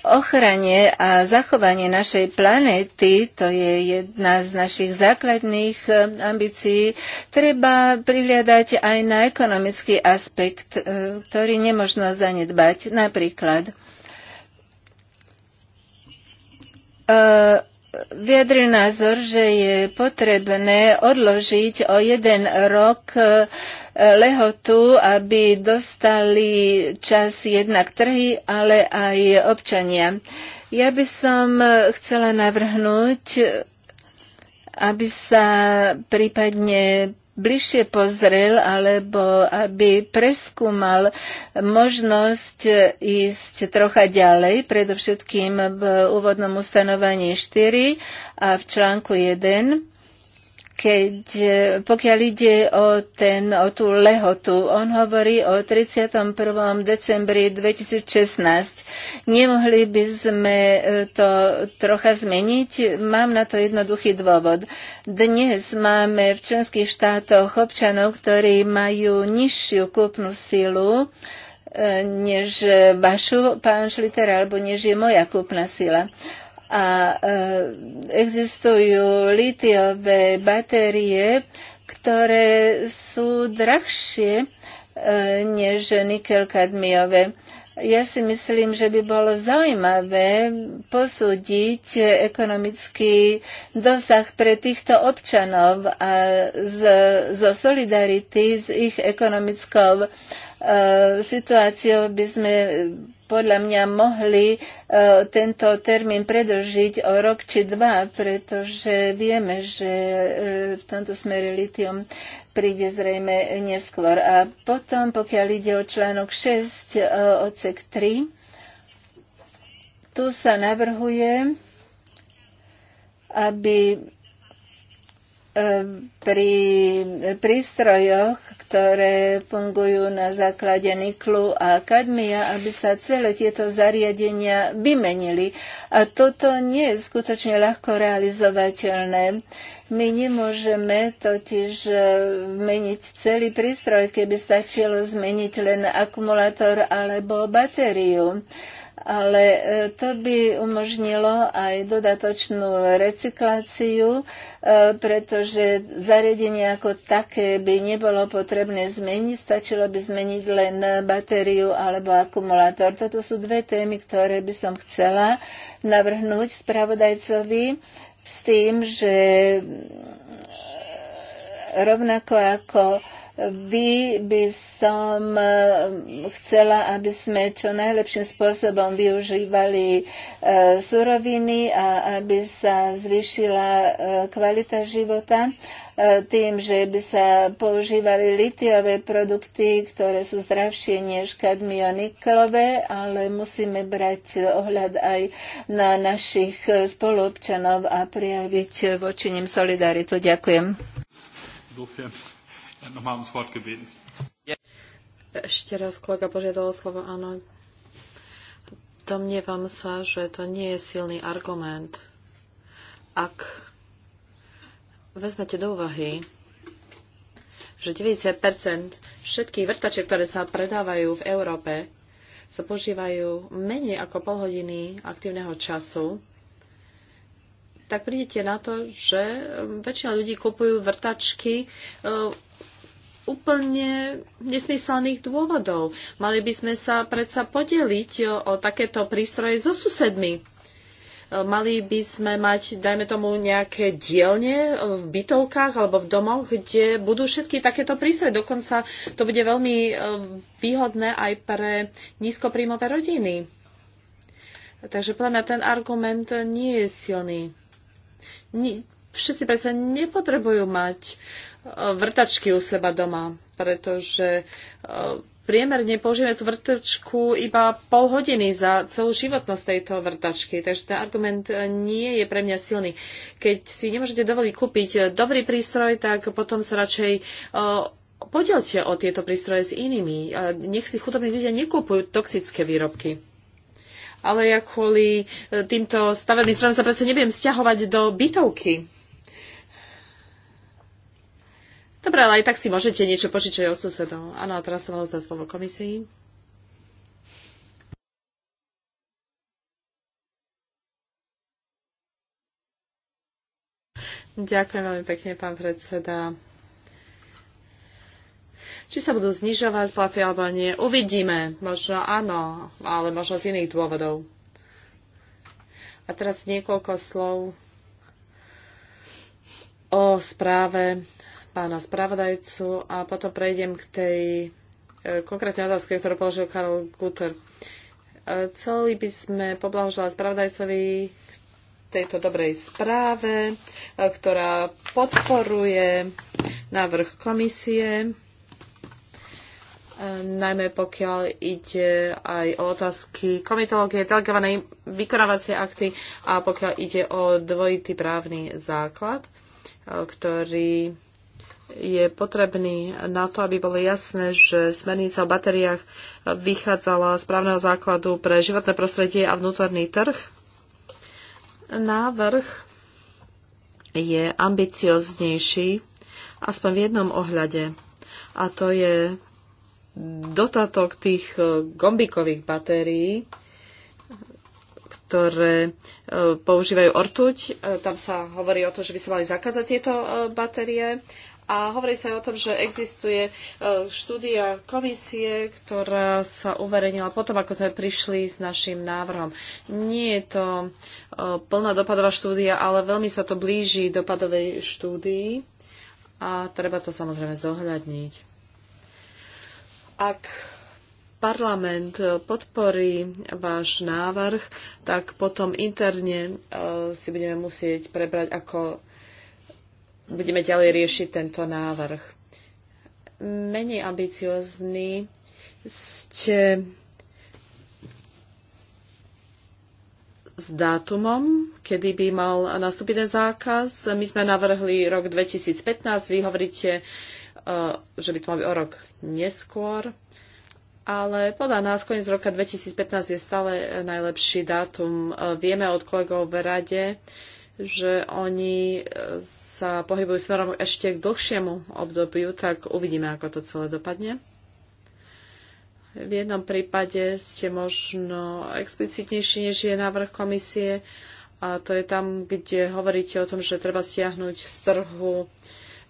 ochrane a zachovanie našej planéty, to je jedna z našich základných eh, ambícií, treba prihliadať aj na ekonomický aspekt, eh, ktorý nemožno zanedbať. Napríklad, eh, vyjadril názor, že je potrebné odložiť o jeden rok e, lehotu, aby dostali čas jednak trhy, ale aj občania. Ja by som e, chcela navrhnúť, aby sa prípadne bližšie pozrel alebo aby preskúmal možnosť ísť trocha ďalej, predovšetkým v úvodnom ustanovaní 4 a v článku 1 keď, e, pokiaľ ide o, ten, o tú lehotu, on hovorí o 31. decembri 2016. Nemohli by sme e, to trocha zmeniť? Mám na to jednoduchý dôvod. Dnes máme v členských štátoch občanov, ktorí majú nižšiu kúpnu silu e, než vašu, pán Šliter, alebo než je moja kúpna sila. A existujú litiové batérie, ktoré sú drahšie e, než nikel-kadmiové. Ja si myslím, že by bolo zaujímavé posúdiť ekonomický dosah pre týchto občanov a z, zo solidarity s ich ekonomickou e, situáciou by sme podľa mňa mohli e, tento termín predlžiť o rok či dva, pretože vieme, že e, v tomto smere litium príde zrejme neskôr. A potom, pokiaľ ide o článok 6, e, odsek 3, tu sa navrhuje, aby pri prístrojoch ktoré fungujú na základe niklu a kadmia, aby sa celé tieto zariadenia vymenili. A toto nie je skutočne ľahko realizovateľné. My nemôžeme totiž e, meniť celý prístroj, keby stačilo zmeniť len akumulátor alebo batériu ale e, to by umožnilo aj dodatočnú recykláciu, e, pretože zariadenie ako také by nebolo potrebné zmeniť, stačilo by zmeniť len batériu alebo akumulátor. Toto sú dve témy, ktoré by som chcela navrhnúť spravodajcovi s tým, že rovnako ako vy by som e, chcela, aby sme čo najlepším spôsobom využívali e, suroviny a aby sa zvýšila e, kvalita života tým, že by sa používali litiové produkty, ktoré sú zdravšie než kadmioniklové, ale musíme brať ohľad aj na našich spoluobčanov a prijaviť voči nim solidaritu. Ďakujem. Zofia nochmal ums Wort gebeten. Ešte raz kolega požiadal slovo, áno. Domnievam sa, že to nie je silný argument. Ak vezmete do úvahy, že 90% všetkých vrtačiek, ktoré sa predávajú v Európe, sa požívajú menej ako pol hodiny aktívneho času tak prídete na to, že um, väčšina ľudí kupujú vrtačky uh, úplne nesmyselných dôvodov. Mali by sme sa predsa podeliť uh, o takéto prístroje so susedmi. Uh, mali by sme mať, dajme tomu, nejaké dielne v bytovkách alebo v domoch, kde budú všetky takéto prístroje. Dokonca to bude veľmi výhodné aj pre nízkopríjmové rodiny. Takže podľa mňa ten argument nie je silný. Všetci predsa nepotrebujú mať e, vrtačky u seba doma, pretože e, priemerne použijeme tú vrtačku iba pol hodiny za celú životnosť tejto vrtačky, takže ten argument e, nie je pre mňa silný. Keď si nemôžete dovoliť kúpiť dobrý prístroj, tak potom sa radšej podielte o tieto prístroje s inými. Nech si chudobní ľudia nekúpujú toxické výrobky ale ja kvôli e, týmto stavebným stranom sa predsa nebudem stiahovať do bytovky. Dobre, ale aj tak si môžete niečo požičať od susedov. Áno, a teraz som za slovo komisii. Ďakujem veľmi pekne, pán predseda. Či sa budú znižovať platy alebo nie, uvidíme. Možno áno, ale možno z iných dôvodov. A teraz niekoľko slov o správe pána spravodajcu a potom prejdem k tej e, konkrétnej otázke, ktorú položil Karol Guter. E, chceli by sme poblahoželať spravodajcovi k tejto dobrej správe, e, ktorá podporuje návrh komisie najmä pokiaľ ide aj o otázky komitológie, delegované vykonávacie akty a pokiaľ ide o dvojitý právny základ, e, ktorý je potrebný na to, aby bolo jasné, že smernica o batériách vychádzala z právneho základu pre životné prostredie a vnútorný trh. Návrh je ambicioznejší, aspoň v jednom ohľade, a to je dotatok tých e, gombikových batérií, ktoré e, používajú ortuť. E, tam sa hovorí o tom, že by sa mali zakázať tieto batérie. A hovorí sa aj o tom, že existuje štúdia komisie, ktorá sa uverejnila potom, ako sme prišli s našim návrhom. Nie je to plná dopadová štúdia, ale veľmi sa to blíži dopadovej štúdii a treba to samozrejme zohľadniť. Ak parlament podporí váš návrh, tak potom interne e, si budeme musieť prebrať, ako budeme ďalej riešiť tento návrh. Menej ambiciozní ste s dátumom, kedy by mal nastúpiť ten zákaz. My sme navrhli rok 2015, vy hovoríte E, že by to mal byť o rok neskôr, ale podľa nás koniec roka 2015 je stále najlepší dátum. E, vieme od kolegov v rade, že oni e, sa pohybujú smerom ešte k dlhšiemu obdobiu, tak uvidíme, ako to celé dopadne. V jednom prípade ste možno explicitnejší, než je návrh komisie, a to je tam, kde hovoríte o tom, že treba stiahnuť z trhu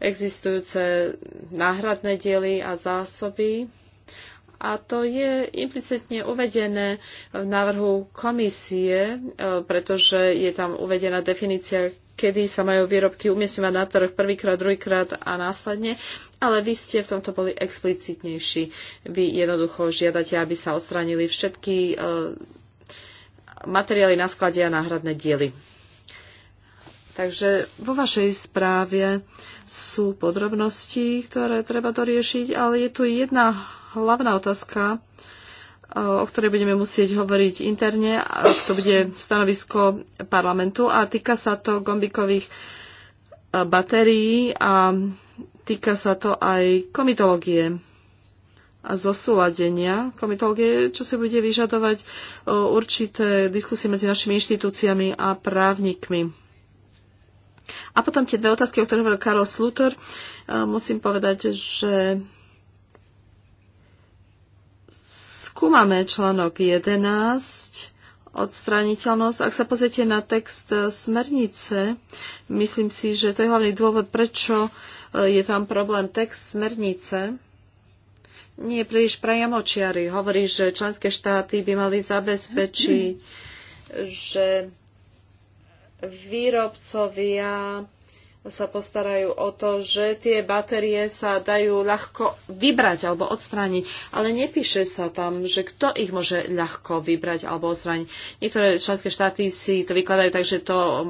existujúce náhradné diely a zásoby. A to je implicitne uvedené v návrhu komisie, e, pretože je tam uvedená definícia, kedy sa majú výrobky umiestňovať na trh prvýkrát, druhýkrát a následne, ale vy ste v tomto boli explicitnejší. Vy jednoducho žiadate, aby sa odstránili všetky e, materiály na sklade a náhradné diely. Takže vo vašej správe sú podrobnosti, ktoré treba doriešiť, ale je tu jedna hlavná otázka, e, o ktorej budeme musieť hovoriť interne. A to bude stanovisko parlamentu a týka sa to gombikových e, batérií a týka sa to aj komitológie a zosúladenia komitológie, čo si bude vyžadovať e, určité diskusie medzi našimi inštitúciami a právnikmi. A potom tie dve otázky, o ktorých hovoril Karol Slutor. E, musím povedať, že skúmame článok 11 odstrániteľnosť. Ak sa pozriete na text e, smernice, myslím si, že to je hlavný dôvod, prečo e, je tam problém text smernice. Nie je príliš priamočiary. Hovorí, že členské štáty by mali zabezpečiť, že výrobcovia sa postarajú o to, že tie batérie sa dajú ľahko vybrať alebo odstrániť, ale nepíše sa tam, že kto ich môže ľahko vybrať alebo odstrániť. Niektoré členské štáty si to vykladajú tak, že to um,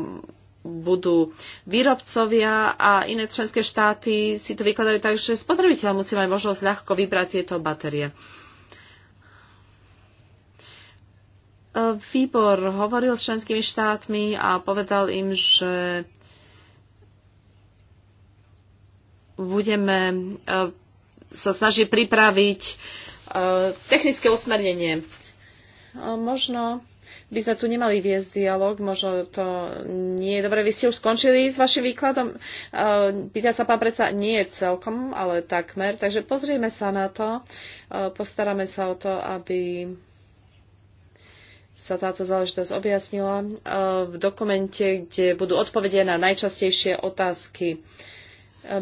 budú výrobcovia a iné členské štáty si to vykladajú tak, že spotrebiteľ musí mať možnosť ľahko vybrať tieto batérie. Uh, výbor hovoril s členskými štátmi a povedal im, že budeme e, sa snažiť pripraviť e, technické usmernenie. E, možno by sme tu nemali viesť dialog, možno to nie je dobre. Vy ste už skončili s vašim výkladom? Pýta sa pán predsa, nie je celkom, ale takmer. Takže pozrieme sa na to, postaráme sa o to, aby sa táto záležitosť objasnila e, v dokumente, kde budú odpovede na najčastejšie otázky. E,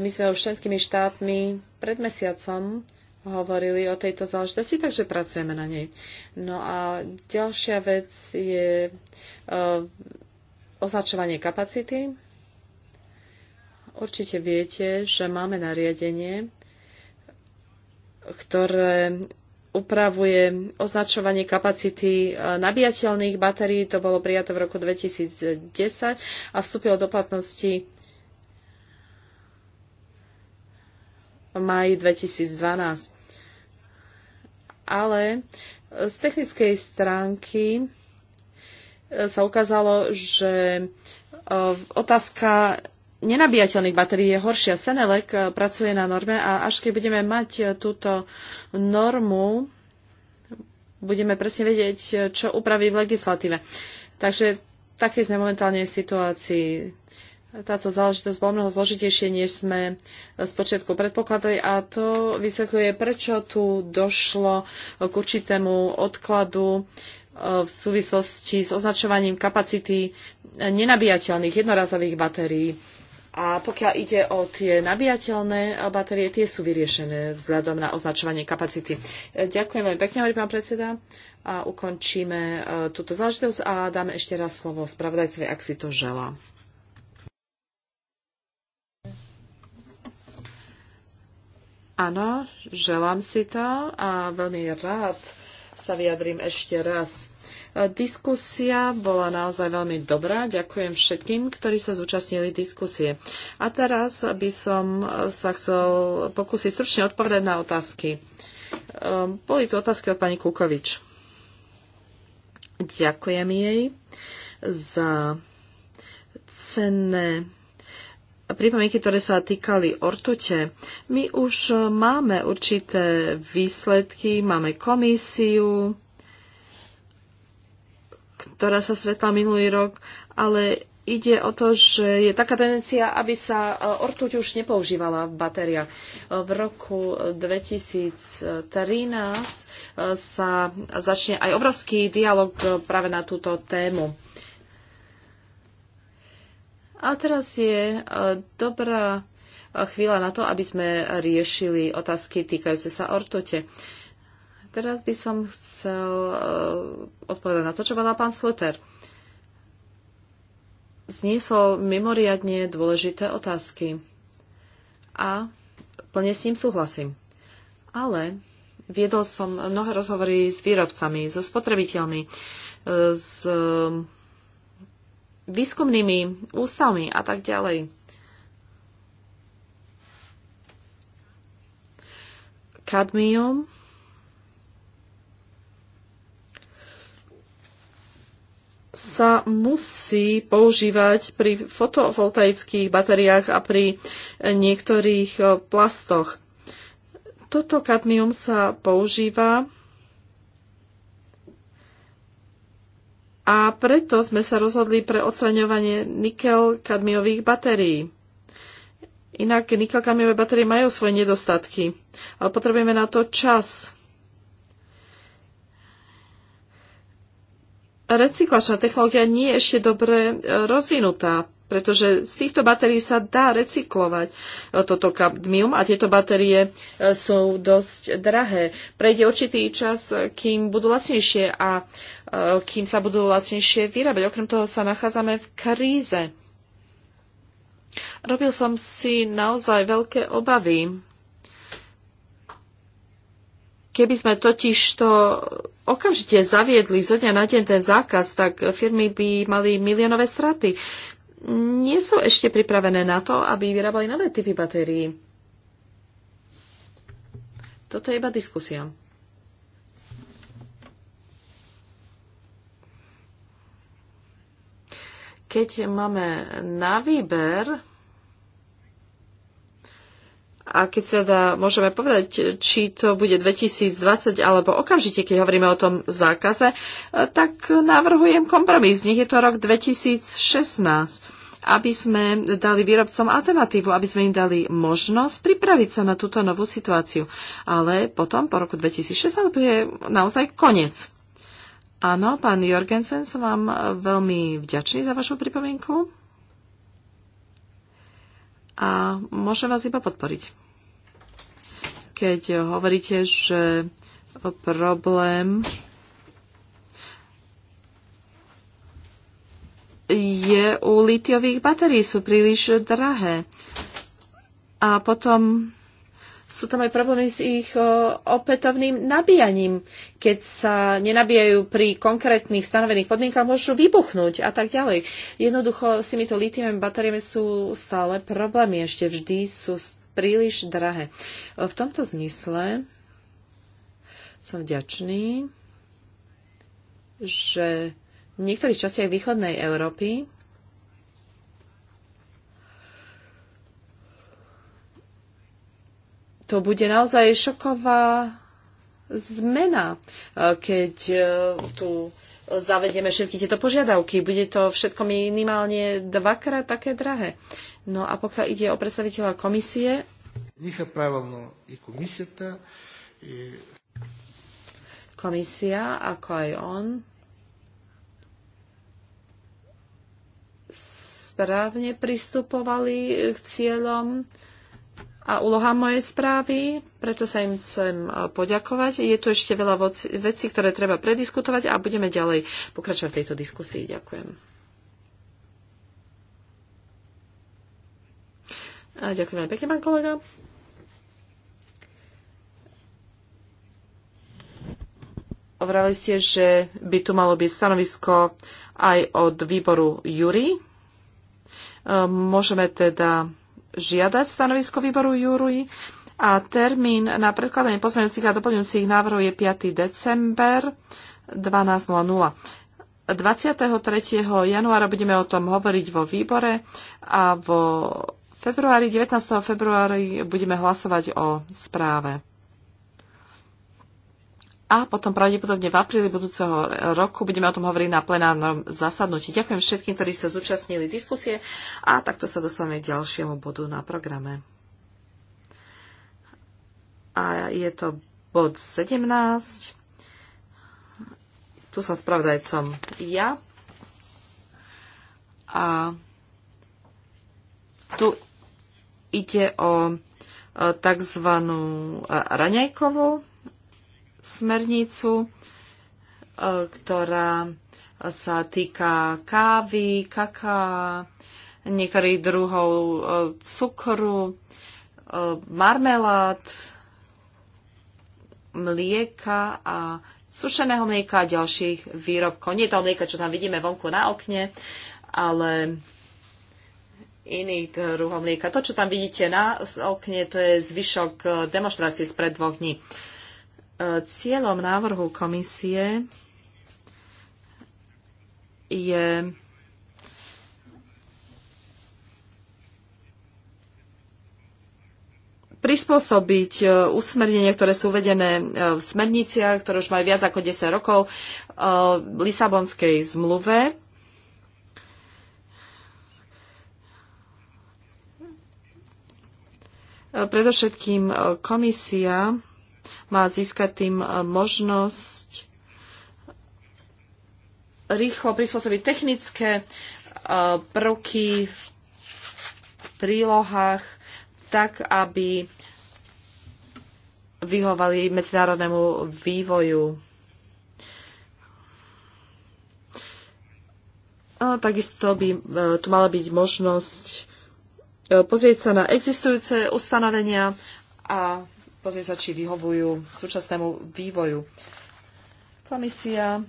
my sme už členskými štátmi pred mesiacom hovorili o tejto záležitosti, takže pracujeme na nej. No a ďalšia vec je e, označovanie kapacity. Určite viete, že máme nariadenie, ktoré upravuje označovanie kapacity e, nabíjateľných batérií. To bolo prijaté v roku 2010 a vstúpilo do platnosti v maji 2012. Ale e, z technickej stránky e, sa ukázalo, že otázka nenabíjateľných batérií je horšia. Senelek eh, pracuje na norme a až keď budeme mať eh, túto normu, budeme presne vedieť, eh, čo upraví v legislatíve. Takže také sme momentálne v situácii. Táto záležitosť bola mnoho zložitejšie, než sme z počiatku predpokladali a to vysvetľuje, prečo tu došlo k určitému odkladu v súvislosti s označovaním kapacity nenabíjateľných jednorazových batérií. A pokiaľ ide o tie nabíjateľné batérie, tie sú vyriešené vzhľadom na označovanie kapacity. E, ďakujem veľmi pekne, hovorí pán predseda. A ukončíme e, túto záležitosť a dáme ešte raz slovo spravodajcovi, ak si to želá. Áno, želám si to a veľmi rád sa vyjadrím ešte raz Diskusia bola naozaj veľmi dobrá. Ďakujem všetkým, ktorí sa zúčastnili diskusie. A teraz by som sa chcel pokúsiť stručne odpovedať na otázky. Ehm, boli tu otázky od pani Kukovič. Ďakujem jej za cenné pripomienky, ktoré sa týkali ortute. My už máme určité výsledky, máme komisiu, ktorá sa stretla minulý rok, ale ide o to, že je taká tendencia, aby sa e, ortuť už nepoužívala v batériách. E, v roku 2013 e, sa začne aj obrovský dialog práve na túto tému. A teraz je dobrá chvíľa na to, aby sme riešili otázky týkajúce sa ortute. Teraz by som chcel eh, odpovedať na to, čo povedal pán Sluter. Zniesol mimoriadne dôležité otázky. A plne s ním súhlasím. Ale viedol som mnohé rozhovory s výrobcami, so spotrebiteľmi, eh, s eh, výskumnými ústavmi a tak ďalej. Kadmium sa musí používať pri fotovoltaických batériách a pri niektorých e, plastoch. Toto kadmium sa používa a preto sme sa rozhodli pre odstraňovanie nikel-kadmiových batérií. Inak nikel-kadmiové batérie majú svoje nedostatky, ale potrebujeme na to čas. recyklačná technológia nie je ešte dobre e, rozvinutá, pretože z týchto batérií sa dá recyklovať e, toto kadmium a tieto batérie e, sú dosť drahé. Prejde určitý čas, kým budú lacnejšie a kým sa budú lacnejšie vyrábať. Okrem toho sa nachádzame v kríze. Robil som si naozaj veľké obavy Keby sme totiž to okamžite zaviedli zo dňa na deň ten zákaz, tak firmy by mali miliónové straty. Nie sú ešte pripravené na to, aby vyrábali nové typy batérií. Toto je iba diskusia. Keď máme na výber, a keď teda môžeme povedať, či to bude 2020 alebo okamžite, keď hovoríme o tom zákaze, tak navrhujem kompromis. Nech je to rok 2016 aby sme dali výrobcom alternatívu, aby sme im dali možnosť pripraviť sa na túto novú situáciu. Ale potom, po roku 2016, bude naozaj koniec. Áno, pán Jorgensen, som vám veľmi vďačný za vašu pripomienku a môžem vás iba podporiť. Keď hovoríte, že problém je u litiových batérií, sú príliš drahé. A potom sú tam aj problémy s ich opätovným nabíjaním. Keď sa nenabíjajú pri konkrétnych stanovených podmienkach, môžu vybuchnúť a tak ďalej. Jednoducho s týmito litiovými batériami sú stále problémy. Ešte vždy sú príliš drahé. V tomto zmysle som vďačný, že v niektorých častiach východnej Európy to bude naozaj šoková zmena, e, keď e, tu zavedieme všetky tieto požiadavky. Bude to všetko minimálne dvakrát také drahé. No a pokiaľ ide o predstaviteľa komisie... Nech pravilno i tá, I... Komisia, ako aj on, správne pristupovali k cieľom a úloha mojej správy, preto sa im chcem e, poďakovať. Je tu ešte veľa vecí, ktoré treba prediskutovať a budeme ďalej pokračovať v tejto diskusii. Ďakujem. A ďakujem aj pekne, pán kolega. Ovrali ste, že by tu malo byť stanovisko aj od výboru Jury. E, môžeme teda žiadať stanovisko výboru Júruji a termín na predkladanie pozmeňujúcich a doplňujúcich návrhov je 5. december 12.00. 23. januára budeme o tom hovoriť vo výbore a vo februári, 19. februári budeme hlasovať o správe a potom pravdepodobne v apríli budúceho roku budeme o tom hovoriť na plenárnom zasadnutí. Ďakujem všetkým, ktorí sa zúčastnili diskusie a takto sa dostaneme k ďalšiemu bodu na programe. A je to bod 17. Tu som spravodajcom ja. A tu ide o e, takzvanú e, raňajkovú smernicu, e, ktorá sa týka kávy, kaká, niektorých druhov e, cukru, e, marmelát, mlieka a sušeného mlieka a ďalších výrobkov. Nie to mlieka, čo tam vidíme vonku na okne, ale iný druhov mlieka. To, čo tam vidíte na okne, to je zvyšok demonstrácie spred dvoch dní. Uh, Cieľom návrhu komisie je prispôsobiť e, usmernenie, ktoré sú uvedené e, v smerniciach, ktoré už majú viac ako 10 rokov, e, v Lisabonskej zmluve. Predovšetkým komisia má získať tým e, možnosť rýchlo prispôsobiť technické e, prvky v prílohách tak, aby vyhovali medzinárodnému vývoju. A takisto by e, tu mala byť možnosť pozrieť sa na existujúce ustanovenia a pozrieť sa, či vyhovujú súčasnému vývoju. Komisia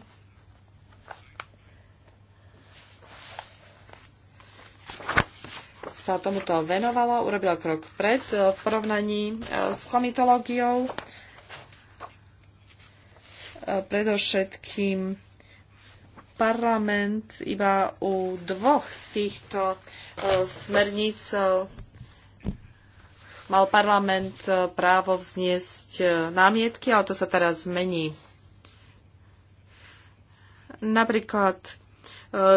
sa tomuto venovala, urobila krok pred e, v porovnaní e, s komitológiou. E, predovšetkým parlament iba u dvoch z týchto smerníc mal parlament e, právo vzniesť e, námietky, ale to sa teraz zmení. Napríklad e,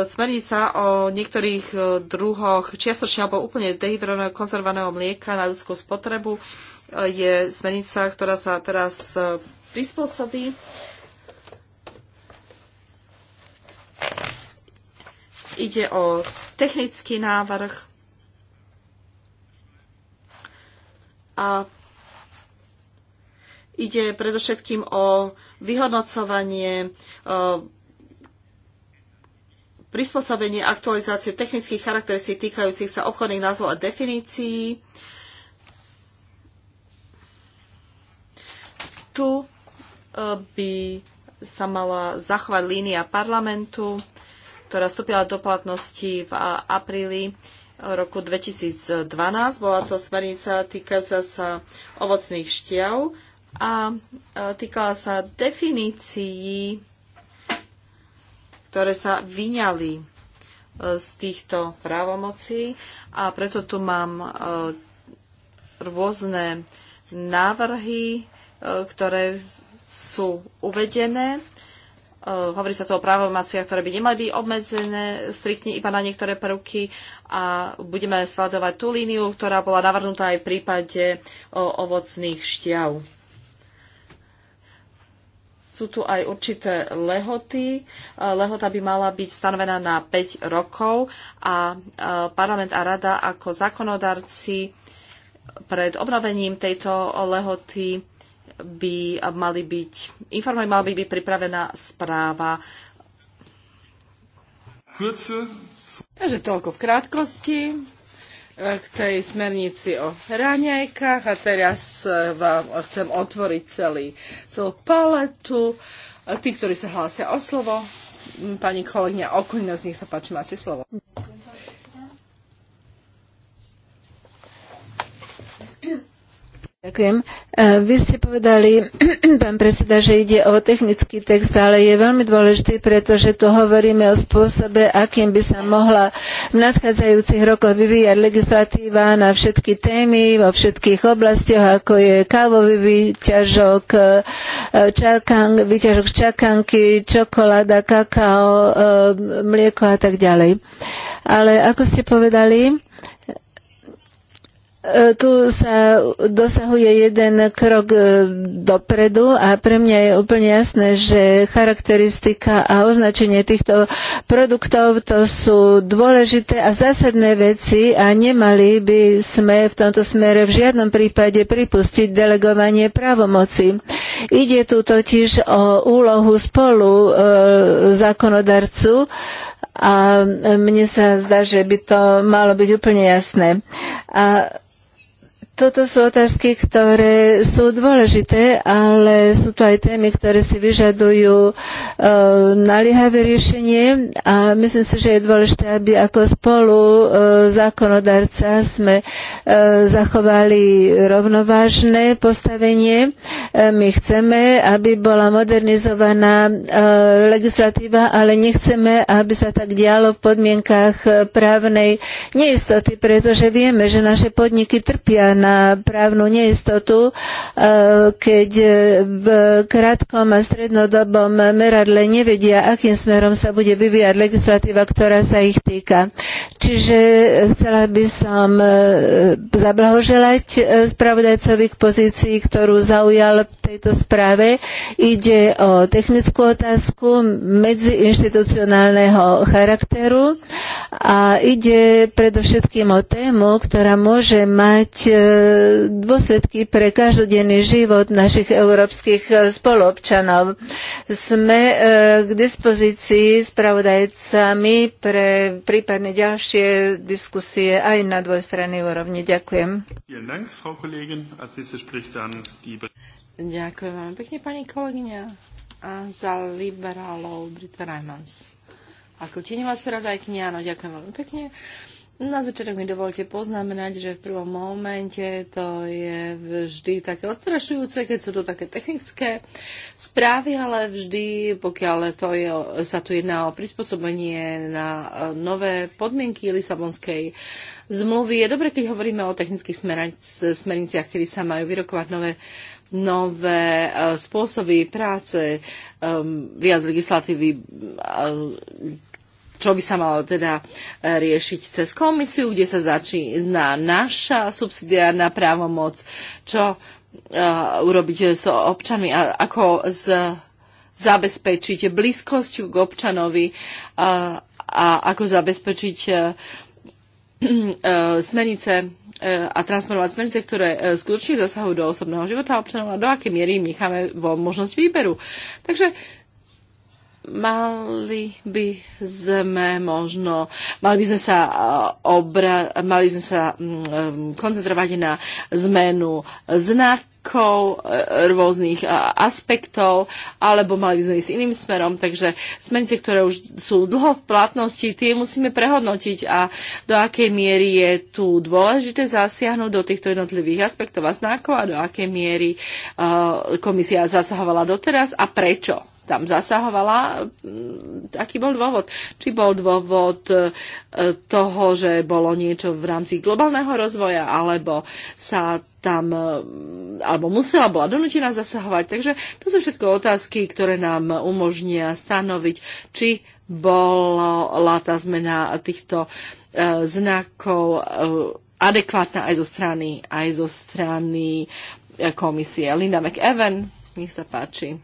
smernica o niektorých druhoch čiastočne alebo úplne dehydrovaného konzervovaného mlieka na ľudskú spotrebu je smernica, ktorá sa teraz prispôsobí. Ide o technický návrh A ide predovšetkým o vyhodnocovanie e, prispôsobenie aktualizáciu technických charakteristík týkajúcich sa obchodných názvov a definícií. Tu e, by sa mala zachovať línia parlamentu, ktorá vstúpila do platnosti v apríli roku 2012. Bola to smernica týkajúca sa ovocných šťav a týkala sa definícií, ktoré sa vyňali e, z týchto právomocí a preto tu mám e, rôzne návrhy, e, ktoré sú uvedené Ehm, hovorí sa tu o právomaciach, ktoré by nemali byť obmedzené striktne iba na niektoré prvky a budeme sledovať tú líniu, ktorá bola navrhnutá aj v prípade ovocných šťav. Sú tu aj určité lehoty. Ehm, lehota by mala byť stanovená na 5 rokov a ehm, parlament a rada ako zákonodarci pred obnovením tejto lehoty by mali byť, informovať mala by byť pripravená správa. Takže toľko v krátkosti eh, k tej smernici o raňajkách a teraz eh, vám chcem otvoriť celý, celú paletu. Eh, tí, ktorí sa hlásia o slovo, pani kolegyňa Okuň, z nich sa páči, máte slovo. Ďakujem. E, vy ste povedali, <clears throat> pán predseda, že ide o technický text, ale je veľmi dôležitý, pretože tu hovoríme o spôsobe, akým by sa mohla v nadchádzajúcich rokoch vyvíjať legislatíva na všetky témy, vo všetkých oblastiach, ako je kávový výťažok, e, čakang, výťažok čakanky, čokoláda, kakao, e, mlieko a tak ďalej. Ale ako ste povedali, E, tu sa dosahuje jeden krok e, dopredu a pre mňa je úplne jasné, že charakteristika a označenie týchto produktov to sú dôležité a zásadné veci a nemali by sme v tomto smere v žiadnom prípade pripustiť delegovanie právomoci. Ide tu totiž o úlohu spolu e, zákonodarcu a mne sa zdá, že by to malo byť úplne jasné. A toto sú otázky, ktoré sú dôležité, ale sú to aj témy, ktoré si vyžadujú e, naliehavé riešenie a myslím si, že je dôležité, aby ako spolu e, zákonodarca sme e, zachovali rovnovážne postavenie. E, my chceme, aby bola modernizovaná e, legislatíva, ale nechceme, aby sa tak dialo v podmienkach e, právnej neistoty, pretože vieme, že naše podniky trpia na na právnu neistotu, e, keď v krátkom a strednodobom meradle nevedia, akým smerom sa bude vyvíjať legislatíva, ktorá sa ich týka. Čiže eh, chcela by som eh, zablahoželať eh, spravodajcovi k pozícii, ktorú zaujal v tejto správe. Ide o technickú otázku medziinstitucionálneho charakteru a ide predovšetkým o tému, ktorá môže mať dôsledky pre každodenný život našich európskych spoluobčanov. Sme k dispozícii spravodajcami pre prípadne ďalšie ďalšie diskusie aj na dvojstrannej úrovni. Ďakujem. Ďakujem vám pekne, pani kolegyňa, a za liberálov Brita Reimans. Ako tieňová spravodajkňa, áno, ďakujem veľmi pekne. Na začiatok mi dovolte poznamenať, že v prvom momente to je vždy také odstrašujúce, keď sú to také technické správy, ale vždy, pokiaľ to je, sa tu jedná o prispôsobenie na e, nové podmienky Lisabonskej zmluvy, je dobre, keď hovoríme o technických smerniciach, kedy sa majú vyrokovať nové nové e, spôsoby práce, e, viac legislatívy čo by sa malo teda e, riešiť cez komisiu, kde sa začína naša subsidiárna právomoc, čo e, urobiť s občanmi, ako z, zabezpečiť blízkosť k občanovi a, e, a ako zabezpečiť smernice a transformovať smernice, ktoré skutočne zasahujú do osobného života občanov a do akej miery im necháme vo možnosť výberu. Takže Mali by sme možno, mali by sme sa, e, obra, mali by sme sa mm, e, koncentrovať na zmenu znakov e, rôznych aspektov, alebo mali by sme ísť iným smerom. Takže smernice, ktoré už sú dlho v platnosti, tie musíme prehodnotiť a do akej miery je tu dôležité zasiahnuť do týchto jednotlivých aspektov a znakov a do akej miery komisia zasahovala doteraz a prečo tam zasahovala, mm, aký bol dôvod. Či bol dôvod e, toho, že bolo niečo v rámci globálneho rozvoja, alebo sa tam, e, alebo musela, bola donútená zasahovať. Takže to sú všetko otázky, ktoré nám umožnia stanoviť, či bola tá zmena týchto e, znakov adekvátna aj zo strany, aj zo strany komisie. Linda McEwen, nech sa páči.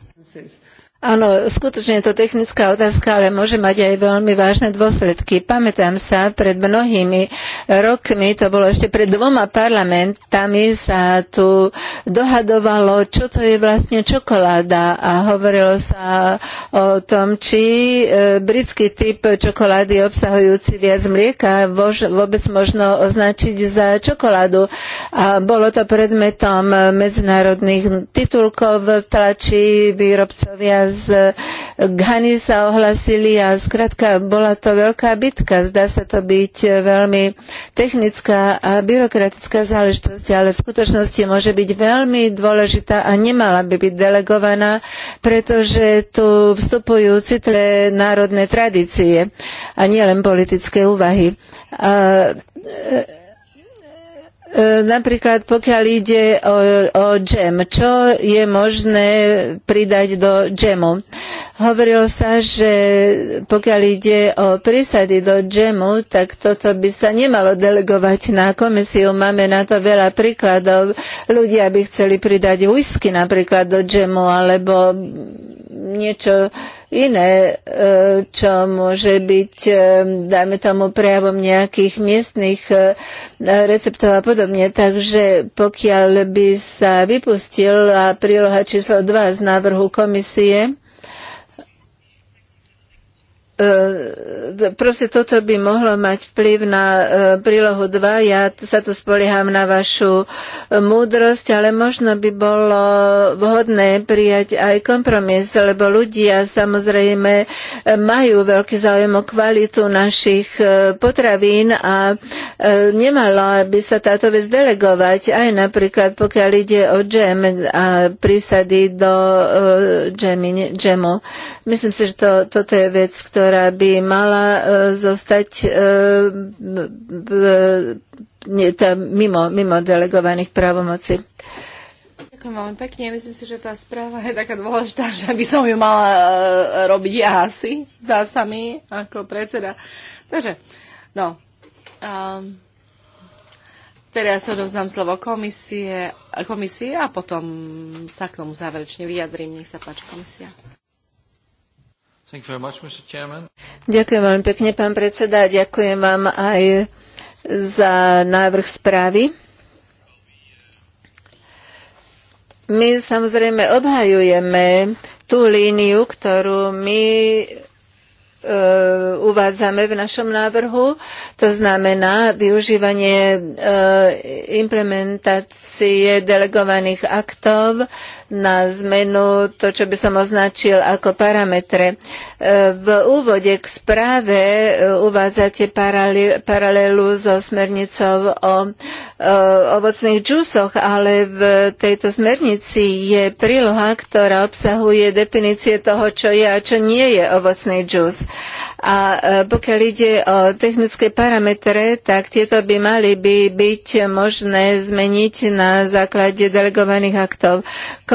Áno, skutočne je to technická otázka, ale môže mať aj veľmi vážne dôsledky. Pamätám sa, pred mnohými rokmi, to bolo ešte pred dvoma parlamentami, sa tu dohadovalo, čo to je vlastne čokoláda a hovorilo sa o tom, či e, britský typ čokolády obsahujúci viac mlieka vôbec možno označiť za čokoládu. A bolo to predmetom medzinárodných titulkov v tlači, výrobcov výrobcovia z eh, Ghany sa ohlasili a zkrátka bola to veľká bitka. Zdá sa to byť eh, veľmi technická a byrokratická záležitosť, ale v skutočnosti môže byť veľmi dôležitá a nemala by byť delegovaná, pretože tu vstupujú citlivé národné tradície a nielen politické úvahy. Eh, E, napríklad pokiaľ ide o, o džem, čo je možné pridať do džemu? Hovorilo sa, že pokiaľ ide o prísady do džemu, tak toto by sa nemalo delegovať na komisiu. Máme na to veľa príkladov. Ľudia by chceli pridať whisky napríklad do džemu alebo niečo iné, e, čo môže byť, e, dajme tomu, prejavom nejakých miestnych e, receptov a podobne. Takže pokiaľ by sa a príloha číslo 2 z návrhu komisie, E, proste toto by mohlo mať vplyv na e, prílohu 2. Ja sa tu spolieham na vašu e, múdrosť, ale možno by bolo vhodné prijať aj kompromis, lebo ľudia samozrejme majú veľký záujem o kvalitu našich potravín a nemalo by sa táto vec delegovať, aj napríklad pokiaľ ide o džem a prísady do džemi, džemu. Myslím si, že to, toto je vec, ktorá ktorá by mala e, zostať e, e, mimo, mimo delegovaných právomocí. Ďakujem veľmi pekne. Myslím si, že tá správa je taká dôležitá, že by som ju mala robiť ja asi, dá sa mi, ako predseda. Takže, no. Um, teraz odovznám slovo komisie, komisie a potom sa k tomu záverečne vyjadrím. Nech sa páči komisia. Much, ďakujem veľmi pekne, pán predseda. Ďakujem vám aj za návrh správy. My samozrejme obhajujeme tú líniu, ktorú my e, uvádzame v našom návrhu. To znamená využívanie e, implementácie delegovaných aktov na zmenu to, čo by som označil ako parametre. E, v úvode k správe e, uvádzate paralelu so smernicou o e, ovocných džusoch, ale v tejto smernici je príloha, ktorá obsahuje definície toho, čo je a čo nie je ovocný džus. A pokiaľ ide o technické parametre, tak tieto by mali by byť možné zmeniť na základe delegovaných aktov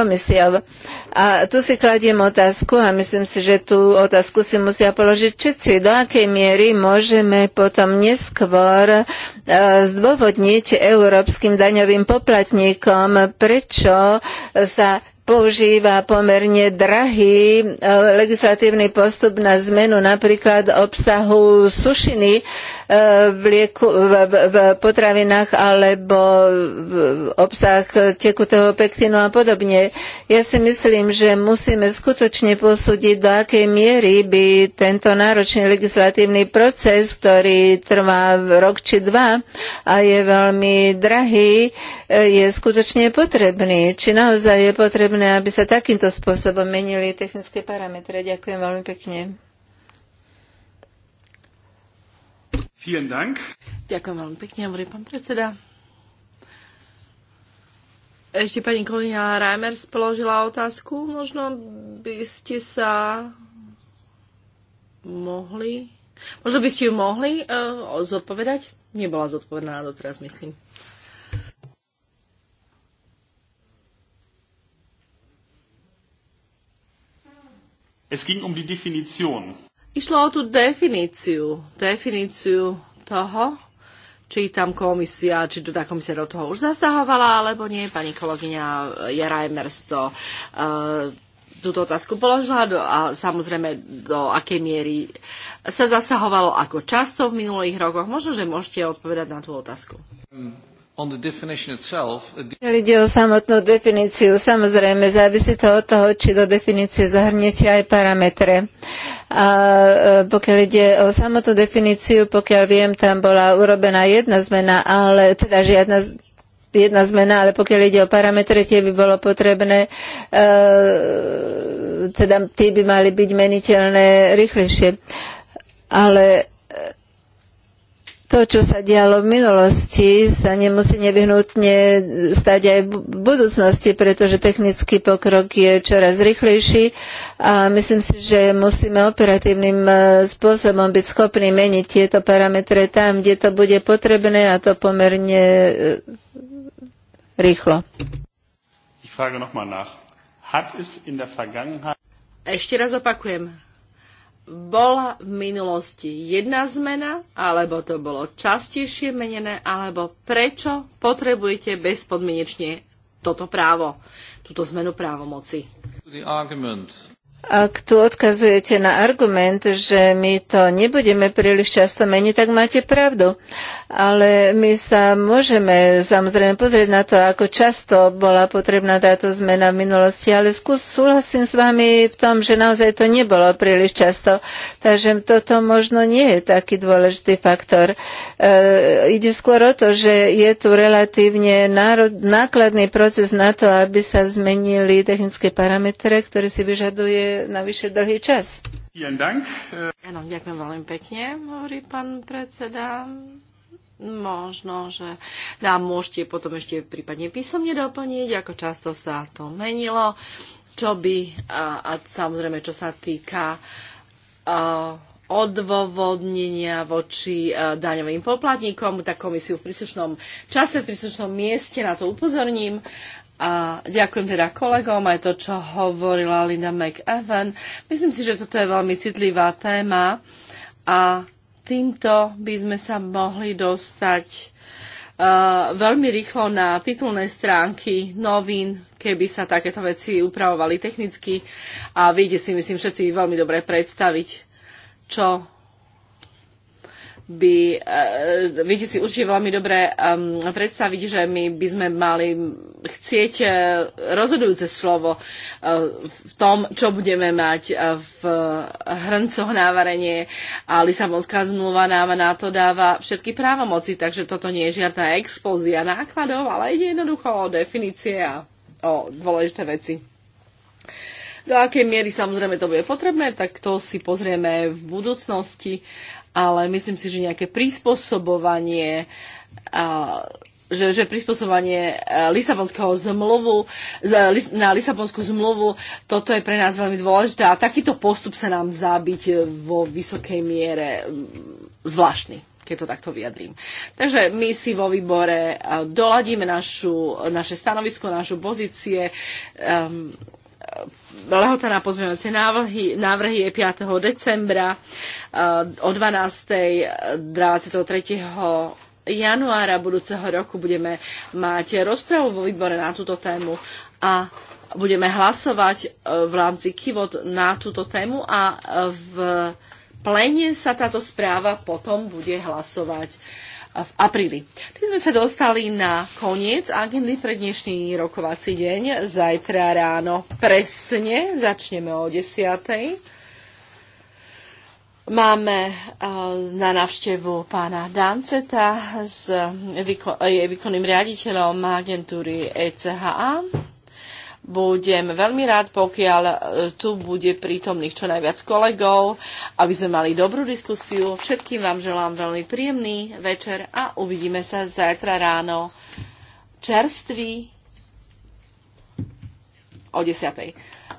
komisiou. A tu si kladiem otázku a myslím si, že tú otázku si musia položiť všetci. Do akej miery môžeme potom neskôr e, zdôvodniť európskym daňovým poplatníkom, prečo sa používa pomerne drahý e, legislatívny postup na zmenu napríklad obsahu sušiny v, lieku, v, v potravinách alebo v obsah tekutého pektínu a podobne. Ja si myslím, že musíme skutočne posúdiť, do akej miery by tento náročný legislatívny proces, ktorý trvá rok či dva a je veľmi drahý, je skutočne potrebný. Či naozaj je potrebné, aby sa takýmto spôsobom menili technické parametre. Ďakujem veľmi pekne. Vielen Dank. Ďakujem veľmi pekne, hovorí pán predseda. Ešte pani kolegyňa Reimer spoložila otázku. Možno by ste sa mohli... Možno by ste ju mohli uh, zodpovedať? Nebola zodpovedaná doteraz, myslím. Es ging um die Definition. Išlo o tú definíciu, definíciu toho, či tam komisia, či teda komisia do toho už zasahovala, alebo nie. Pani kolegyňa Jara Emers to uh, eh, túto otázku položila do, a samozrejme do akej miery sa zasahovalo ako často v minulých rokoch. Možno, že môžete odpovedať na tú otázku. Um, Ide o samotnú definíciu. Samozrejme, závisí to od toho, či do definície zahrnete aj parametre. A e, pokiaľ ide o samotnú definíciu, pokiaľ viem, tam bola urobená jedna zmena, ale teda žiadna jedna zmena, ale pokiaľ ide o parametre, tie by bolo potrebné, e, teda tie by mali byť meniteľné rýchlejšie. Ale to, čo sa dialo v minulosti, sa nemusí nevyhnutne stať aj v budúcnosti, pretože technický pokrok je čoraz rýchlejší a myslím si, že musíme operatívnym e, spôsobom byť schopní meniť tieto parametre tam, kde to bude potrebné a to pomerne e, rýchlo. Ešte raz opakujem bola v minulosti jedna zmena, alebo to bolo častejšie menené, alebo prečo potrebujete bezpodmienečne toto právo, túto zmenu právomoci. Ak tu odkazujete na argument, že my to nebudeme príliš často meniť, tak máte pravdu. Ale my sa môžeme samozrejme pozrieť na to, ako často bola potrebná táto zmena v minulosti, ale skús, súhlasím s vami v tom, že naozaj to nebolo príliš často. Takže toto možno nie je taký dôležitý faktor. E, ide skôr o to, že je tu relatívne národ, nákladný proces na to, aby sa zmenili technické parametre, ktoré si vyžaduje navyše dlhý čas. ďakujem veľmi pekne, hovorí pán predseda. Možno, že nám môžete potom ešte prípadne písomne doplniť, ako často sa to menilo, čo by, a, a samozrejme, čo sa týka a, odôvodnenia voči daňovým poplatníkom, tak komisiu v príslušnom čase, v príslušnom mieste na to upozorním a ďakujem teda kolegom aj to, čo hovorila Linda McEwen. Myslím si, že toto je veľmi citlivá téma a týmto by sme sa mohli dostať uh, veľmi rýchlo na titulné stránky novín, keby sa takéto veci upravovali technicky a viete si, myslím, všetci veľmi dobre predstaviť, čo by, eh, viete si určite veľmi dobre ehm, predstaviť, že my by sme mali chcieť eh, rozhodujúce slovo eh, v tom, čo budeme mať v hrncoch na varenie a Lisabonská zmluva nám na to dáva všetky právomoci, takže toto nie je žiadna expozia nákladov, ale ide jednoducho o definície a o dôležité veci. Do akej miery samozrejme to bude potrebné, tak to si pozrieme v budúcnosti ale myslím si, že nejaké prispôsobovanie že, že prispôsobovanie e, Lisabonského zmluvu, na Lisabonskú zmluvu, toto je pre nás veľmi dôležité a takýto postup sa nám zdá byť e, vo vysokej miere mm, zvláštny keď to takto vyjadrím. Takže my si vo výbore e, doladíme našu, naše stanovisko, našu pozície. Um, lehota na pozmeňovacie návrhy, návrhy je 5. decembra eh, o 12. 23 eh, januára budúceho roku budeme mať rozpravu vo výbore na túto tému a budeme hlasovať eh, v rámci Kivot na túto tému a v plene sa táto správa potom bude hlasovať v apríli. Tým sme sa dostali na koniec agendy pre dnešný rokovací deň. Zajtra ráno presne začneme o 10. Máme eh, na návštevu pána Danceta, s, je výkonným riaditeľom agentúry ECHA budem veľmi rád, pokiaľ e, tu bude prítomných čo najviac kolegov, aby sme mali dobrú diskusiu. Všetkým vám želám veľmi príjemný večer a uvidíme sa zajtra ráno čerství o 10.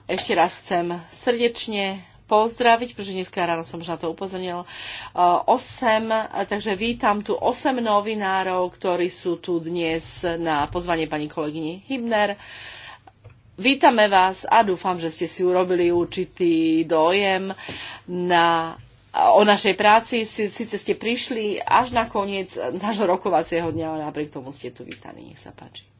Ešte raz chcem srdečne pozdraviť, pretože dneska ráno som už na to upozornil, 8, e, takže vítam tu 8 novinárov, ktorí sú tu dnes na pozvanie pani kolegyne Hibner. Vítame vás a dúfam, že ste si urobili určitý dojem na o našej práci. Sice ste prišli až na koniec nášho rokovacieho dňa, ale napriek tomu ste tu vítaní. Nech sa páči.